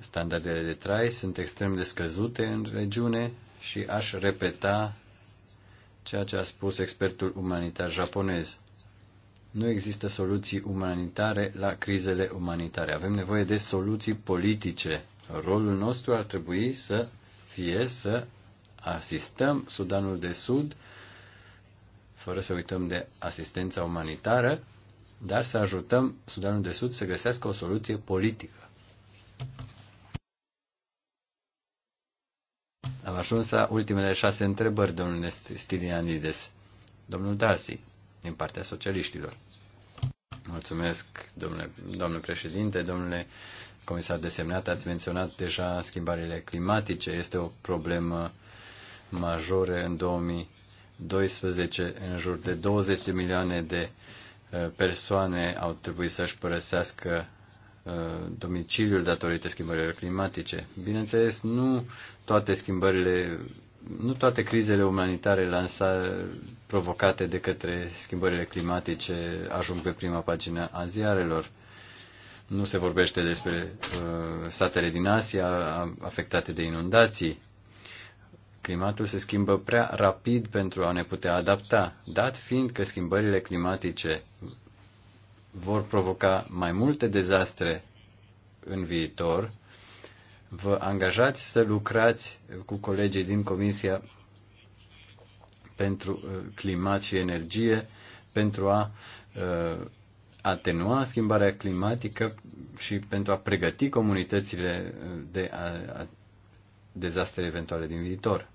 C: Standardele de trai sunt extrem de scăzute în regiune și aș repeta ceea ce a spus expertul umanitar japonez. Nu există soluții umanitare la crizele umanitare. Avem nevoie de soluții politice. Rolul nostru ar trebui să fie să asistăm Sudanul de Sud, fără să uităm de asistența umanitară, dar să ajutăm Sudanul de Sud să găsească o soluție politică. Am ajuns la ultimele șase întrebări, domnule Stilianides. Domnul Darcy, din partea socialiștilor. Mulțumesc, domnule, domnule președinte, domnule comisar desemnat. Ați menționat deja schimbările climatice. Este o problemă majoră în 2012. În jur de 20 de milioane de eh, persoane au trebuit să-și părăsească Uh, domiciliul datorită schimbărilor climatice. Bineînțeles, nu toate schimbările, nu toate crizele umanitare lansa, provocate de către schimbările climatice ajung pe prima pagină a ziarelor. Nu se vorbește despre uh, satele din Asia afectate de inundații. Climatul se schimbă prea rapid pentru a ne putea adapta, dat fiind că schimbările climatice vor provoca mai multe dezastre în viitor. Vă angajați să lucrați cu colegii din Comisia pentru uh, Climat și Energie pentru a uh, atenua schimbarea climatică și pentru a pregăti comunitățile uh, de a, a, dezastre eventuale din viitor.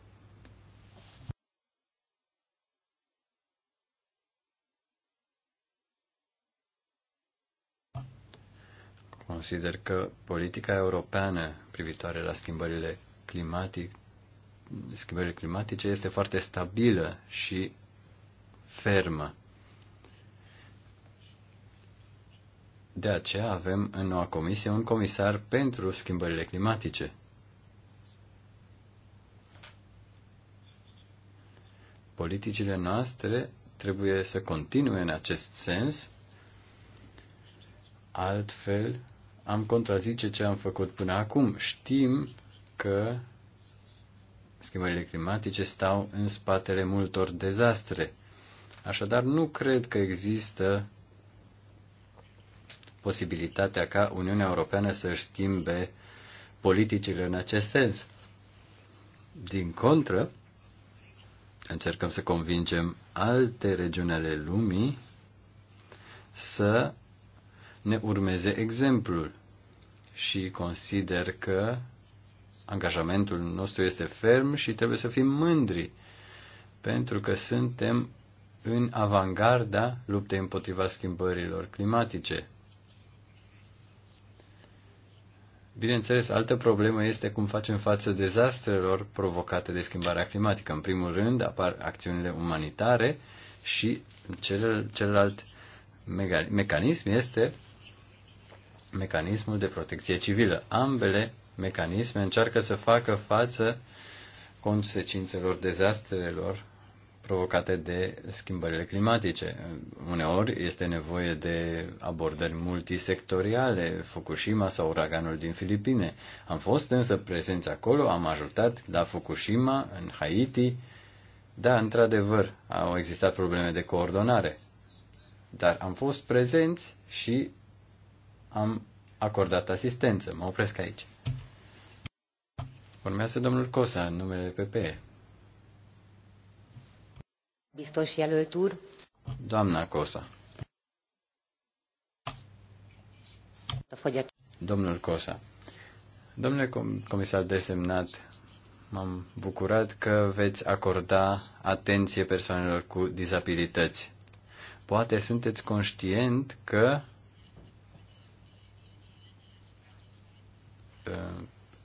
C: Consider că politica europeană privitoare la schimbările climatice schimbările climatice este foarte stabilă și fermă. De aceea avem în noua comisie un comisar pentru schimbările climatice. Politicile noastre trebuie să continue în acest sens, altfel am contrazice ce am făcut până acum. Știm că schimbările climatice stau în spatele multor dezastre. Așadar, nu cred că există posibilitatea ca Uniunea Europeană să-și schimbe politicile în acest sens. Din contră, încercăm să convingem alte regiuni ale lumii să ne urmeze exemplul și consider că angajamentul nostru este ferm și trebuie să fim mândri pentru că suntem în avangarda luptei împotriva schimbărilor climatice. Bineînțeles, altă problemă este cum facem față dezastrelor provocate de schimbarea climatică. În primul rând apar acțiunile umanitare și celălalt mecanism este mecanismul de protecție civilă. Ambele mecanisme încearcă să facă față consecințelor dezastrelor provocate de schimbările climatice. Uneori este nevoie de abordări multisectoriale, Fukushima sau uraganul din Filipine. Am fost însă prezenți acolo, am ajutat la Fukushima, în Haiti. Da, într-adevăr, au existat probleme de coordonare. Dar am fost prezenți și am acordat asistență. Mă opresc aici. Urmează domnul Cosa în numele PP.
B: Biztos jelölt úr.
C: Doamna Cosa. Domnul Cosa. Domnule comisar desemnat, m-am bucurat că veți acorda atenție persoanelor cu dizabilități. Poate sunteți conștient că Uh,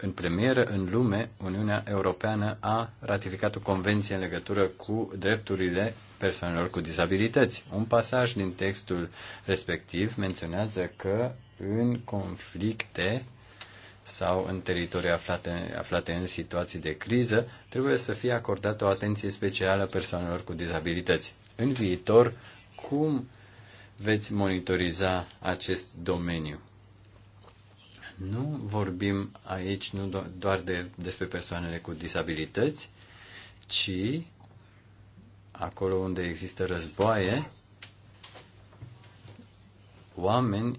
C: în premieră în lume, Uniunea Europeană a ratificat o convenție în legătură cu drepturile persoanelor cu dizabilități. Un pasaj din textul respectiv menționează că în conflicte sau în teritorii aflate, aflate în situații de criză, trebuie să fie acordată o atenție specială persoanelor cu dizabilități. În viitor, cum veți monitoriza acest domeniu? Nu vorbim aici nu do- doar de, despre persoanele cu disabilități, ci acolo unde există războaie, oameni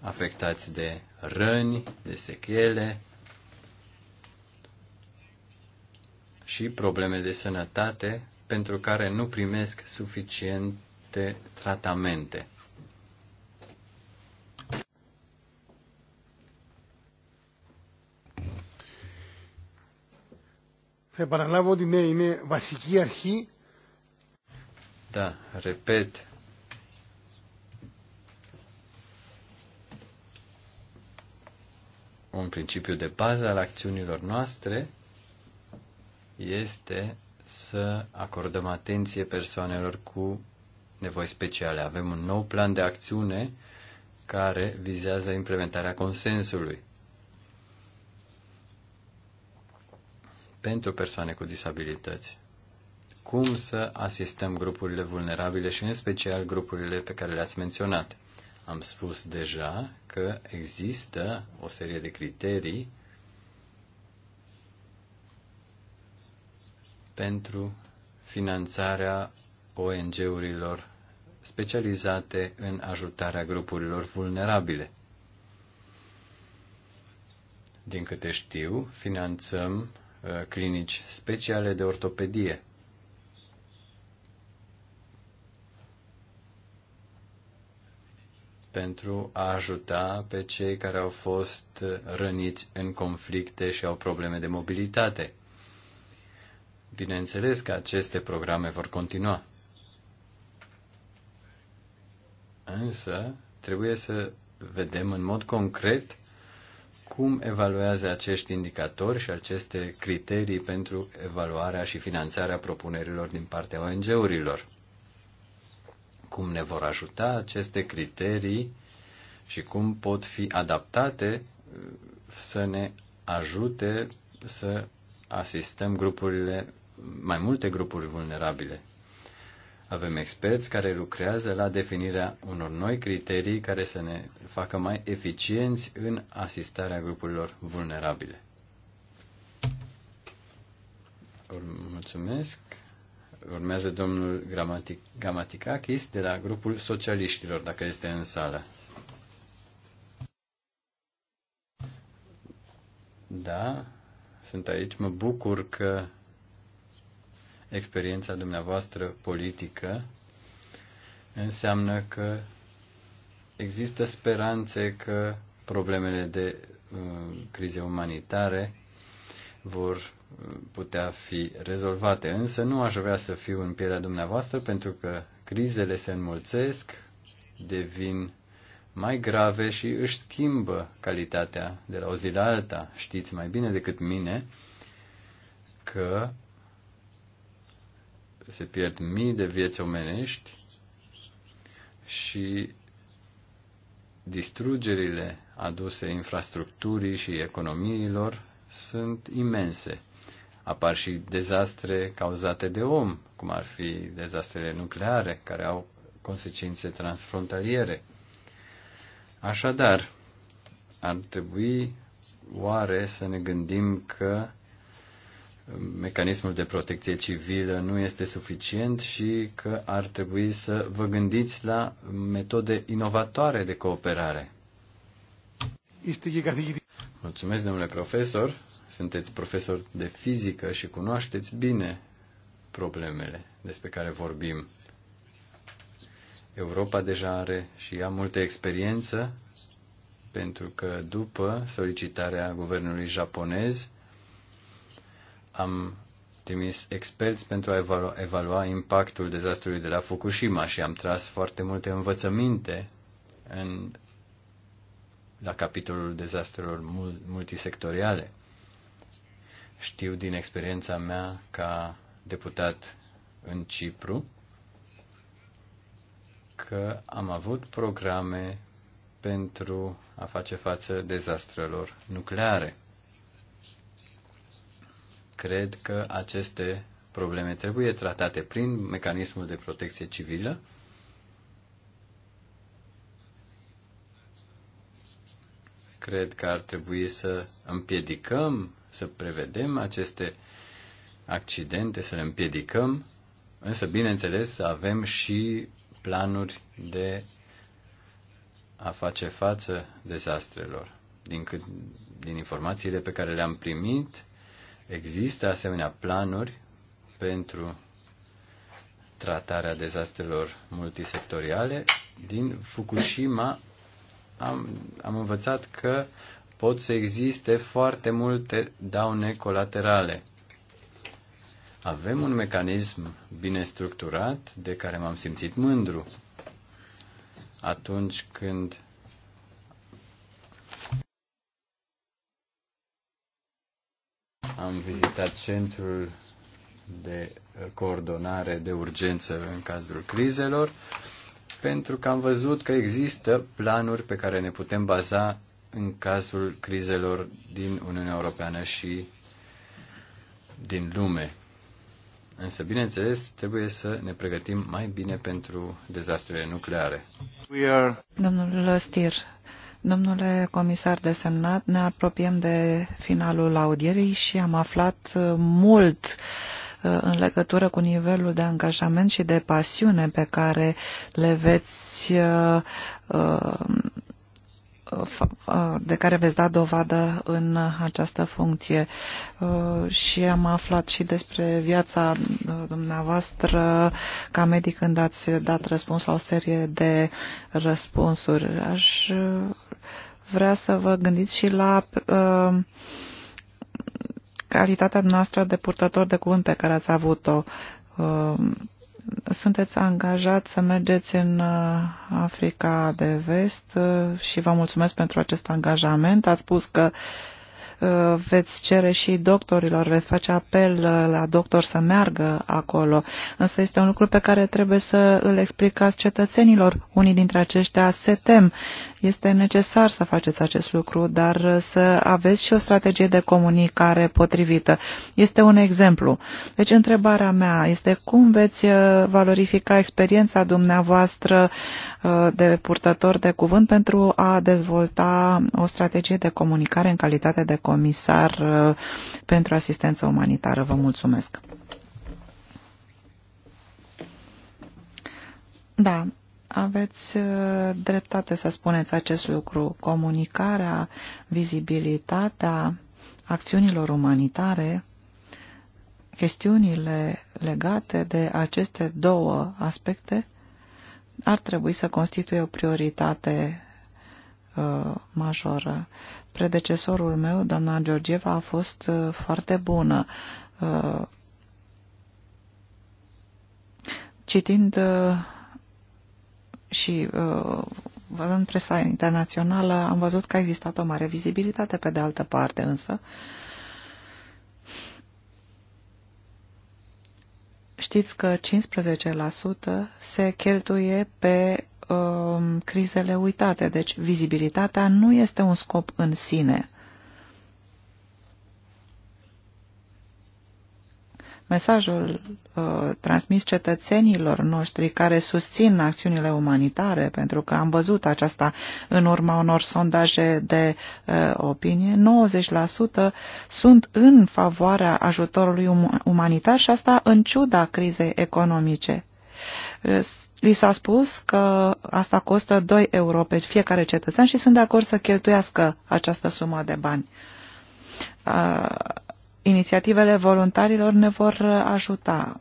C: afectați de răni, de sechele și probleme de sănătate pentru care nu primesc suficiente tratamente.
B: Θα επαναλάβω ότι ναι, είναι βασική αρχή.
C: Da, repet. Un principiu de bază al acțiunilor noastre este să acordăm atenție persoanelor cu nevoi speciale. Avem un nou plan de acțiune care vizează implementarea consensului. pentru persoane cu disabilități. Cum să asistăm grupurile vulnerabile și în special grupurile pe care le-ați menționat? Am spus deja că există o serie de criterii pentru finanțarea ONG-urilor specializate în ajutarea grupurilor vulnerabile. Din câte știu, finanțăm Uh, clinici speciale de ortopedie. pentru a ajuta pe cei care au fost răniți în conflicte și au probleme de mobilitate. Bineînțeles că aceste programe vor continua. Însă, trebuie să vedem în mod concret cum evaluează acești indicatori și aceste criterii pentru evaluarea și finanțarea propunerilor din partea ONG-urilor? Cum ne vor ajuta aceste criterii și cum pot fi adaptate să ne ajute să asistăm grupurile, mai multe grupuri vulnerabile avem experți care lucrează la definirea unor noi criterii care să ne facă mai eficienți în asistarea grupurilor vulnerabile. Mulțumesc. Urmează domnul Gramatic, Gramaticakis de la grupul socialiștilor, dacă este în sală. Da, sunt aici. Mă bucur că experiența dumneavoastră politică înseamnă că există speranțe că problemele de uh, crize umanitare vor uh, putea fi rezolvate. Însă nu aș vrea să fiu în pielea dumneavoastră pentru că crizele se înmulțesc, devin mai grave și își schimbă calitatea de la o zi la alta. Știți mai bine decât mine că se pierd mii de vieți omenești și distrugerile aduse infrastructurii și economiilor sunt imense. Apar și dezastre cauzate de om, cum ar fi dezastrele nucleare, care au consecințe transfrontaliere. Așadar, ar trebui oare să ne gândim că mecanismul de protecție civilă nu este suficient și că ar trebui să vă gândiți la metode inovatoare de cooperare. Mulțumesc, domnule profesor. Sunteți profesor de fizică și cunoașteți bine problemele despre care vorbim. Europa deja are și ea multă experiență, pentru că după solicitarea guvernului japonez, am trimis experți pentru a evalua, evalua impactul dezastrului de la Fukushima și am tras foarte multe învățăminte în, la capitolul dezastrelor multisectoriale. Știu din experiența mea ca deputat în Cipru că am avut programe pentru a face față dezastrelor nucleare cred că aceste probleme trebuie tratate prin mecanismul de protecție civilă. Cred că ar trebui să împiedicăm, să prevedem aceste accidente, să le împiedicăm, însă, bineînțeles, să avem și planuri de a face față dezastrelor. Din, cât, din informațiile pe care le-am primit, Există asemenea planuri pentru tratarea dezastrelor multisectoriale. Din Fukushima am, am învățat că pot să existe foarte multe daune colaterale. Avem un mecanism bine structurat de care m-am simțit mândru atunci când Am vizitat centrul de coordonare de urgență în cazul crizelor, pentru că am văzut că există planuri pe care ne putem baza în cazul crizelor din Uniunea Europeană și din lume. Însă, bineînțeles, trebuie să ne pregătim mai bine pentru dezastrele nucleare. We are...
D: Domnul Stir, Domnule comisar desemnat, ne apropiem de finalul audierii și am aflat uh, mult uh, în legătură cu nivelul de angajament și de pasiune pe care le veți uh, de care veți da dovadă în această funcție. Uh, și am aflat și despre viața uh, dumneavoastră ca medic când ați dat răspuns la o serie de răspunsuri. Aș uh, vrea să vă gândiți și la calitatea noastră de purtător de cuvânt pe care ați avut-o sunteți angajat să mergeți în uh, Africa de Vest uh, și vă mulțumesc pentru acest angajament. Ați spus că Uh, veți cere și doctorilor, veți face apel uh, la doctor să meargă acolo. Însă este un lucru pe care trebuie să îl explicați cetățenilor. Unii dintre aceștia se tem. Este necesar să faceți acest lucru, dar uh, să aveți și o strategie de comunicare potrivită. Este un exemplu. Deci întrebarea mea este cum veți valorifica experiența dumneavoastră de purtător de cuvânt pentru a dezvolta o strategie de comunicare în calitate de comisar uh, pentru asistență umanitară. Vă mulțumesc. Da, aveți uh, dreptate să spuneți acest lucru. Comunicarea, vizibilitatea acțiunilor umanitare, chestiunile legate de aceste două aspecte ar trebui să constituie o prioritate uh, majoră predecesorul meu, doamna Georgieva, a fost uh, foarte bună. Uh, citind uh, și văzând presa internațională, am văzut că a existat o mare vizibilitate pe de altă parte, însă știți că 15% se cheltuie pe Um, crizele uitate. Deci vizibilitatea nu este un scop în sine. Mesajul uh, transmis cetățenilor noștri care susțin acțiunile umanitare, pentru că am văzut aceasta în urma unor sondaje de uh, opinie, 90% sunt în favoarea ajutorului um umanitar și asta în ciuda crizei economice. Li s-a spus că asta costă 2 euro pe fiecare cetățean și sunt de acord să cheltuiască această sumă de bani. Inițiativele voluntarilor ne vor ajuta.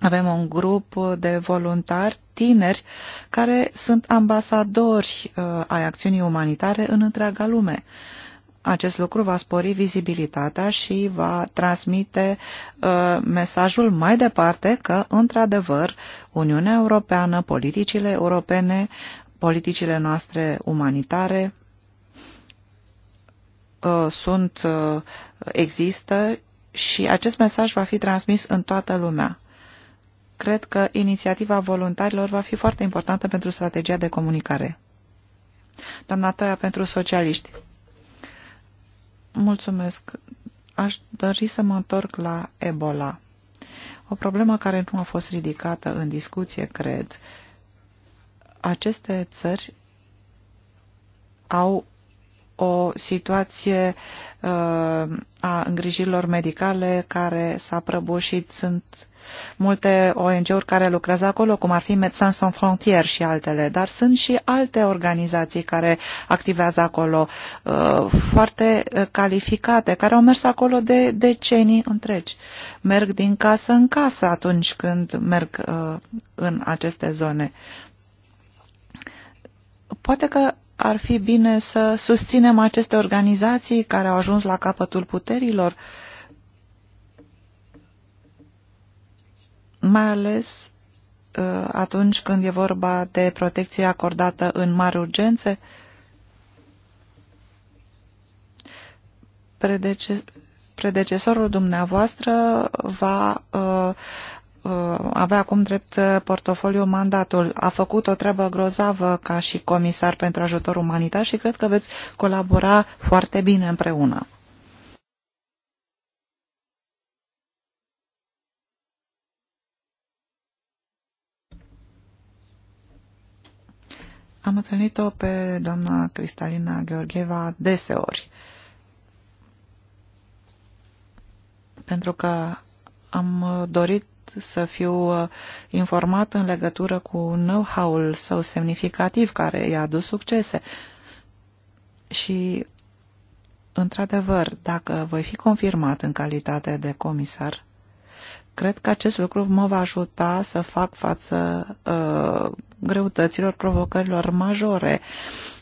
D: Avem un grup de voluntari tineri care sunt ambasadori ai acțiunii umanitare în întreaga lume. Acest lucru va spori vizibilitatea și va transmite uh, mesajul mai departe că, într-adevăr, Uniunea Europeană, politicile europene, politicile noastre umanitare uh, sunt, uh, există și acest mesaj va fi transmis în toată lumea. Cred că inițiativa voluntarilor va fi foarte importantă pentru strategia de comunicare. Doamna Toia pentru socialiști. Mulțumesc. Aș dori să mă întorc la Ebola. O problemă care nu a fost ridicată în discuție, cred. Aceste țări au o situație uh, a îngrijirilor medicale care s-a prăbușit. Sunt multe ONG-uri care lucrează acolo, cum ar fi Médecins Sans Frontières și altele, dar sunt și alte organizații care activează acolo, uh, foarte calificate, care au mers acolo de decenii întregi. Merg din casă în casă atunci când merg uh, în aceste zone. Poate că ar fi bine să susținem aceste organizații care au ajuns la capătul puterilor, mai ales uh, atunci când e vorba de protecție acordată în mari urgențe. predecesorul dumneavoastră va uh, Uh, avea acum drept uh, portofoliu mandatul. A făcut o treabă grozavă ca și comisar pentru ajutor umanitar și cred că veți colabora foarte bine împreună. Am întâlnit-o pe doamna Cristalina Gheorgheva deseori. Pentru că am dorit să fiu uh, informat în legătură cu know-how-ul său semnificativ care i-a adus succese. Și, într-adevăr, dacă voi fi confirmat în calitate de comisar, Cred că acest lucru mă va ajuta să fac față uh, greutăților, provocărilor majore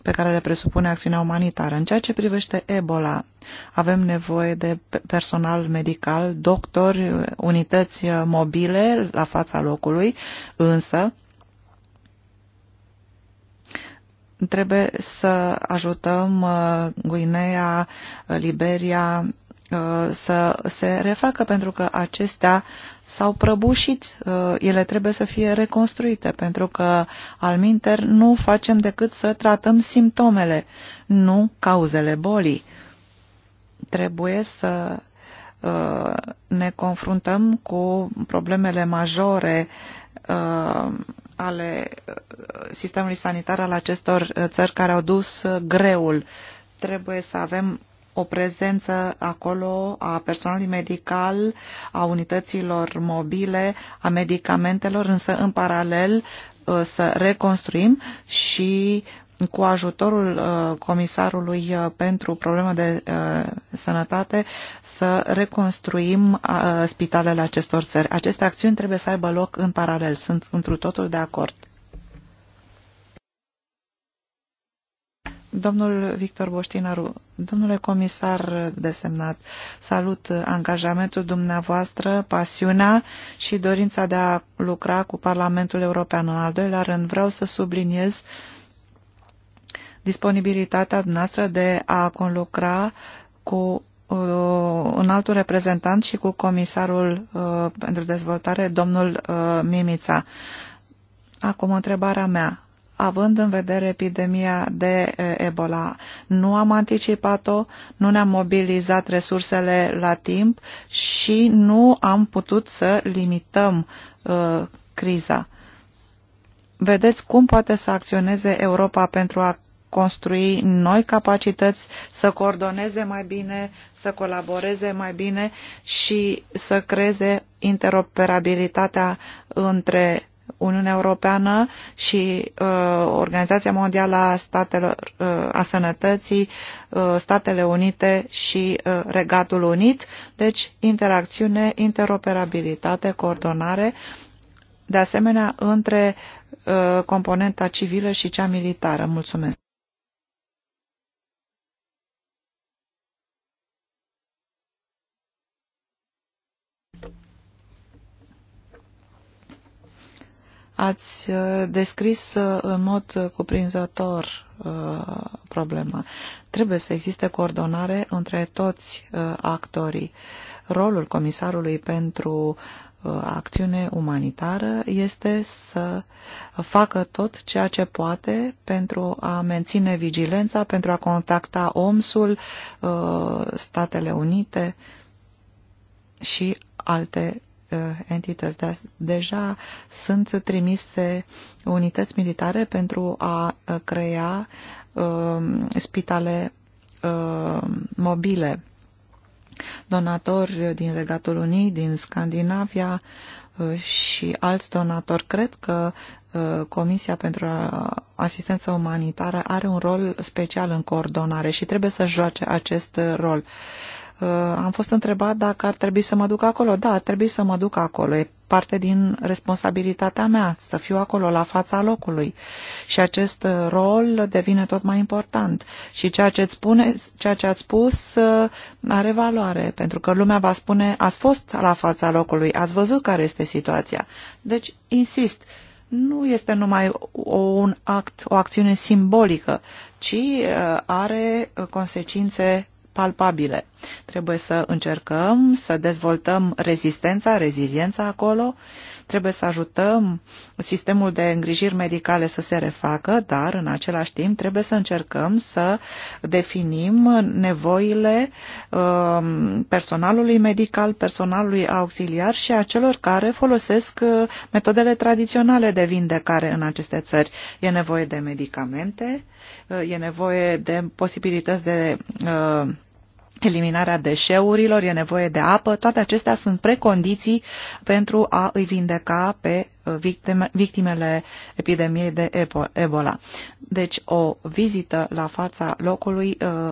D: pe care le presupune acțiunea umanitară. În ceea ce privește Ebola, avem nevoie de personal medical, doctori, unități uh, mobile la fața locului, însă trebuie să ajutăm uh, Guinea, Liberia, Uh, să se refacă, pentru că acestea s-au prăbușit. Uh, ele trebuie să fie reconstruite, pentru că al minter nu facem decât să tratăm simptomele, nu cauzele bolii. Trebuie să uh, ne confruntăm cu problemele majore ale sistemului sanitar al acestor țări care au dus greul. Trebuie să avem o prezență acolo a personalului medical, a unităților mobile, a medicamentelor, însă în paralel uh, să reconstruim și cu ajutorul uh, comisarului uh, pentru probleme de sănătate să reconstruim spitalele acestor țări. Aceste acțiuni trebuie să aibă loc în paralel. Sunt întru totul de acord. Domnul Victor Boștinaru, domnule comisar desemnat, salut angajamentul dumneavoastră, pasiunea și dorința de a lucra cu Parlamentul European. În al doilea rând, vreau să subliniez disponibilitatea noastră de a conlucra cu uh, un alt reprezentant și cu comisarul uh, pentru dezvoltare, domnul uh, Mimița. Acum, întrebarea mea având în vedere epidemia de Ebola. Nu am anticipat-o, nu ne-am mobilizat resursele la timp și nu am putut să limităm uh, criza. Vedeți cum poate să acționeze Europa pentru a construi noi capacități, să coordoneze mai bine, să colaboreze mai bine și să creeze interoperabilitatea între Uniunea Europeană și uh, Organizația Mondială a, Statelor, uh, a Sănătății, uh, Statele Unite și uh, Regatul Unit. Deci, interacțiune, interoperabilitate, coordonare, de asemenea, între uh, componenta civilă și cea militară. Mulțumesc! Ați uh, descris uh, în mod cuprinzător uh, problema. Trebuie să existe coordonare între toți actorii. Rolul comisarului pentru acțiune umanitară este să facă tot ceea ce poate pentru a menține vigilența, pentru a contacta OMS-ul, Statele Unite și alte Uh, entități. De deja sunt trimise unități militare pentru a uh, crea um, spitale uh, mobile. Donatori din Regatul Unit, din Scandinavia și alți donatori. Cred că Comisia pentru Asistență Umanitară are un rol special în coordonare și trebuie să joace acest rol. Uh, am fost întrebat dacă ar trebui să mă duc acolo. Da, ar trebui să mă duc acolo. E parte din responsabilitatea mea să fiu acolo, la fața locului. Și acest uh, rol devine tot mai important. Și ceea ce, îți spune, ceea ce ați spus uh, are valoare, pentru că lumea va spune, ați fost la fața locului, ați văzut care este situația. Deci, insist, nu este numai un act, o acțiune simbolică, ci are consecințe palpabile. Trebuie să încercăm să dezvoltăm rezistența, reziliența acolo Trebuie să ajutăm sistemul de îngrijiri medicale să se refacă, dar în același timp trebuie să încercăm să definim nevoile um, personalului medical, personalului auxiliar și a celor care folosesc uh, metodele tradiționale de vindecare în aceste țări. E nevoie de medicamente, uh, e nevoie de posibilități de uh, eliminarea deșeurilor, e nevoie de apă, toate acestea sunt precondiții pentru a îi vindeca pe uh, victime, victimele epidemiei de Ebola. Deci o vizită la fața locului uh,